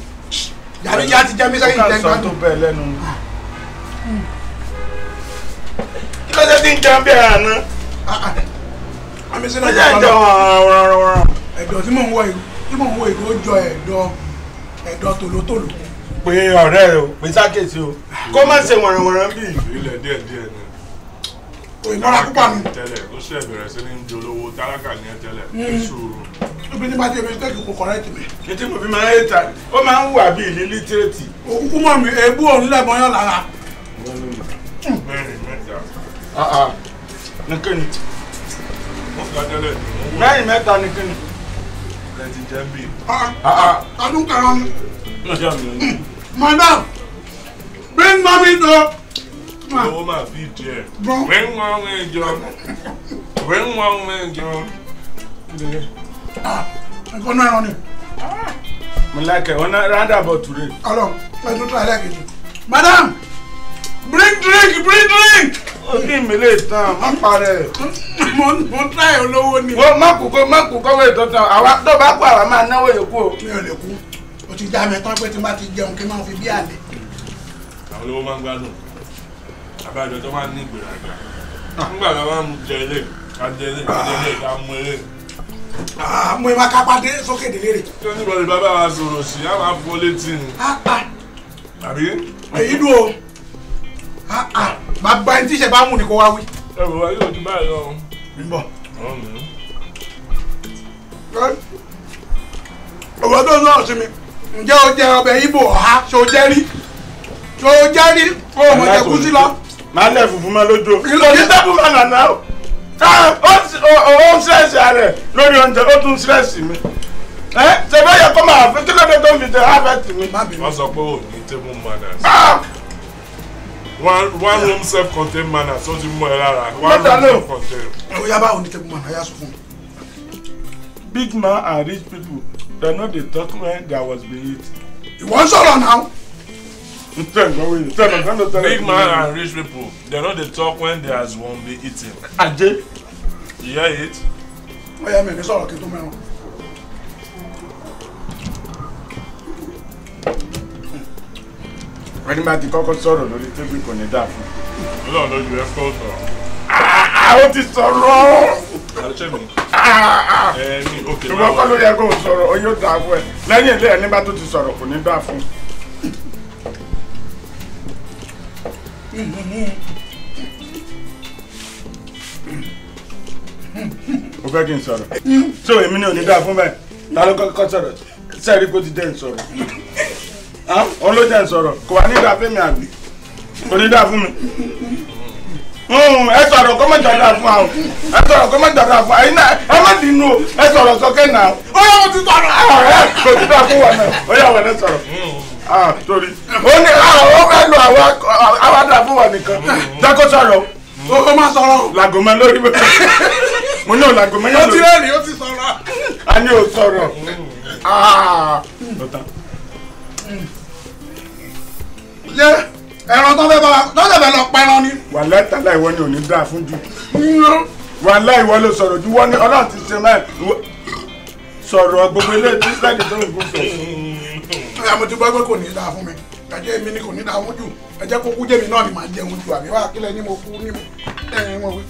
ìyá ti jẹ mí sẹ́yìn jẹ gbádùn. ó kà sọ tó bẹ́ẹ̀ lẹ́nu. Ah. kí ló dé tí ń jẹun bí ẹ̀ àná. Ah, àmì sínú ẹ̀jẹ̀ ẹ̀jẹ̀ ọ̀rọ̀ọ̀rọ̀. ẹ̀dọ̀ tí mò ń wọ ìlú tí mò ń wọ ìlú ó jọ ẹ̀dọ̀ ẹ̀dọ̀ tòlótòló. pé ọ̀rẹ́ rẹ o pé sákèsí o kó má ṣe wọ̀nrànwọ̀nrán bí. ilẹ̀ díẹ̀ díẹ̀ ni. o ìmọ̀ra púpà mi. tẹ́lẹ̀ ó ṣe bẹ̀rẹ̀ sí ní jolówó tálákà ní tẹ́lẹ̀ hmm. sùúrù. ibi ní bàjẹ́ mi tẹ́kì kò kọ̀rẹ́ tì mí. ètí mo fi máa ń ta ó máa ń wà bíi lílítírètì. òkúkú mọ̀ mi èébú òun lẹ́bọn yàn lára. ah ah nìkan ni mẹ́rin mẹ́ta ni kí ni. ẹ ti jẹ́ bí. ọdún ah, ah, ah, kẹrọ ni. madam hmm, bring mommy to. owó máa bí díẹ̀. bring mommy jọ. bring mommy jọ. ẹ̀kọ́ náà rán ni. mo lákẹ̀ ọ̀nà roundabout today. ọlọ́run pẹ̀lú tó alẹ́ kejì. madam bring drink bring drink orí mi lè tán má parẹ́. mo mo táyà olówó ni. wọ́n má kú kó má kú kọ́wé ìtọ́tàn àwa tó bá kú àwa máa náwó yòókù o. mi ò lè kú o ti já mi tán pé tí n bá ti jẹun kí n máa fi bí àlè. àwọn olówó máa ń gbádùn abájọ tó máa ń ní ìgbéraga nígbà tó máa ń mu jẹ ilé ajẹ ilé ajẹ ilé ká mú ilé. àmú ah, ẹ kápá dé sókè délé rè. tí wọ́n ní bọ̀dé bàbá wa sọ̀rọ̀ sí i á ni. àbí. èyí dùn o bàbá ah, ah, ẹni tí ìṣẹ̀ bá mú ni kó wá wí. ẹ wò wá yóò di báyìí lọ. mi bọ̀. ọ̀rọ̀ tó sọ̀rọ̀ sí mi ǹjẹ́ o jẹ ọbẹ̀ ibo ọ̀há ṣo jẹ́ rí ṣo jẹ́ rí o mọ̀ jẹ́ kú sí lọ. máa lẹ̀ funfun máa lójú. kìlọ̀ ní tẹ́kùn máa nà náà ó ń sírẹ̀sì rẹ̀ lórí oúnjẹ ó tún sírẹ̀sì mi ṣe bẹ́ẹ̀ yẹ kó máa fi kílódé tó ń fi jẹ háfẹ́tì mi. wọ́n sọ pé òní table manners. Ah! one one room self contained manner tó ti mú ẹ lára one room self contained. oya báwo ni tẹ́kùn mọ̀nà yá sọ fún mi. big man and rich people dem no dey talk when there was be heat. ìwọ ń sọ̀rọ̀ náà. big man and rich people dem no dey talk when there is one be eating. ajé. you hear it. oya mi ò ní sọ̀rọ̀ kí n ẹni bá ti kọ́kọ́ sọ̀rọ̀ lórí tébù kò ní dà fún. ọlọ́run ló ju ẹ̀kọ́ sọ̀rọ̀. ó ti sọ̀rọ̀. àlùṣe mi. ẹni òkè náà. ṣùgbọ́n kọ́ ló yẹ kó o sọ̀rọ̀ o yóò dà fún ẹ lẹ́yìn ilé ẹni bá tó ti sọ̀rọ̀ kò ní dà fún. o fẹ́ kí n sọ̀rọ̀ so hmm. èmi ni ò ní dà fún bẹ́ẹ̀ ta ló kọ́kọ́ sọ̀rọ̀ sẹ́ẹ̀rí kó ti dé sọ̀rọ̀. olójà sọ̀rọ̀ kò wá nígbà fẹ́mi àbí kò fún mi hmm, ẹ sọ̀rọ̀ kọ́ mọ̀ fún àwọn ẹ sọ̀rọ̀ kọ́ fún ẹ má o ẹ sọ̀rọ̀ sọ́kẹ́ ó yà wọ́n ti sọ̀rọ̀ ah, ẹ kò fún wọn náà ó yà wọ́n ẹ sọ̀rọ̀ hmm. ah, torí ó ní ah, ó fẹ́ lu àwa dà fún wọn nìkan hmm. jákó sọ̀rọ̀ o ó má sọ̀rọ̀ lórí bẹ́ẹ̀ mo ní o yẹn lórí o ti o ti sọ̀rọ̀ ṣé ẹran tó fẹ́ bá lọ́sẹ̀ fẹ́ lọ pẹran ni. wàhálà ìtàlá ìwọ ni ò ní dáa fún jù. wàhálà ìwọ ló sọ̀rọ̀ ju wọ́n ní ọlọ́run ti ṣe mẹ́ẹ̀ sọ̀rọ̀ gbogbo ilé tí sẹ́ẹ̀dì tó ń gún sọ. ẹ mo ti gbọ́ pé kò ní dáa fún mi ẹjẹ́ mi ni kò ní dáa fún jù ẹjẹ́ kó kú jẹ́mi náà ni màá jẹun jù àbí wàá kílẹ̀ ní mo kú ní mo ẹ̀rín wọn wí.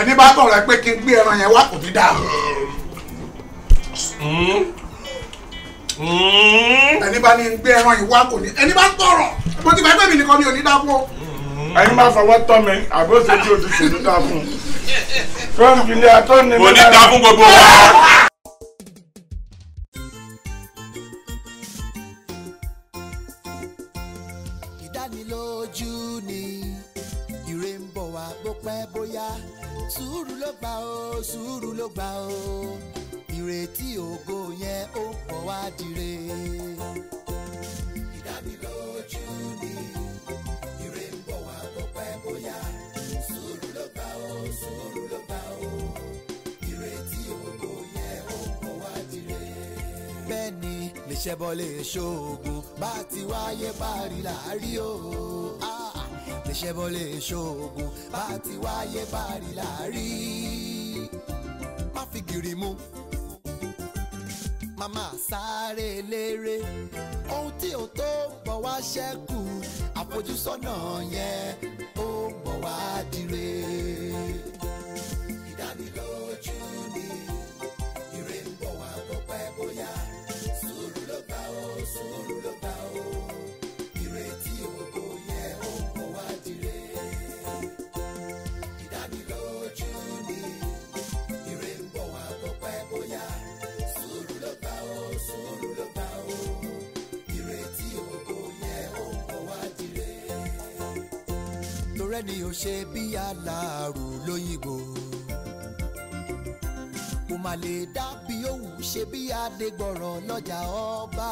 ẹni bá tọ̀rọ̀ ẹ pé kí n gbé ẹran yẹn wá kò ní dáa ẹni bá ní gbé ẹran ìwá kò ní ẹni bá tọrọ mo ti bá gbẹ̀mí nìkan ni ò ní dá ẹni bá fọwọ́ tọ́ mi àbó ṣojú oṣù kò ní dá fún un. fún atọ́ ni. kò ní dá gbogbo wa. sùúrù ló gbà ó sùúrù ló gbà ó ìrètí ògo yẹn ó pọ̀ wá dire. ìdánilójú ni ire ń bọ̀ wá lè ṣoògùn bá a ti wáyé parí láàárí o lè ṣẹbọ lè ṣoògùn bá a ti wáyé parí láàárí ah, má fi gìrì mu màmá sáré eléré ohun tí ò tó ń bọ̀ wá ṣẹ́kù àfojúsọ́nà yẹn ó bọ̀ wá dire. ìdánilóhùn. ọ̀rẹ́ ni ó ṣe bí aláàrù lóyìnbó kò má lè dá bí òwú ṣe bí lọ́jà ọba.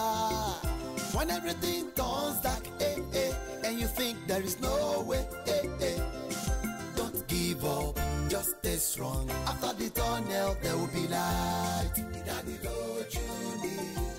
When everything turns dark eh, eh, and you think there is no way eh, eh, don't give up just stay strong after the tunnel there will be light. ìdánilójú ni.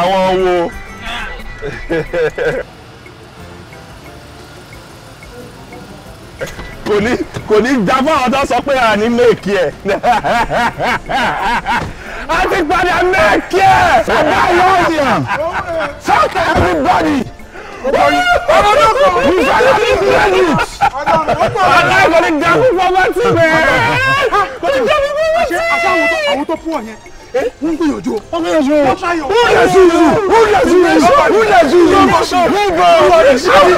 àwọn wo. kò ní kò ní já fáwọn tó sọ pé àní méèkì ẹ a ti padà méèkì ẹ adáyọ̀ọ̀yàn shout everybody ọmọ náà kò ní sọlá ní credit ọ̀dà kò ní já fún bọ́bá sí mi kò ní já fún bọ́bá sí mi. àṣà àwọn tó fún ọ yẹn. Eh? wọ́n gbìyànjú wọ́n gbìyànjú wọ́n lè zuzu wọ́n lè zuzu wọ́n lè zuzu wọ́n bọ̀ wọ́n lè zuzu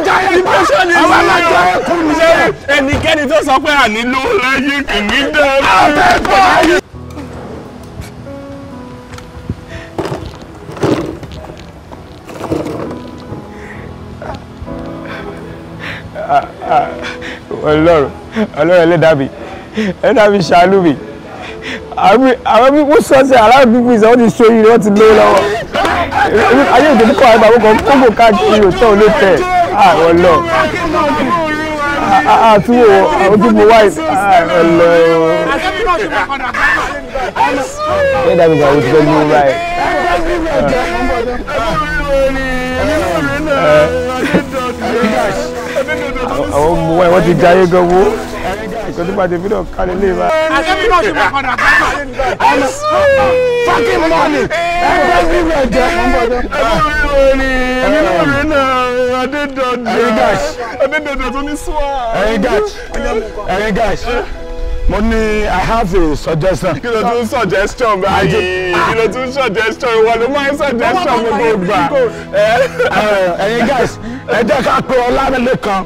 àwọn alájọ ẹkùn lé. ẹnikẹ́ni tó sọ pé ànílò láyé kì í dẹ́rù. àbẹ̀bọ̀ ayé. ọlọ́run ọlọ́run ẹlẹ́dàá mi ẹlẹ́dàá mi ṣàánú mi àwọn pípọ̀ sọ́ọ̀sì aláwọ̀ pípọ̀ ìsọ̀ wọ́n ti ṣe oyè wọ́n ti lé lọ́wọ́ ayé òde púpọ̀ àgbà àkókò kókò káàkiri òtọ́ ò lè tẹ̀ àwọn lọ àtúwò ojúbọ white ọlọ ẹ dàbí ìgbà wo ti fẹ́ gbówó báyìí. àwọn ọmọ wa wọ́n ti jayé gan wo tó nígbà tí fídíò kálí lè bá. àṣẹ́bí náà ti máa padà bá wà lẹ́nu báyìí. fucking money ẹgbẹ́ mi jẹ́ ọmọdé. ẹ̀mí náà rẹ̀ náà adédọ̀dọ̀ adédọ̀dọ̀ tó ní sùn. ẹ̀yin guys ẹ̀yin guys mo ní i have a suggestion. kí ló tún suggestion báyìí kí ló tún suggestion ìwọ ló máa ń suggestion gbogbo ìgbà. ẹ̀yin guys ẹ jẹ́ ká pe Ọlámilékan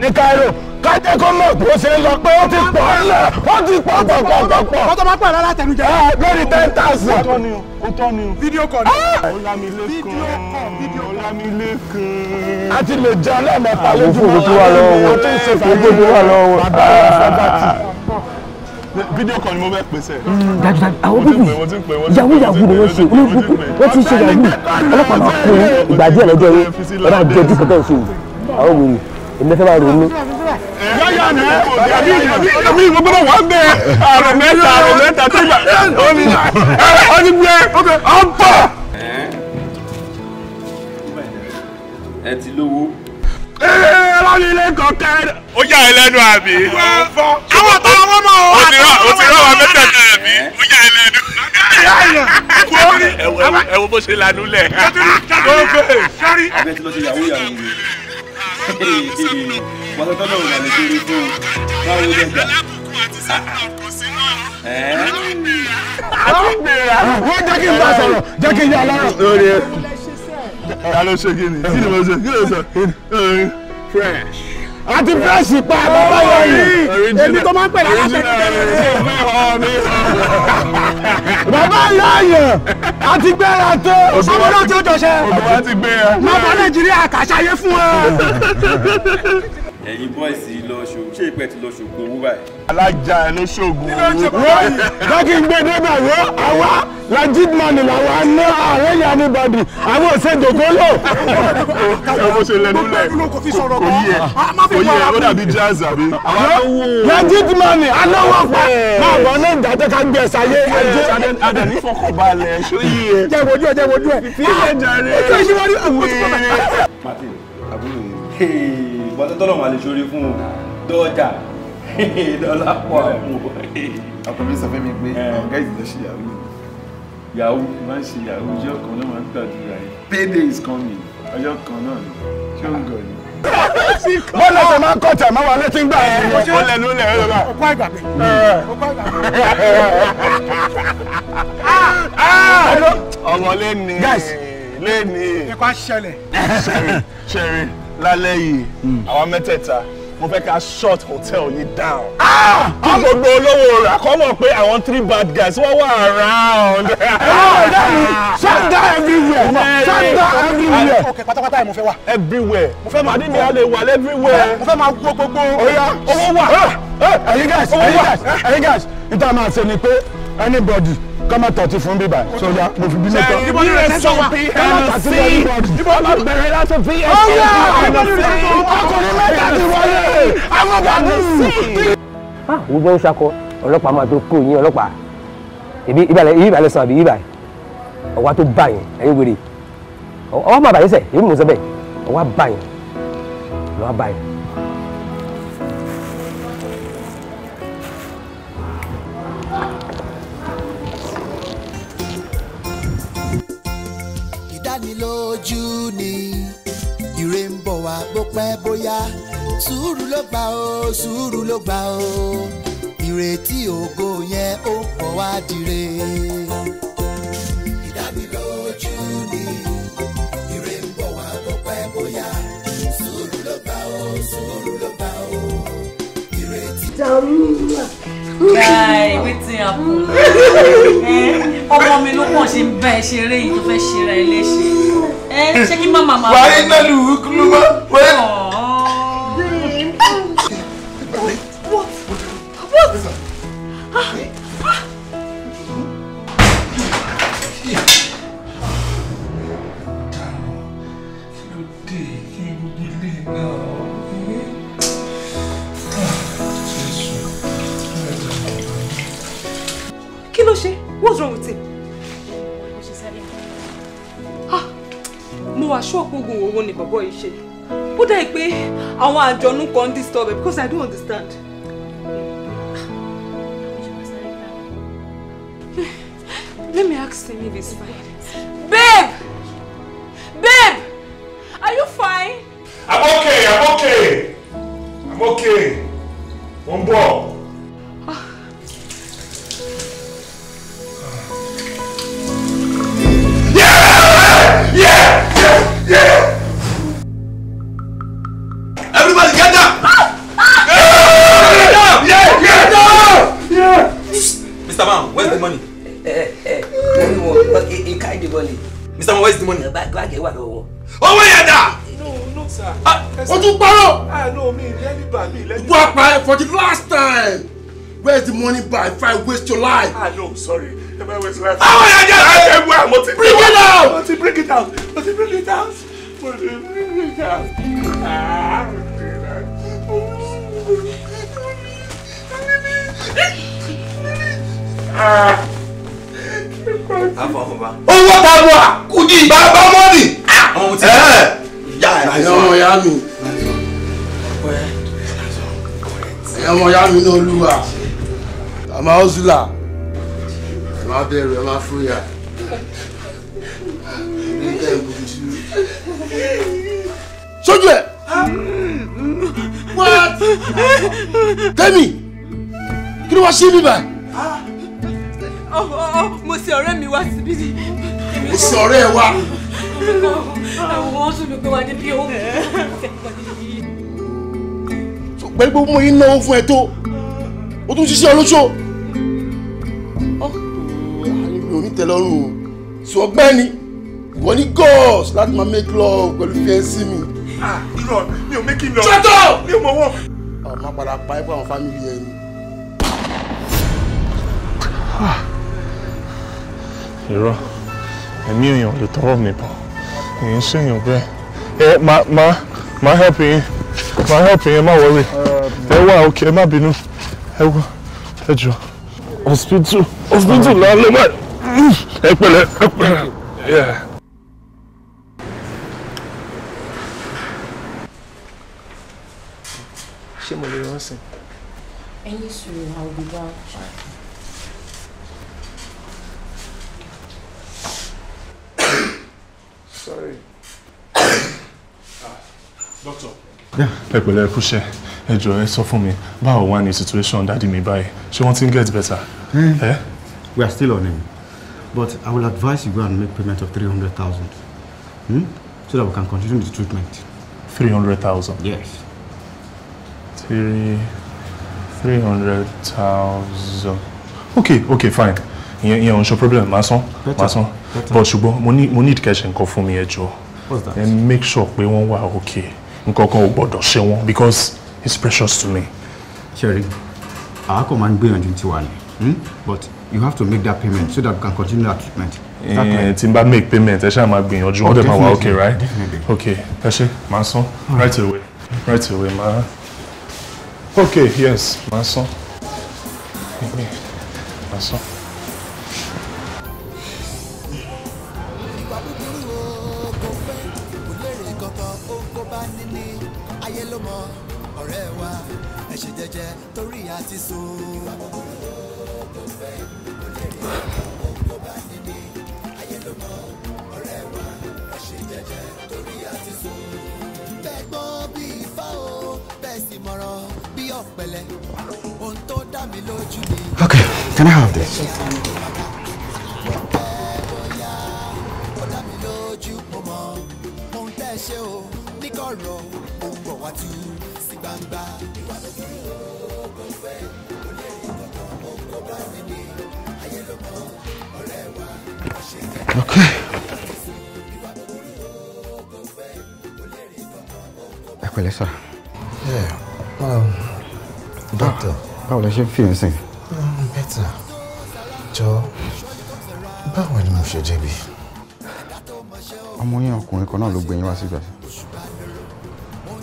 ní Cairo kájẹ́ kó mọ̀ bó ṣe lọ pé ó ti pọ̀ ńlẹ̀ ó ti pọ̀ pọ̀ pọ̀ pọ̀ pọ̀. wọ́n tó bá pààrọ̀ látẹnujẹ. ẹ lórí ten thousand. ó tọ́ ni ó tọ́ ni. fídíò kọ̀ ni. Ọlámilékan ah! Ọlámilékan. a ti lè jẹ ọlọ́mọta lójúmọ́ ọlọ́mọ tó ń ṣe fàájì fídíò kan ah! ni mo fẹ́ pèsè. Mm, dájúdájú àwọn bíbí yahoo yahoo ni wọ́n ṣe wọ́n ti wọ́n ti ṣe yahoo ọlọ́pàá máa kó ìgbà díẹ̀ lọ́jọ́ yẹn ẹ máa jẹ́ ojú kankan fún un àwọn wò ni èmi fẹ́ máa ronú. yáyà ni àbí àbí ìwọ gbọ́dọ̀ wá gbé àrò mẹ́ta àrò mẹ́ta tó gbà ó ní ó ní gbé ó ń bọ̀. ẹ ti lówó. ẹ ẹ lọ́ọ́ ilé kọ̀ọ̀kan. ó yà ẹ lẹ́nu àbí. àwọn tó wọ́n mọ̀ ọ́ àtàwọn ọmọ ìwà mẹ́tẹ̀ẹ̀ta àbí ó yà ẹ lẹ́nu ẹ wo bó ṣe lanú lẹ. sọ́rí. abẹ́ tí ló ṣe yàwó yàwó rẹ̀ mo sọ tọ́lọ̀ òun àlè kiri fún un báwo lè gbà. wọ́n jẹ́ kí n bá sọ̀rọ̀ jẹ́ kí n yà lọ́rọ̀. ta ló fresh àti fírẹ́ṣì pa bàbá wọn yìí èmi tó máa ń pẹ̀lú alátẹ̀kẹ́ bàbá yọ̀ọ̀yọ̀ àti gbéra tó ọmọdé tí ó jọṣẹ́ bàbá nàìjíríà kàṣàyé fún ọ. ẹ̀yin bọ́ìsì lọ ṣe ìpẹ́ ti lọ ṣògùn owó báyìí. alájà ẹ ló ṣògùn owó. wọ́n lọ́kì gbé débẹ̀ wọ́ àwa la jidman làwa ná ààrẹ yà ní bàdì àwọn ò ṣe dògólò. ẹ bó ṣe lẹnu lẹ kò yẹ kò yẹ ó dàbí jazz àbí. la jidman aláwọ̀ pa máa bọ̀ ní ìdájọ́ ká gbé ẹ̀sà yé ẹjẹ́. adàní fọkànbalẹ̀ ṣó yí ẹ. jẹ́ wojú ẹ jẹ́ wojú ẹ. fi ilẹ̀ jàre. ojú ah, ẹ ṣe wọ́n rí àwọn ọmọ tó kọ́ bẹ̀. Martin àbúrò yìí bọ́tẹ́tọ́lọ́ máa lè ṣoore fún un dọ́jà dọ́là *laughs* pọ̀ àpò. ọkùnrin sọ fún mi pé ọ̀gá ìdílé ṣe yahoo yahoo máa ń ṣe yahoo ọjọ́ kan náà máa ń gbàdúrà yìí payday is coming ọjọ́ kan náà ni ṣé ó ń gọ̀ ni bọ́lá ṣe máa ń kọ̀tà máa wà létí gbà yẹn. ó eh, lẹnu lẹ ó lọ. ọkọ àgbàgbé. Eh. ọkọ àgbàgbé. Ah! ọmọ lẹ́ni lẹ́ni. nípa ṣẹlẹ̀. ṣẹrin lálẹ́ yìí hmm. àwọn mẹ́tẹ̀ẹ̀ta mo fẹ́ ká short hotel yìí down. kí gbogbo olówó rà kọ́ mọ̀ pé àwọn three bad guys wọ́n wà around. ọ̀rẹ́ mi shut down everywhere shut down everywhere. ok pátápátá yẹn mo fẹ́ wà. everywhere mo fẹ́ máa dín ní alẹ́ wà everywhere. mo fẹ́ máa wó gbogbo. oya owó wà. ẹ̀yin guys ẹ̀yin guys ẹ̀yin guys ìta máa ṣe ni pé anybody kọ́mọ tọ̀tí fún bíbá so ya mo fi bílẹ̀ tọ́. ibo ni rẹ sọ wa kọ́mọ tọ̀tí lọ ní bọ́ọ̀dù. ibo ni rẹ bẹ̀rẹ̀ láti fi ẹ̀ sí ẹ̀ ọkùnrin mẹ́ta ti wọlé àwọn bàbá sí. wọ́n gbọ́ ṣakọ ọlọ́pàá máa tó kó yín ọlọ́pàá èmi ìbàlẹ̀ ìbàlẹ̀ sàn àbí ìbàlẹ̀ ọwọ́ tó bá yẹn ẹ̀yin wèrè ọwọ́ máa bàyẹ́sẹ̀ èmi mò ń sọ bẹ́ẹ̀ ọwọ́ bá yẹn lọ́wọ́ bá yẹn. lójú ni ire ń bọ̀ wá bó pẹ́ bóyá sùúrù ló gbà ó sùúrù ló gbà ó ìrètí ògo yẹn ó pọ̀ wá dire. ìdánilójú ni ire ń bọ̀ wá bó pẹ́ bóyá sùúrù ló gbà ó sùúrù ló gbà ó ìrètí. dàrú wà guy wetin happen eh? ọmọ mi ló kàn ṣe ń bá ẹ ṣeré yìí tó fẹ́ ṣera ẹ léṣe ẹ eh, ṣé kí màmá máa. wàá iná lu wíkúlú mọ́ What? What? Ah. bọ̀bọ̀ yìí ṣe ó dà pé àwọn àjọ̀nú kan ń disturb because I don't understand. Let me ask him if he's fine. sorry. The man was laughing. How are you? I am well. Moti, bring it out. Moti, bring it out. Moti, bring it out. Moti, bring it out. Ah, oh, owó ta ló wà. kùdì bàbá mọ́nì. àwọn ohun ti bá eh! ìyá ẹ̀ láì sọ. àwọn ọmọ ìyá mi. àwọn ọmọ ìyá mi ní olúwa. àmà ọ́sùlà abẹ́rẹ́ ọlá fúyà ní ìdá sójú ẹ what tẹ́mi kí ló wá sí bíbá. mo ṣe ọ̀rẹ́ mi wá síbí ni. mo ṣe ọ̀rẹ́ ẹ wá. àwọn ọmọ sùn ló gbé wa níbí o. pẹ̀lú gbogbo mo yín náwó fún ẹ tó o tún ṣiṣẹ́ olóṣó. ìtẹ́lọ́rùn o sọ ọgbẹ́ni ìwọ ní gọ́ọ̀s láti máa make love pẹ̀lú fíẹ́nsì mi. Ah, irọ́ mi ò make love. ṣọ́tọ̀ mi ò mọ̀ wọ́n. àwọn ah, máa padà pa ẹ́pọ̀ àwọn fámìlì ẹ̀ ni. Ah. irọ́ ẹ̀mí èèyàn lè tọwọ́ mi bọ̀ èyí ń ṣèyàn bẹ́ẹ̀ ẹ eh, máa máa máa help yín máa help yín má wọrí ẹ wá òkè má bínú ẹ jọ hospital hospital lọ́ọ́ báyìí ẹ pẹ̀lẹ́ ẹ pẹ̀lẹ́. ṣé mo lè rán sí. ẹyin sùúrù àwọn òbí wa. sorry. doctor. ẹ pẹ̀lẹ́ ẹ kúṣẹ́ ẹ jọ̀ọ́ ẹ sọ fún mi báwo wá ni situation dádì mi báyìí ṣé wọ́n ti ń get better. Eh? eh? we are still on him. But I will advise you go and make payment of 300,000. Hmm? So that we can continue the treatment. 300,000? Yes. Three, 300,000. Okay, okay, fine. You, ìyẹn ò ń problem, màá san, màá san. But you, mo ní mo need cash nǹkan fún mi ẹ Joe. What's that? And make sure pé wọ́n wà okay. Nǹkan kan ò gbọ́dọ̀ ṣe wọ́n because it's precious to me. Ṣé I'll àákọ̀ máa ń gbìyànjú tiwa ni hmm? but you have to make that payment so that we can continue that treatment. Eh, tí n bá make payment I shall make gbìyànjú ọdẹ oh, máa wà okay right definitely. okay ẹ ṣe right away right away máa okay yes máa san máa san. ṣe ń fi ń sìn. bẹ́tà jọ báwo ni mo ṣe jẹ̀bi. ọmọ yẹn ọkùnrin kan náà ló gbé yín wá síbẹ̀.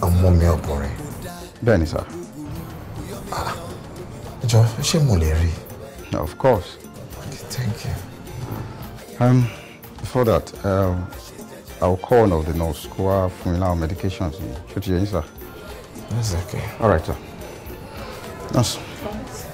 ọmọ mi ọkùnrin. bẹ́ẹ̀ ni sà. Ah, jọ ṣé mo lè rí. of course. Okay, thank you. Um, before that, um, I'll call one of the nurse kó wá fún our medications. Should you answer? That's okay. All right, sir. Nurse promise.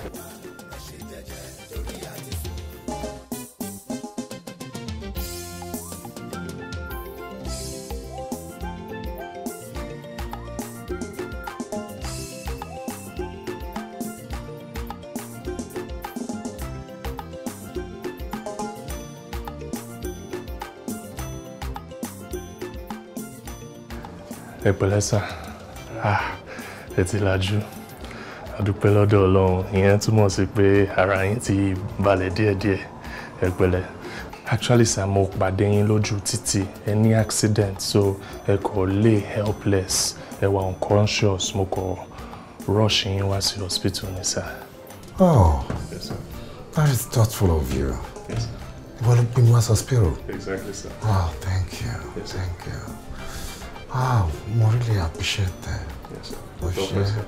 ẹ pẹ̀lẹ́ sà ẹ ti adúpẹ́ lọ́dọ̀ ọlọ́run ìyẹn túmọ̀ sí pé ara yín ti balẹ̀ díẹ̀díẹ̀ ẹ pẹ̀lẹ́ actually sir mo pàdé yín lójú títì ẹ accident so ẹ kò lè helpless ẹ wà unconscious mo kò rush yín wá sí hospital ni sir. oh that is thoughtful of you. Yes, sir. Well, it been was hospital. Exactly, sir. Wow, thank you. Yes, Thank you. Wow, I really appreciate that. Yes, sir. Appreciate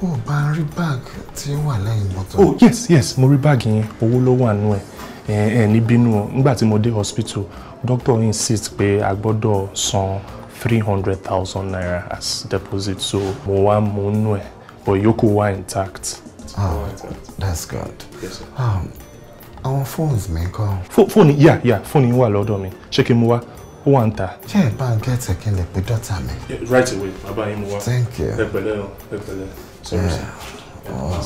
o bá ń rí báàgì tí ó wà lẹ́yìn mọ́tò. oh yes yes mo rí báàgì yẹn owó ló wà nù ẹ ẹ ní bínú ọ nígbà tí mo dé hospital doctor insist pé a gbọ́dọ̀ san three hundred thousand naira as deposit so mo wá mú nù ẹ but yòókù wà intact. oh that's good. Yes, sir. um, àwọn fóònù mi kọ́. fóònù yà yà fóònù yìí wà lọ́dọ̀ mi ṣé kí n mú wá ó wà ń ta. ṣé ẹ bá ń gẹ́ tẹ̀kínlẹ̀ pé dọ́tà mi. right away bàbá yín mo wá. thank you. ẹ o ẹ pẹ̀lẹ́ sọ̀rọ̀ lọ.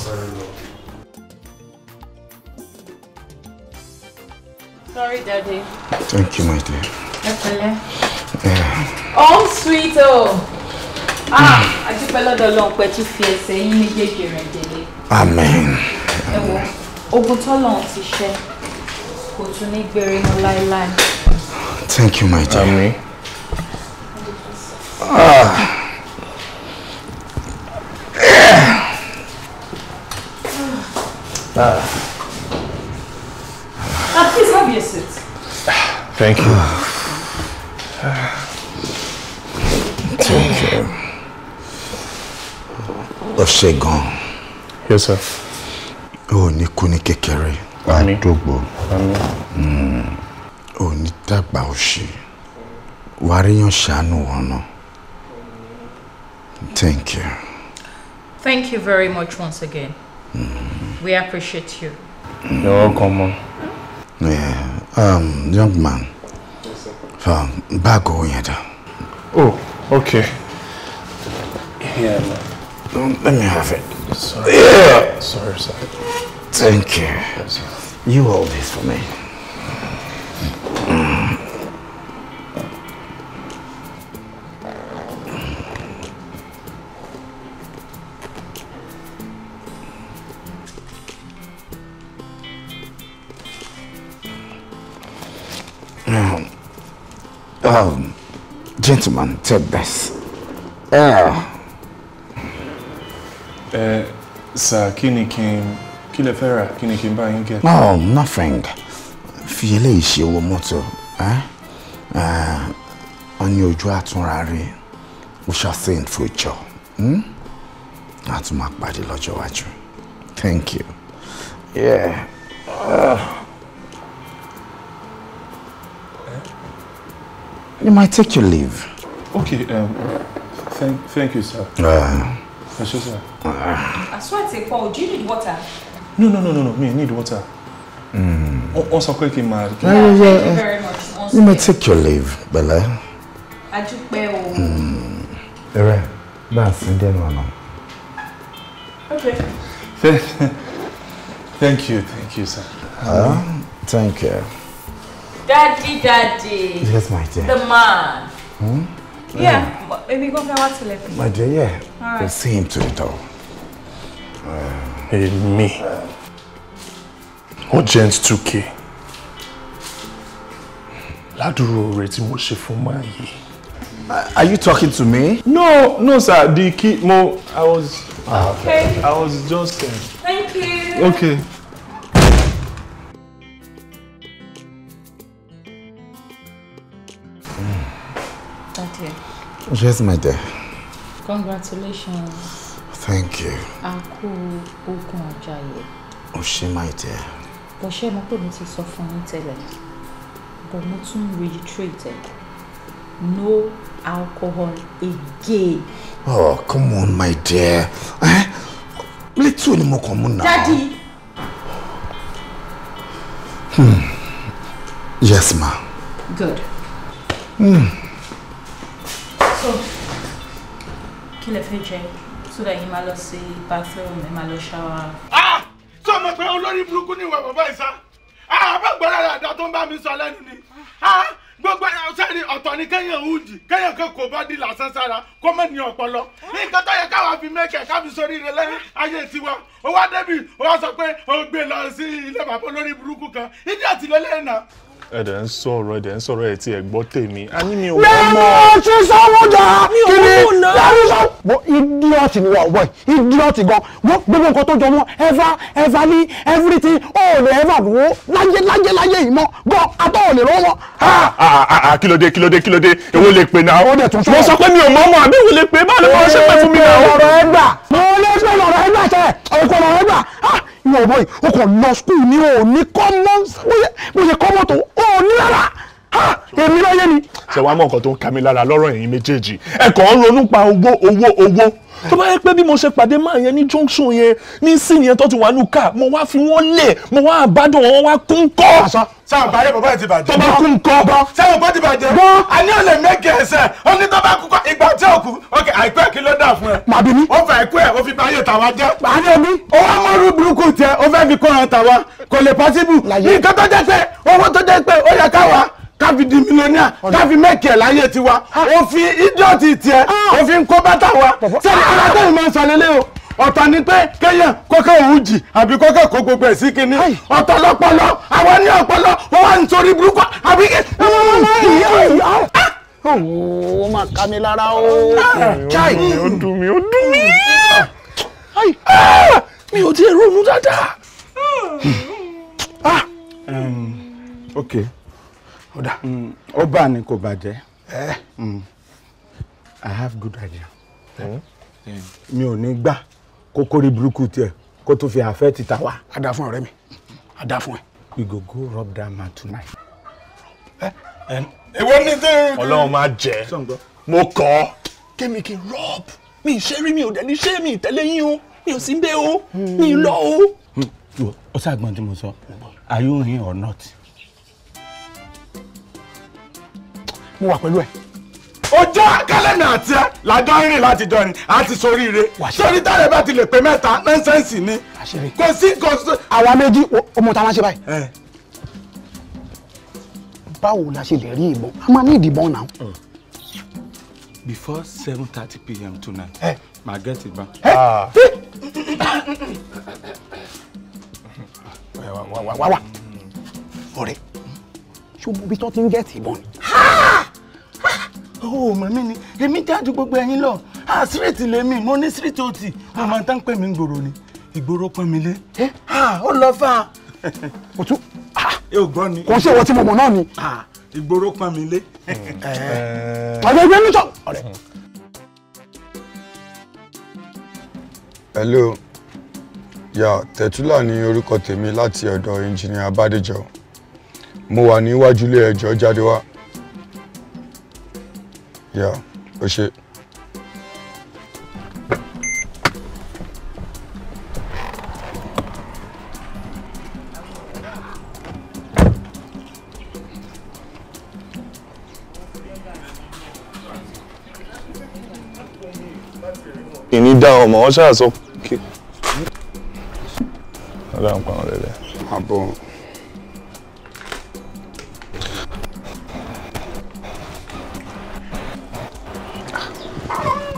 sorry daddy. thank you my dear. ẹ oh sweet o. Oh. ah àdúpẹ́ lọ́dọ̀ ọlọ́run pé tún fi ẹsẹ̀ yín méjèèjì rẹ̀ délé. amen. ẹ wo ogun tọ́lọ́run ti ṣe kò tún ní gbére mọ́ láéláé. Thank you, my dear. Ami. Ah. Ah. Ah, please have your seat. Thank you. Thank you. Ọ̀ṣẹ́gun. Yes, sir. Oh, ò ní kú ní kékeré. Àmín. Mm òní dàgbà òṣì wàá ríyàn ṣàánú wọn náà thank you. thank you very much once again mm we appreciate you. you're welcome Yeah. Um, young man um, báàgò yẹn dà. oh okay. Yeah, man. Um, let me have it. Sorry. Yeah. Sorry, sir. Thank you. You hold this for me. Um, gentlemen, take this. Uh, uh, sir, kí ni kí n kí lẹ fẹ́ rà kí ni kí n bá yín gẹ̀. no nothing fi eléyìí ṣe owó mọ́tò wọ́n eh? ní ojú àtúnra we shall see in future hmm? a tún máa pàdé lọ́jọ́ iwájú thank you. Yeah. Uh. You might take your leave. Okay, um, thank, thank you, sir. Uh, yes, sir. Uh, I swear to Paul, do you need water? No, no, no, no, no. Me, I need water. Mm. Also, quick, Mark. Yeah, yeah, yeah. Thank you very much. you might take your leave, Bella. I do pay. Mm. Ere, that's in the one. Okay. *laughs* Thank you, thank you, sir. Uh, thank you. Daddy, daddy. Yes, my dear. The man. Hmm? Yeah, yeah. maybe go back to left. My dear, yeah. All right. see him to the door. Uh, it me. Urgent 2K. Ládùúrò rẹ̀ tí mo ṣe for my. Are you talking to me? No, no, sir. The key, mo, I was, ah, okay. I was just. Uh, Thank you. Okay. Yes, my dear. Congratulations. Thank you. A kú ogun àjàyè. O my dear. Bọ̀ ṣé mo pé mo ti sọ fún yín but mo tún reiterate no alcohol again. Oh, come on, my dear. Eh? Little ni mo kàn mú náà. Daddy. Hmm. Yes, ma. Good. Hmm so kí lẹ fẹ́ jẹ so that yín máa lọ sí bathroom and máa lọ shower. ah sọ ma pé olórí burúkú ni ìwà bàbá ìsá àbẹ̀gbọ́dọ̀ ah, rẹ̀ àdá tó ń bá mi sọ lẹ́nu ni ah, gbogbo sẹ́ni ọ̀tọ̀ ni kéèyàn hùdì kéèyàn kan kò bá di lásán sára kó mọ̀ ní ọpọlọ nǹkan tó yẹ káwa fi mẹ́kẹ̀ káfi sórí rẹ lẹ́yìn ayé tiwa ó wá débi ó wá sọ pé ó gbé lọ sí ilé bàbá olórí burúkú kan ìdí àtìlẹ́lẹ́yìn e náà ẹ̀dẹ̀ ń sọ̀rọ̀ ẹ̀dẹ̀ ń sọ̀rọ̀ ẹ̀ tí ẹ̀ gbọ́ tèmi. a ní mi ò wọ́n mọ́. lẹ́nu ṣe sanwó jà kí ni lẹ́nu sọ. wo idiot ni wà wọ̀ idiot gan wo gbogbo nǹkan tó jọ mọ́ ever ever ní everything ó lè ever wo láyé láyé láyé yìí mọ́ gan atọ́ ò lè rọ́ mọ́. kílódé kílódé kílódé èwo lè pè náà. mo sọ pé mi ò mọ́ mọ́ àbí èwo lè pè báwo lè mọ́ ṣe pẹ́ fún mi náà. mo lè pè lọ́rọ̀ ẹgbà ṣe òkò lọ́rọ̀ ẹgbà wọ́n bọ̀ yìí o kò lọ skul ni o ní kọ́mọ́ bóyá kọ́mọ́ tó o ní rárá èmi láyé ni. ṣe wàá mọ nǹkan tó ń ka mi lára lọ́rọ̀ ẹ̀yin méjèèjì ẹ kàn ń ronú pa owó owó owó tó bá yẹ pé bí mo ṣe pàdé máa yẹn ní junction yẹn ní sin yẹn tó ti wà nùkà mo wá fi wọn lẹ̀ mo wá àbádùn wọn wá kún kọ́. sáà bàárẹ̀ bàbá ti bàjẹ́. tó bá kún kọ́. bọ́ sáà bàbá ti bàjẹ́. bọ́ a ní ọ̀lẹ̀ mẹ́gẹ̀ ẹsẹ̀ ó ní tó bá kú kọ́ ìgbà tí ò ok àìkú ẹ̀ kí ló dà fún ẹ. màbí mi. ó fẹ́ àìkú ẹ̀ ó fi bá yóò tàwa jẹ́. màbí mi. ó wá mọ́rú burúkú tiẹ̀ ó fẹ́ fi kóran tàwa kò lè pọ́sibú. ní nǹkan tó jẹ́ pé owó tó jẹ́ pé ó yẹ káwa káfi di mílíọ̀nìà káfi mẹ́kẹ̀ẹ́ láyé tiwa òfin ídíọ̀tì tiẹ̀ òfin kó bàtà wa sẹ́ni alátẹ̀yìn máa ń sọ lélẹ́ o ọ̀tọ̀ ni pé kéèyàn kókó òun jì àbí kókó kó gbogbo ẹ̀ sí kinní ọ̀tọ̀ lọ́pọlọ àwọn ní ọpọlọ wọ́n wá ń sori burúkú àbí kí. Oh, ó máa ká mi lára o. ó dùn mí ó dùn mí mi ò tiẹ̀ ronú dáadáa. Hmm. Hmm. Um, ok. Oda, dà. Mm. ó bà ní kò bàjẹ́. Eh. Mm. I have good idea. Mm. mi ò ní gbà kókórí burúkú tiẹ̀ kó tó fi àfẹ́ ti ta wá. a dá fún ọ̀rẹ́ mi a dá fún ẹ. we go go rob that man tonight. Eh, eh, èwo ni tẹ́. ọlọ́run máa jẹ mo kọ́. kémi kí n rob mi ì ṣe rí mi ò dẹ̀ ní ṣe mi ìtẹ́lẹ̀ yín o mi ò sí bẹ́ẹ̀ o mi ì lọ o. Hmm. o tí mo sọ are you in or not. mo wà pẹ̀lú ẹ. ọjọ́ akálẹ̀mí àti ẹ làjọ irin láti jọ ni a ti sọ oríire sórí tàrẹ bá ti lè pé mẹ́ta nọ́ńsẹ̀nsì ni kò sí kò sí. àwa méjì ọmọ táwọn ṣe báyìí. báwo la ṣe lè rí ìbọn a máa ní ìdìbọn náà. Mm. before seven thirty pm tonight eh. ma get ìbọn. wá wá wá wá ọ̀rẹ́ ṣùgbọ́n bí tó ti ń gẹ̀ẹ́tì ìbọn ni ó oh, mọ̀ mí ni èmi jáde gbogbo ẹ̀yin lọ à sírètì lèmi mo ní sírètì òtì mo máa tán pè mí gbòòrò ni ìgboro pọ́n mi lé. ó lọ fà á. o tún ẹ ò gbọ́ ni. kò sí ìwọ tí mo mọ̀ náà ni. ìgboro pọ́n mi lé. ọ̀rẹ́ ìgbẹ́ ní sọ. hello ya Tẹ̀túlà ni orúkọ tèmi láti ọ̀dọ̀ ẹnjìnìà Bádéjọ mo wà níwájú ilé ẹjọ́ jáde wá. Yeah, o ṣe. ìní dá ọmọ wọn ṣáà sọ kí. ọlọ́run pa wọn lẹ́lẹ́. àbọ̀.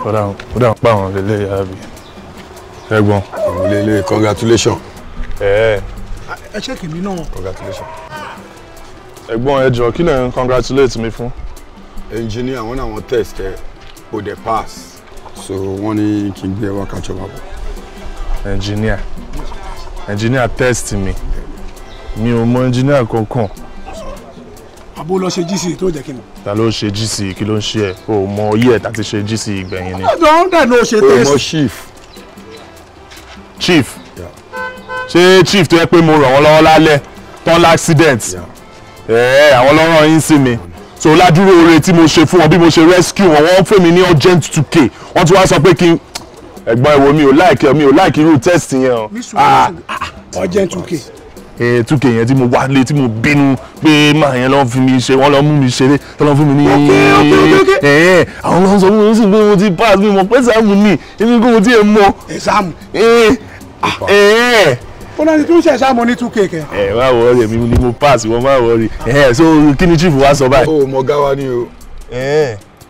ó dà ń pa àwọn lélẹ̀ àbí ẹ̀gbọ́n. àwọn lélẹ̀ congratulation. ẹ ṣé kèmí náà. congratulation. ẹ̀gbọ́n ẹ jọ kí lẹ congratulate mi fún. engineer wọn náà wọn test ẹ kò dé pass so wọn ní kí n gbé wá kájọ máa engineer engineer test mi mi ò mọ engineer kankan àbó lọ ṣe gc tó jẹ́ kí n. ta ló ṣe gc kí ló ń ṣe ẹ o mọ oyè ẹ ta ti ṣe gc ìgbẹ̀yìn ni. ọjọ́ ọ̀dà ló ṣe tẹ́sí. o mọ chief. chief ṣé chief tó yẹ pé mo ràn wọ́n lọ́wọ́ lálẹ́ tán l'accident ẹ̀ẹ́ àwọn lọ́rọ̀ yín sí mi so ládùúró oore tí mo ṣe fún wọn bí mo ṣe rescue wọn wọ́n fún mi ní urgent 2k wọ́n ti wá sọ pé kí n ẹ̀gbọ́n ẹ mi ò like mi ò like irú test yẹn o. Ah. Ah, urgent 2k 2k yẹn tí mo wá lé tí mo bínú pé máa yẹn lọ́ọ́ fi mi ṣe wọ́n lọ́ọ́ mú mi ṣeré tó lọ́ọ́ fún mi ní. ẹ̀ẹ́ àwọn lọ́ọ́ sọ fún mi sí pé mo ti pass mi mọ̀ pé sáàmù ni èmi kò mo ti ẹ̀ mọ. ẹ̀sàmù. ẹ̀ẹ́ fúnra tó ń ṣẹ̀ṣá mo ní two kéèkẹ́. ẹ má wọrí èmi ni mo pass wọn má wọrí ẹ so kí ni chief wa sọ báyìí. o mọ ọgá wa ni o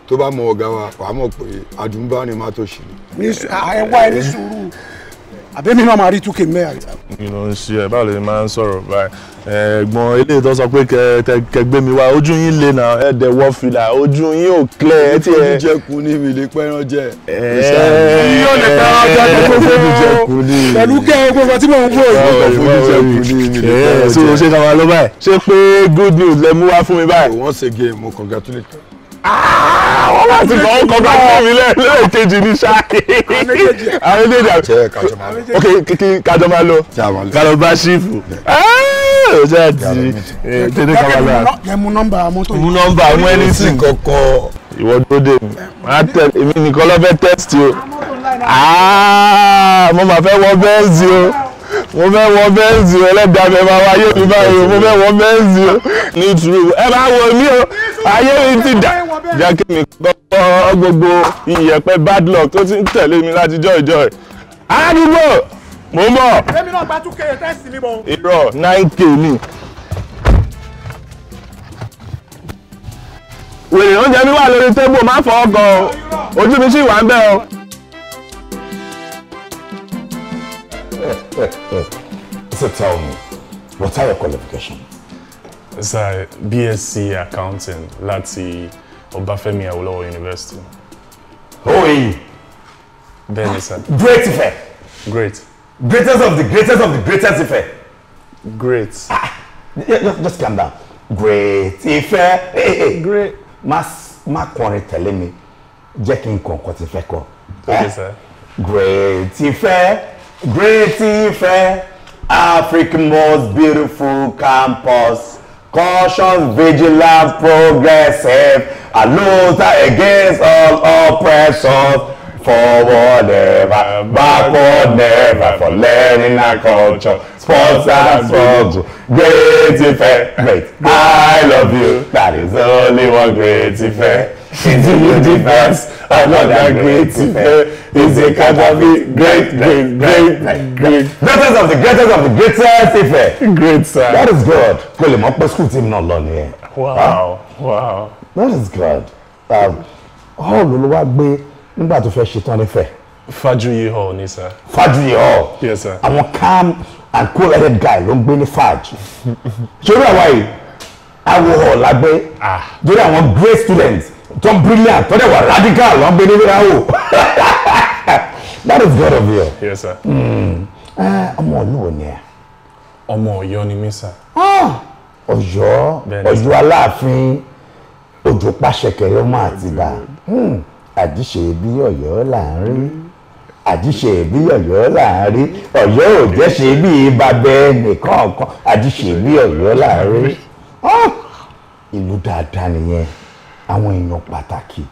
tó bá mọ ọgá wa wàá mọ̀ pé àdúgbò ni má tó ṣì ẹ wá ẹ ní sùúrù àbẹ́mi máa rí túkè mẹ́rin. ṣe ẹ lè máa ń sọ̀rọ̀ báyìí ẹ̀gbọ́n eléyìí tó sọ pé kẹgbẹ mi wá ojú yín lè nà ẹ dẹ wọ fìlà ojú yín ò clear ẹ tiẹ̀. ojú jẹkun ní mi lè pẹran jẹ. yóò lè pẹran jẹ gbogbo pẹ̀lú kẹ gbogbo tí mò ń wò yìí. ojú jẹkun ní mi lè pẹran jẹ. ṣé o ṣe kàwá ló báyìí ṣé pé good news lẹ mú wá fún mi báyìí. once again mo congratulate you. Ah, wọ́n láti gbọ́ ọkọ̀ gbà fún mi lẹ́ẹ̀kejì ní ṣáàkì. àwọn méjèèjì àti ok kí kájọ máa lọ kájọ bá ṣífù ah, ó jẹ́ àti tètè ká máa lọ. mú nọ́mbà mọ́tò yìí. mú nọ́mbà mú ẹni sí kọ̀kọ́. ìwọ tó dé mi máa tẹ èmi nìkan lọ́fẹ́ tẹ́sítì o ah, mo máa fẹ́ wọ bẹ́ẹ̀sì o mo fẹ́ wọ bẹ́ẹ̀sì o ẹlẹ́dàá mi máa wáyé mi báyìí mo fẹ́ wọ bẹ́ẹ̀sì o nítorí ẹ máa wọ mí o ayé mi ti dà jẹ́ kí mi kọ́kọ́ gbogbo ìyẹ̀pẹ̀ bad luck tó ti ń tẹ̀lé mi láti joy joy. àdúgbò mò ń bọ̀. èmi náà gba two k tẹ́sì mi mọ́. irọ́ nine k ni. wèrè oúnjẹ mi wà lórí tébù má fọwọ́ kan o ojú mi sì wà ń bẹ́ o. So tell me, what are your qualifications? Sir, BSc Accounting láti. Like Ọbáfẹ́mi Awólọ́wọ̀ University. oye. bẹ́ẹ̀ sir. Great Ifẹ̀. great. greatest of the greatest of the greatest Ifẹ̀. great. ah just, just calm down. Great Ifẹ̀. Hey, hey. great. má ma kọrin tele me. jẹ́ kí n kàn kọ́ Okay, eh? sir. Great Ifẹ̀. Great Ifẹ̀. Africa's most beautiful campus. Caution, vigilance, progressive, alota against all oppressors. forward never, backward never, for learning our culture, sports and struggle, great effect, mate, I love you, that is only one great effect is the universe another great event is a cadavy great great great great. greatest of the greatest of the greatest Ife. great sir. that is good. kò lè mọ pé school team náà lọ nìyẹn. wow wow. that is good. All um, hall ló wá gbé nígbà tó fẹ́ ṣetán nífẹ̀ẹ́. Fajuyi hall ni sir. Fajuyi hall. yes sir. àwọn calm and cool headed guy ló ń gbé ní Faj. ṣé orí àwa yìí awo hall la gbé. ah. torí àwọn great students tó brilliant tó dẹ̀ wà radical wọ́n gbé níbi ráwò *laughs* that is God of you. yes sir. Hmm. Ah, ọmọ olúwo ni ẹ. ọmọ Ọ̀yọ́ ni mí sà. Ah, Ọ̀yọ́ Ọ̀yọ́ Aláàfin òjò pàṣẹkẹrẹ ọmọ Àtìbà hmm. àjíṣe bí Ọ̀yọ́ là ń rí àjíṣe bí Ọ̀yọ́ là ń rí Ọ̀yọ́ ò jẹṣe bí babẹ nìkan kan àjíṣe bí Ọ̀yọ́ là ń rí ah, ìlú dáadáa nìyẹn àwọn èèyàn pàtàkì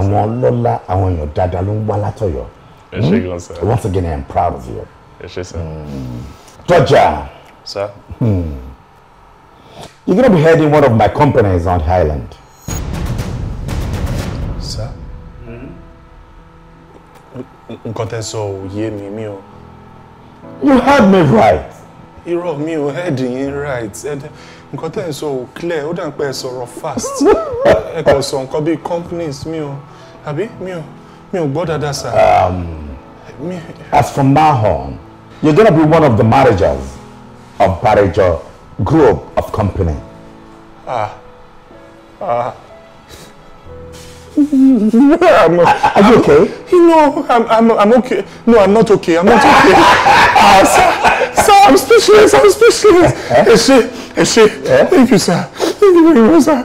àwọn ọlọ́lá àwọn èèyàn dáadáa ló ń wá látọ̀yọ́ hmm? once again I am proud of you. Hmm. Tọ́jà. Sir. Hmm. You're going be heading one of my companies on Highland. Sir? Hmm? Nǹkan tẹ́ sọ ò yé mi mi o. You heard me right. Irọ́ mi ò head yín right nǹkan tẹ́ ẹ̀ sọ ò clear ó dàn pé ẹ sọ̀rọ̀ fast *laughs* ẹ kò sọ nǹkan bíi companies mi ò àbí mi ò mi ò gbọ́ dáadáa sir. Um, as from now on you're gonna be one of the managers of Parejo group of company. ah ah. *laughs* I'm, are, are you okay? No, I'm, I'm, I'm okay. No, I'm not okay. I'm not okay. uh, *laughs* sir, sir, I'm speechless. I'm speechless. Huh? Eh, eh? ẹ ṣe thank you sir thank you very much sir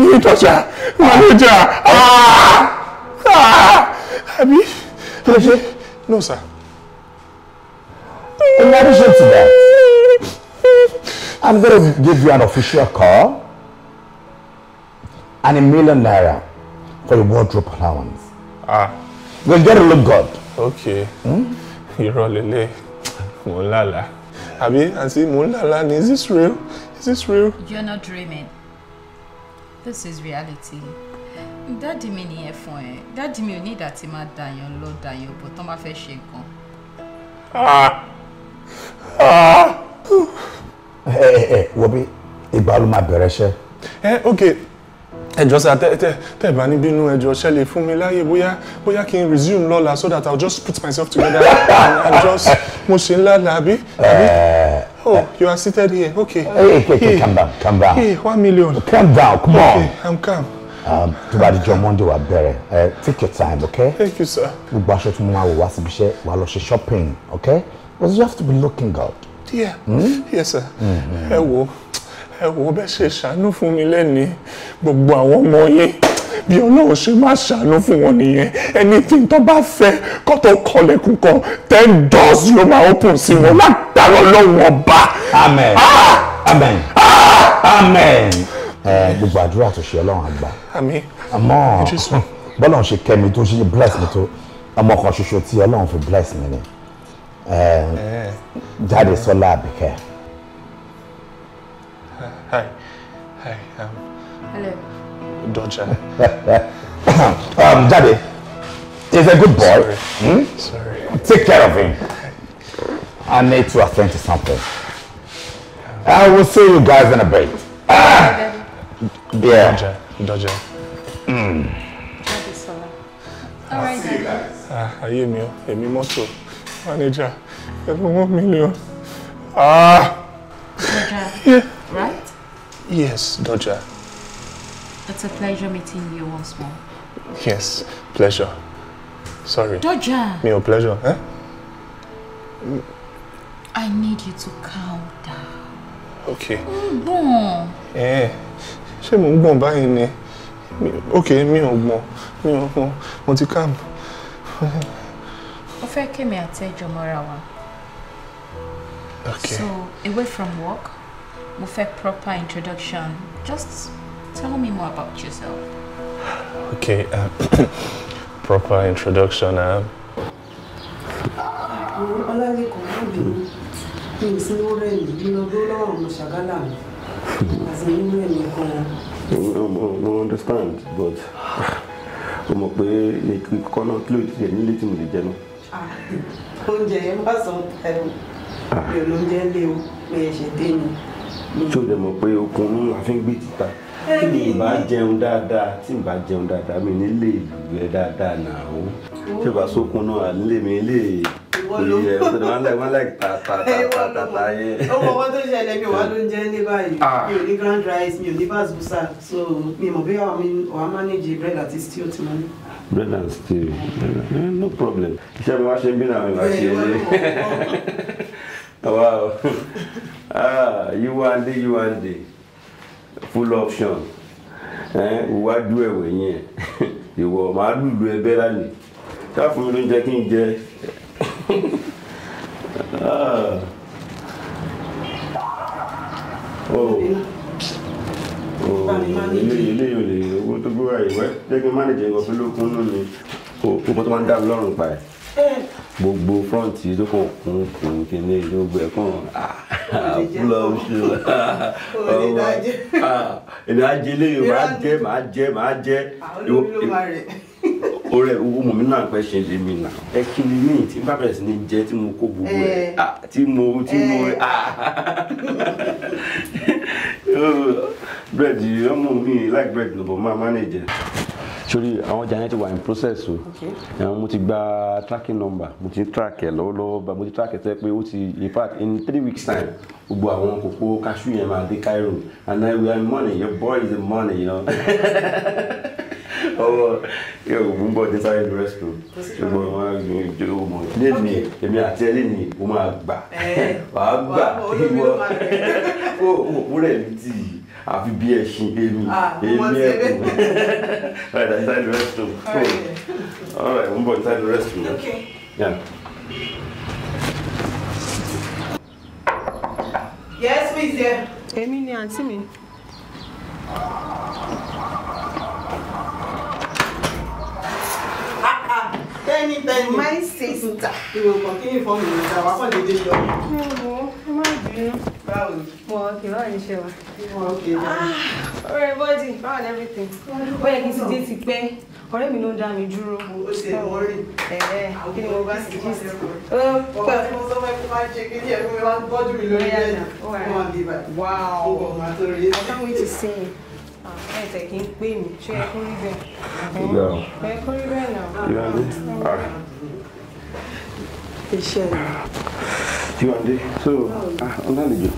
ní ìtọ́jà manager àbí kí ló ṣe no sir. in addition to that i'm gonna give you an official call and a million naira for your wardrobe allowance. Ah. Because you gotta look good. Okay. Hmm? Irọ́ lele, mo lala. Abi, àǹtí mò ń lálá is this real is this real. you're not dreaming this is reality dáàdì mi nìyẹn fún ẹ dáàdì mi ò ní ìdá yon máa dàyàn lọ but bó tán bá fẹ́ ṣe ah! ah. ẹ hey, hey. ìgbà ló máa bẹ̀rẹ̀ iṣẹ́. ẹ eh, ok ẹjọ sá tẹ tẹ tẹ bá ní bínú ẹjọ ṣe lè fún mi láyè bóyá bóyá kí n resume lọ́la so that i will just put myself together and, and just mo ṣe ńlá làbí àbí eh. oh you are seated here okay. Hey, eh, eh, hey, hey, hey calm down calm down. Hey, one million. Oh, calm down come on. okay i'm calm. Um, tó bá dijọ́ monday wá bẹ̀rẹ̀ take your time okay. thank you sir. gbogbo aṣọ tí mo máa wò wá síbi iṣẹ́ wàá lọ ṣe shopping okay because you have to be looking good. yeah mm? yes sir. Hmm, hmm. ẹ wo. Mm -hmm ẹ wò ṣe ṣàánú fún mi lẹ́ni gbogbo àwọn ọmọ yín bí ọlọ́run ṣe máa ṣàánú fún wọn nìyẹn anything tó bá fẹ́ kó tó kọlẹ̀kùn kan ten doors ló máa open sí wọn látara ọlọ́run ọba. amen ah! amen ah! amen gbogbo àdúrà tó ṣe ọlọ́run àgbà àmọ́ bọ́lá ń ṣe kẹ́mi tó ṣe bless mi tó ọmọ kan ṣoṣo tí ọlọ́run fi bless mi ni eh. jáde sọ́lá àbíkẹ́. Hi. Hi. Um, Hello. Dodger. *coughs* um, Daddy is a good boy. Sorry. Hmm? Sorry. Take care of him. I need to attend to something. I will see you guys in a bit. Ah! Yeah. Dodger. Dodger. Mm. All right, you guys. Ah, ayé mi o, èmi mọ́tò, manager, ẹ̀rọ one million. Ah! Dodger, right? Yes, Dodger. It's a pleasure meeting you once more. Yes, pleasure. Sorry. Dodger! Me, pleasure, eh? I need you to calm down. Okay. Ngbọ̀n. Eh, She mo ń gbọ̀n báyìí ni? Okay, mi o gbọ̀n, mi o gbọ̀n, mo ti calm. Ó fẹ́ kémi àti ẹjọ́ mọ́ra wa. Okay. So, away from work mo fẹ́ proper introduction just tell me more about yourself. okay uh, *coughs* proper introduction. Uh, ọlálẹ́kọ̀ọ́ náà bí mi ò sí lórí ẹ̀yìn mi lọ dúró lọ́wọ́ ọmọ ṣàgálà mi àti nínú ẹ̀mí kan. mo understand but o mọ̀ pé kọ́nà kí ló ti jẹ nílé tí mo lè jẹ náà. Ah, oúnjẹ yẹn ń bá sọ ẹ̀rù mi ò lóúnjẹ lé o mi ẹ̀ ṣe dé mi tí o dẹ̀ mọ̀ pé okun ní àfíngbé títa tí mi bá jẹun dáadáa tí mi bá jẹun dáadáa mi nílé ìlú ẹ dáadáa náà o tí o bá sókun náà nílé mi nílé ìyẹ o tẹ̀lé wọn láì wọn láì ta ta ta ta ta ta yẹ. ọmọ wọn tó ṣẹlẹ̀ mi wàá ló ń jẹ ní báyìí ah. mi ò ní grand rice mi ò ní basbusa so mi mọ̀ bí wàá manage bread àti stew tí mo bread and stew eh, no problem iṣẹ́ mi wá ṣe ń bí náà mi wá ṣe é *laughs* wow ah Yewande Yewande full option ìwájú eh, ẹ̀wẹ̀ yẹn *laughs* ìwọ màá lùlù ẹbẹ́ lánìí káfíń ló ń jẹ́ kí n jẹ *laughs* ah. oh. Oh, ilé yóò lè owó tó gbóra ìwẹ́ jẹ́ kí n má lè jẹ́ nǹkan fún lókun náà ni kókó tó máa ń dá mi lọ́rùn pa ẹ̀ eh. gbogbo fúrọ̀ǹtì tó kàn kún kún kí ní gbogbo ẹ̀ kàn áà. Ah búlọ̀ọ̀ṣù ọmọ ah, èmi á jẹ léyìn máa jẹ máa jẹ máa jẹ orẹ ọmọ mi náà pẹ ṣe lè mi nà ẹ kí ni mí tí bá bẹ̀rẹ̀ sí ni jẹ tí mo kó gbogbo ẹ eh. ah, tí mo tí mo eh. ah. *laughs* bírèdì ọmọ mi like bírèdì lọ́bọ̀ máa manage sórí àwọn ọjà yẹn ti wà in process o ẹ̀wọ̀n mo ti gba tracking number mo ti track ẹ̀ lọ́wọ́lọ́wọ́ mo ti track ẹ̀ tẹ́ pé ó ti in fact in three weeks time gbogbo àwọn kòkó cashew yẹn máa dé Cairo and then we are money your boy is money you know *laughs* ọwọ́ yóò mú bọ̀ dé sáré lu rẹ́sítò ṣùgbọ́n wọn á gbé ìjọ ọmọ ilé ni èmi àti ẹlẹ́ ni o máa gbà *laughs* wàá gbà ìwọ o òwúrẹ̀ mi tì í àfi bí ẹṣin ah, èmi èmi ẹkùn *laughs* right inside the restroom cool all right one bọ inside the restroom. Okay. Yeah. yes who is there. èmi ni àǹtí mi. anytime. My sister. You will continue for me later. Wà á kọ́ dédé lọ. Mo má bínú. Báwo ni? Mo Wow. báwo ni ṣe wà? Mo ọkè báwo. Ah, ọ̀rẹ́ bọ́dì, báwo ni everything? Ó yẹ kí n ti dé ti pẹ́. Ọ̀rẹ́ mi ló ń dá mi dúró. Ó ṣe ẹ̀wọ́n rí. Ẹ̀ẹ́ kí ni mo bá ti jí sí? Ó pẹ́. Ọ̀rẹ́ mi sọ fún mi máa ń ṣe kí ni ẹ̀rọ mi máa ń gbọ́dù mi lórí ẹ̀yà. Ó wà rí. Wow. Ó bọ̀ máa tó rí. I can't wait to see you ẹ̀tẹ̀ kì í pè mí ṣé ẹ kún rí bẹ́ẹ̀ ẹ kún rí bẹ́ẹ̀ náà. Ah. Ah. iṣẹ́ rẹ̀. Yọ̀ǹde so ah, ọ̀nàlejò.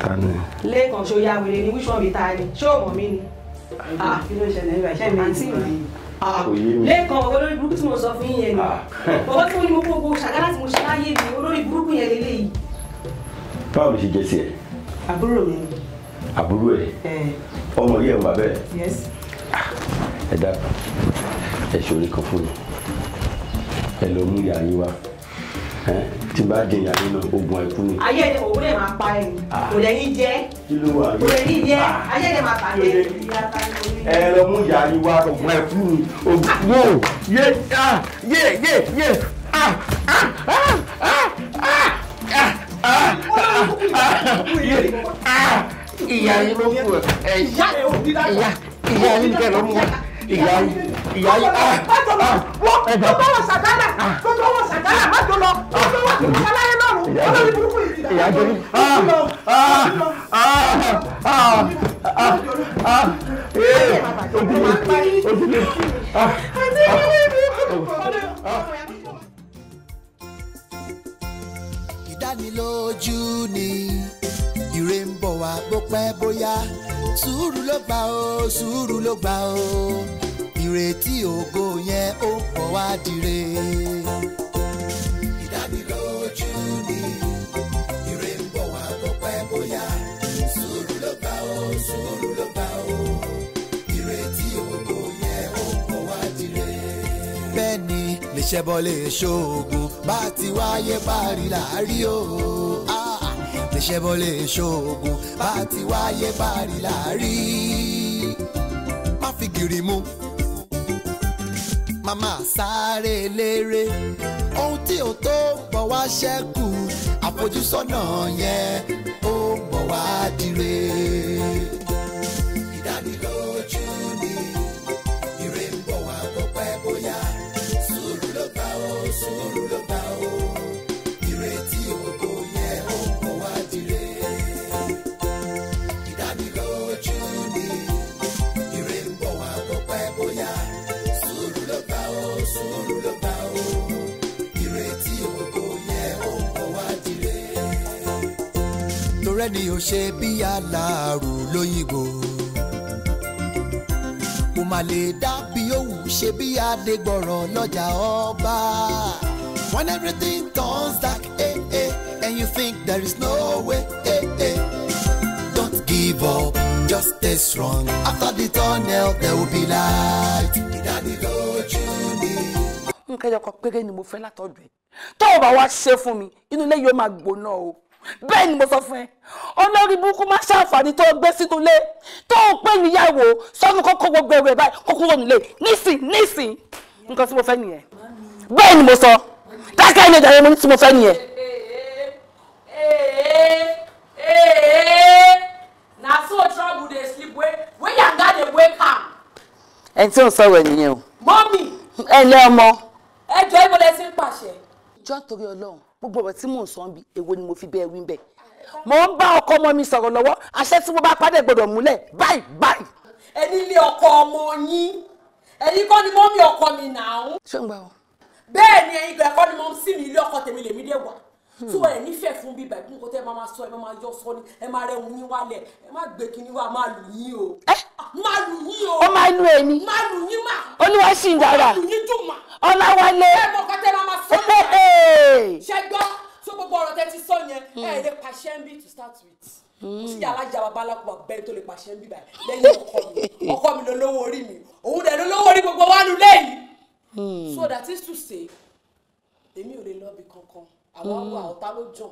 Ta ni? Lẹ́ẹ̀kan ṣo ya wèrè ni wíṣọ́ mi ta ni ṣé ọmọ mi ni? Kí ló ṣẹlẹ̀ nígbà iṣẹ́ mi àǹtí mi? lẹ́ẹ̀kan olórí burúkú tí mo sọ fún yín yẹn ni ọwọ́ tí mo ní mo kó gbogbo ṣàgá láti mo ṣe láyé mi olórí burúkú yẹn lélẹ́yìí. Báwo ló ṣe jẹ́ àbúrò mi. àbúrò ẹ ọmọ yẹ wà bẹ́ẹ̀. Ah, ẹ dá ẹ ṣòro kan fún mi ẹ lọ mú ìyá yín wá tí bá jẹ ìyá nínú ogun ẹkún ni. ayé ẹni òun lè máa pa ẹni ah. kò lè ní jẹ kò lè ní jẹ ah. ayé ẹni máa bàjẹ́. ẹ lọ mú ìyá yín wá ogun ẹkún ni wo ye ye ye ye ah ah ah. ìyá yín ló kù ẹ ìyá ìyá yín kẹ ló mú ìyá yín ìyá yín. má lọ wọ́n tó bá wọ sàgánà tó bá wọ sàgánà má jọ lọ tó bá wọ sàgánà láyé lọ́rùn ọlọ́run burúkú yìí ti dà. ìyá jọ ní. ojúlé ojúlé. dánilójú ni ire ń bọ̀ wá bó pẹ́ bóyá sùúrù ló gbà ó sùúrù ló gbà ó ìrètí ògo yẹn ó bọ̀ wá dire. ṣẹbọ lè ṣoògùn bá ti wáyé bá rí láàrí o ah, lè ṣẹbọ lè ṣoògùn bá ti wáyé bá rí láàrí má fi gìrì mu màmá sáré eléré ohun tí ò tó bọ̀ wá ṣẹ́kù àfojúsọ́nà yẹn ó bọ̀ wá dire. ọ̀rẹ́ ni ò ṣe bí aláàrù lóyìnbó kò má lè dá bí òwú ṣe bí adégbọ̀rọ̀ lọ́jà ọba. When everything turns dark eh, eh, and you think there is no way eh, eh, don't give up just stay strong after the tunnel there will be light. ìdánilójú ni. nǹkan ẹyọ kan péré ni mo fẹ́ látọ̀dọ̀ ẹ̀ tó o bá wá ṣe fún mi inú ilé yóò máa gbóná o bẹ́ẹ̀ ni mo sọ fún ẹ olórí burúkú máa ṣàǹfààní tó gbé sínú ilé tó ń pè níyàwó sọ́nù kókó gbogbo ẹ̀rọ ẹ̀ báyìí kókó wọnú ilé nísìn nísìn nǹkan tí mo fẹ́ nìyẹn bẹ́ẹ̀ ni mo sọ dákẹ́ ilé ìdàrẹ́ mo tí mo fẹ́ nìyẹn. na so trouble dey sleep wey wey yanga dey wake am. ẹ tí ò ń sọ̀rọ̀ ẹ nìyẹn o. mọ́mì. ẹ lé ọmọ. ẹ jọ ìbọn lẹ́sìn pàṣẹ. ìjọ torí ọlọ́run gbogbo ọ̀rọ̀ tí mò ń sọ ń bi èwo ni mo fi bẹ́ẹ̀ wí ń bẹ̀ mo ń bá ọkọ ọmọ mi sọ̀rọ̀ lọ́wọ́ àṣẹ tí mo bá padà gbọ́dọ̀ múlẹ̀ báyìí báyìí. ẹni lé ọkọ ọmọ yín ẹni kọ́ ni mọ́ mi ọkọ mi nà án. ṣé ń gbà ọ. bẹ́ẹ̀ ni ẹ̀yin gbà ni mo ń sìn mí ilé ọkọ tèmi lèmi dé wà tó hmm. ẹ̀ nífẹ̀ẹ́ fún bíbá ìpín kó tẹ́ ẹ máa sọ ẹ máa yọ sọ ni ẹ máa rẹ ohun yín wálẹ̀ ẹ má gbé kinní wa máa lù yín o. máa lù yín o. ó máa nú ẹni. máa lù yín mà. olúwa sì ń dára. máa lù yín dùn mà. ọláwálé. ẹ mọ kọ́tẹ́ máa máa sọ ẹ̀ ṣẹ́gbọ́n tó gbogbo ọ̀rọ̀ tẹ́ ti sọ yẹn hmm. ẹ̀ lè pàṣẹ ń bí to start with sí hmm. alájà babaláwo bẹ́ẹ̀ tó lè pàṣẹ ń bí báyìí lẹ́yìn ọkọ mi ọkọ mi ló lówó orí mi òun dẹ̀ ló lówó orí gbogbo wa nù lẹ́yìn so that is to say èmi ò lè lọ bí kankan àwa wà hmm. ọ̀tá ló jàn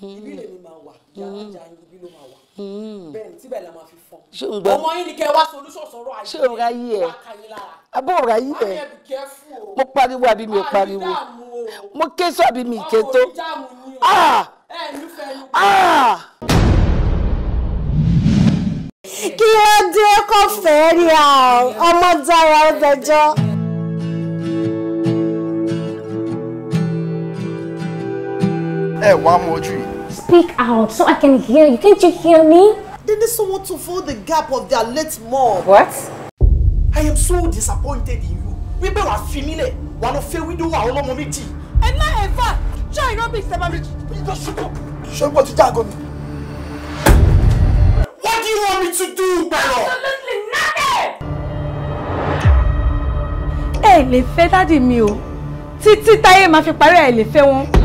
hmm. ibi lèmi máa wà yàrá hmm. ibi ló máa wà bẹ́ẹ̀ tíbẹ̀ la máa fi fọ́n ọmọ yìí ni kẹ́ wá solution sọ̀rọ̀ ayé ṣé òra yí ẹ abọ́ òra yí ẹ mo pariwo àbí mi ò pariwo mo ké sọ àbí mi ké tó ah! ah! kí ló dé kó fẹ́ẹ́ rí ọmọ dára ó ẹ wá mọ ojú speak out so i can hear you can't you hear me. they need someone to fill the gap of their late mom. what. i am so disappointed in you We be fi mí lẹ̀ wàá fair. We do wà ọlọ́mọ mommy tea. náà ẹ ever try iná bíi sẹ́mà mi ìjọ ṣubú. ṣùgbọ́n ti jágo what do you want me to do Bella? absolutely nothing. Hey, le fẹ́ dádì mi o títí táyé máa fi parẹ́ ẹ lè fẹ́ wọn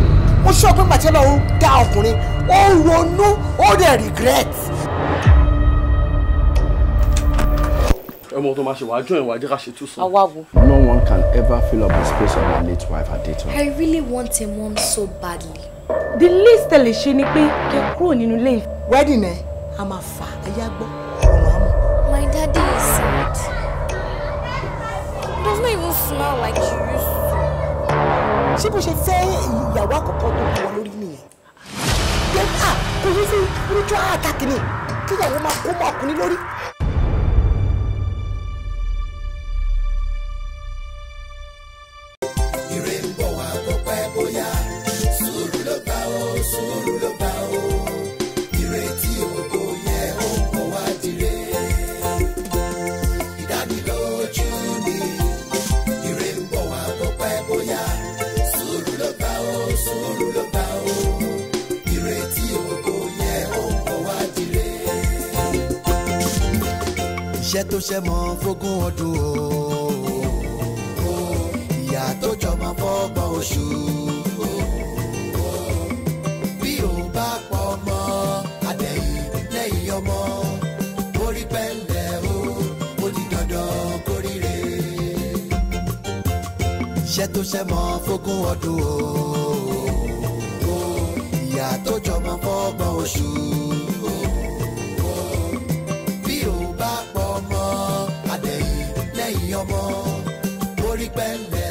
ó sọ pé màtẹ́lá ó dá ọkùnrin ó ronú ó dẹ̀ regret. ọmọ tó máa ṣe wàá jọ ìwà jẹ́ ṣe tún sàn. àwa wo. no one can ever fill up the space of my late wife Adetun. I really want a mom so badly. the least ẹ lè ṣe ni pé kẹ kúrò nínú ilé ìfẹ́. wedding ẹ a máa fà ẹyá gbọ́ ọ̀rọ̀ àmọ́. my daddy is sad. he does not even smile like he used to ṣé bó ṣe fẹ́ ìyàwó àkọ́kọ́ tó kọ́ lórí nìyẹn. yẹ́n à ah, kò yí sí ritual attack ni kíyàwó máa kó mọ́ ọkùnrin lórí iṣẹ́ tó ṣẹ́ mọ́ fógún ọdún o ìyá tó jọmọ fọ́gbọ̀n oṣù bí òun bá pọ̀ ọmọ adẹ̀yìn lẹ́yìn ọmọ orí pẹ́ńlẹ̀ o ó di dandan kórìíre iṣẹ́ tó ṣẹ́ mọ́ fógún ọdún o ìyá tó jọmọ fọ́gbọ̀n oṣù. ọmọ orí pẹ̀lẹ́.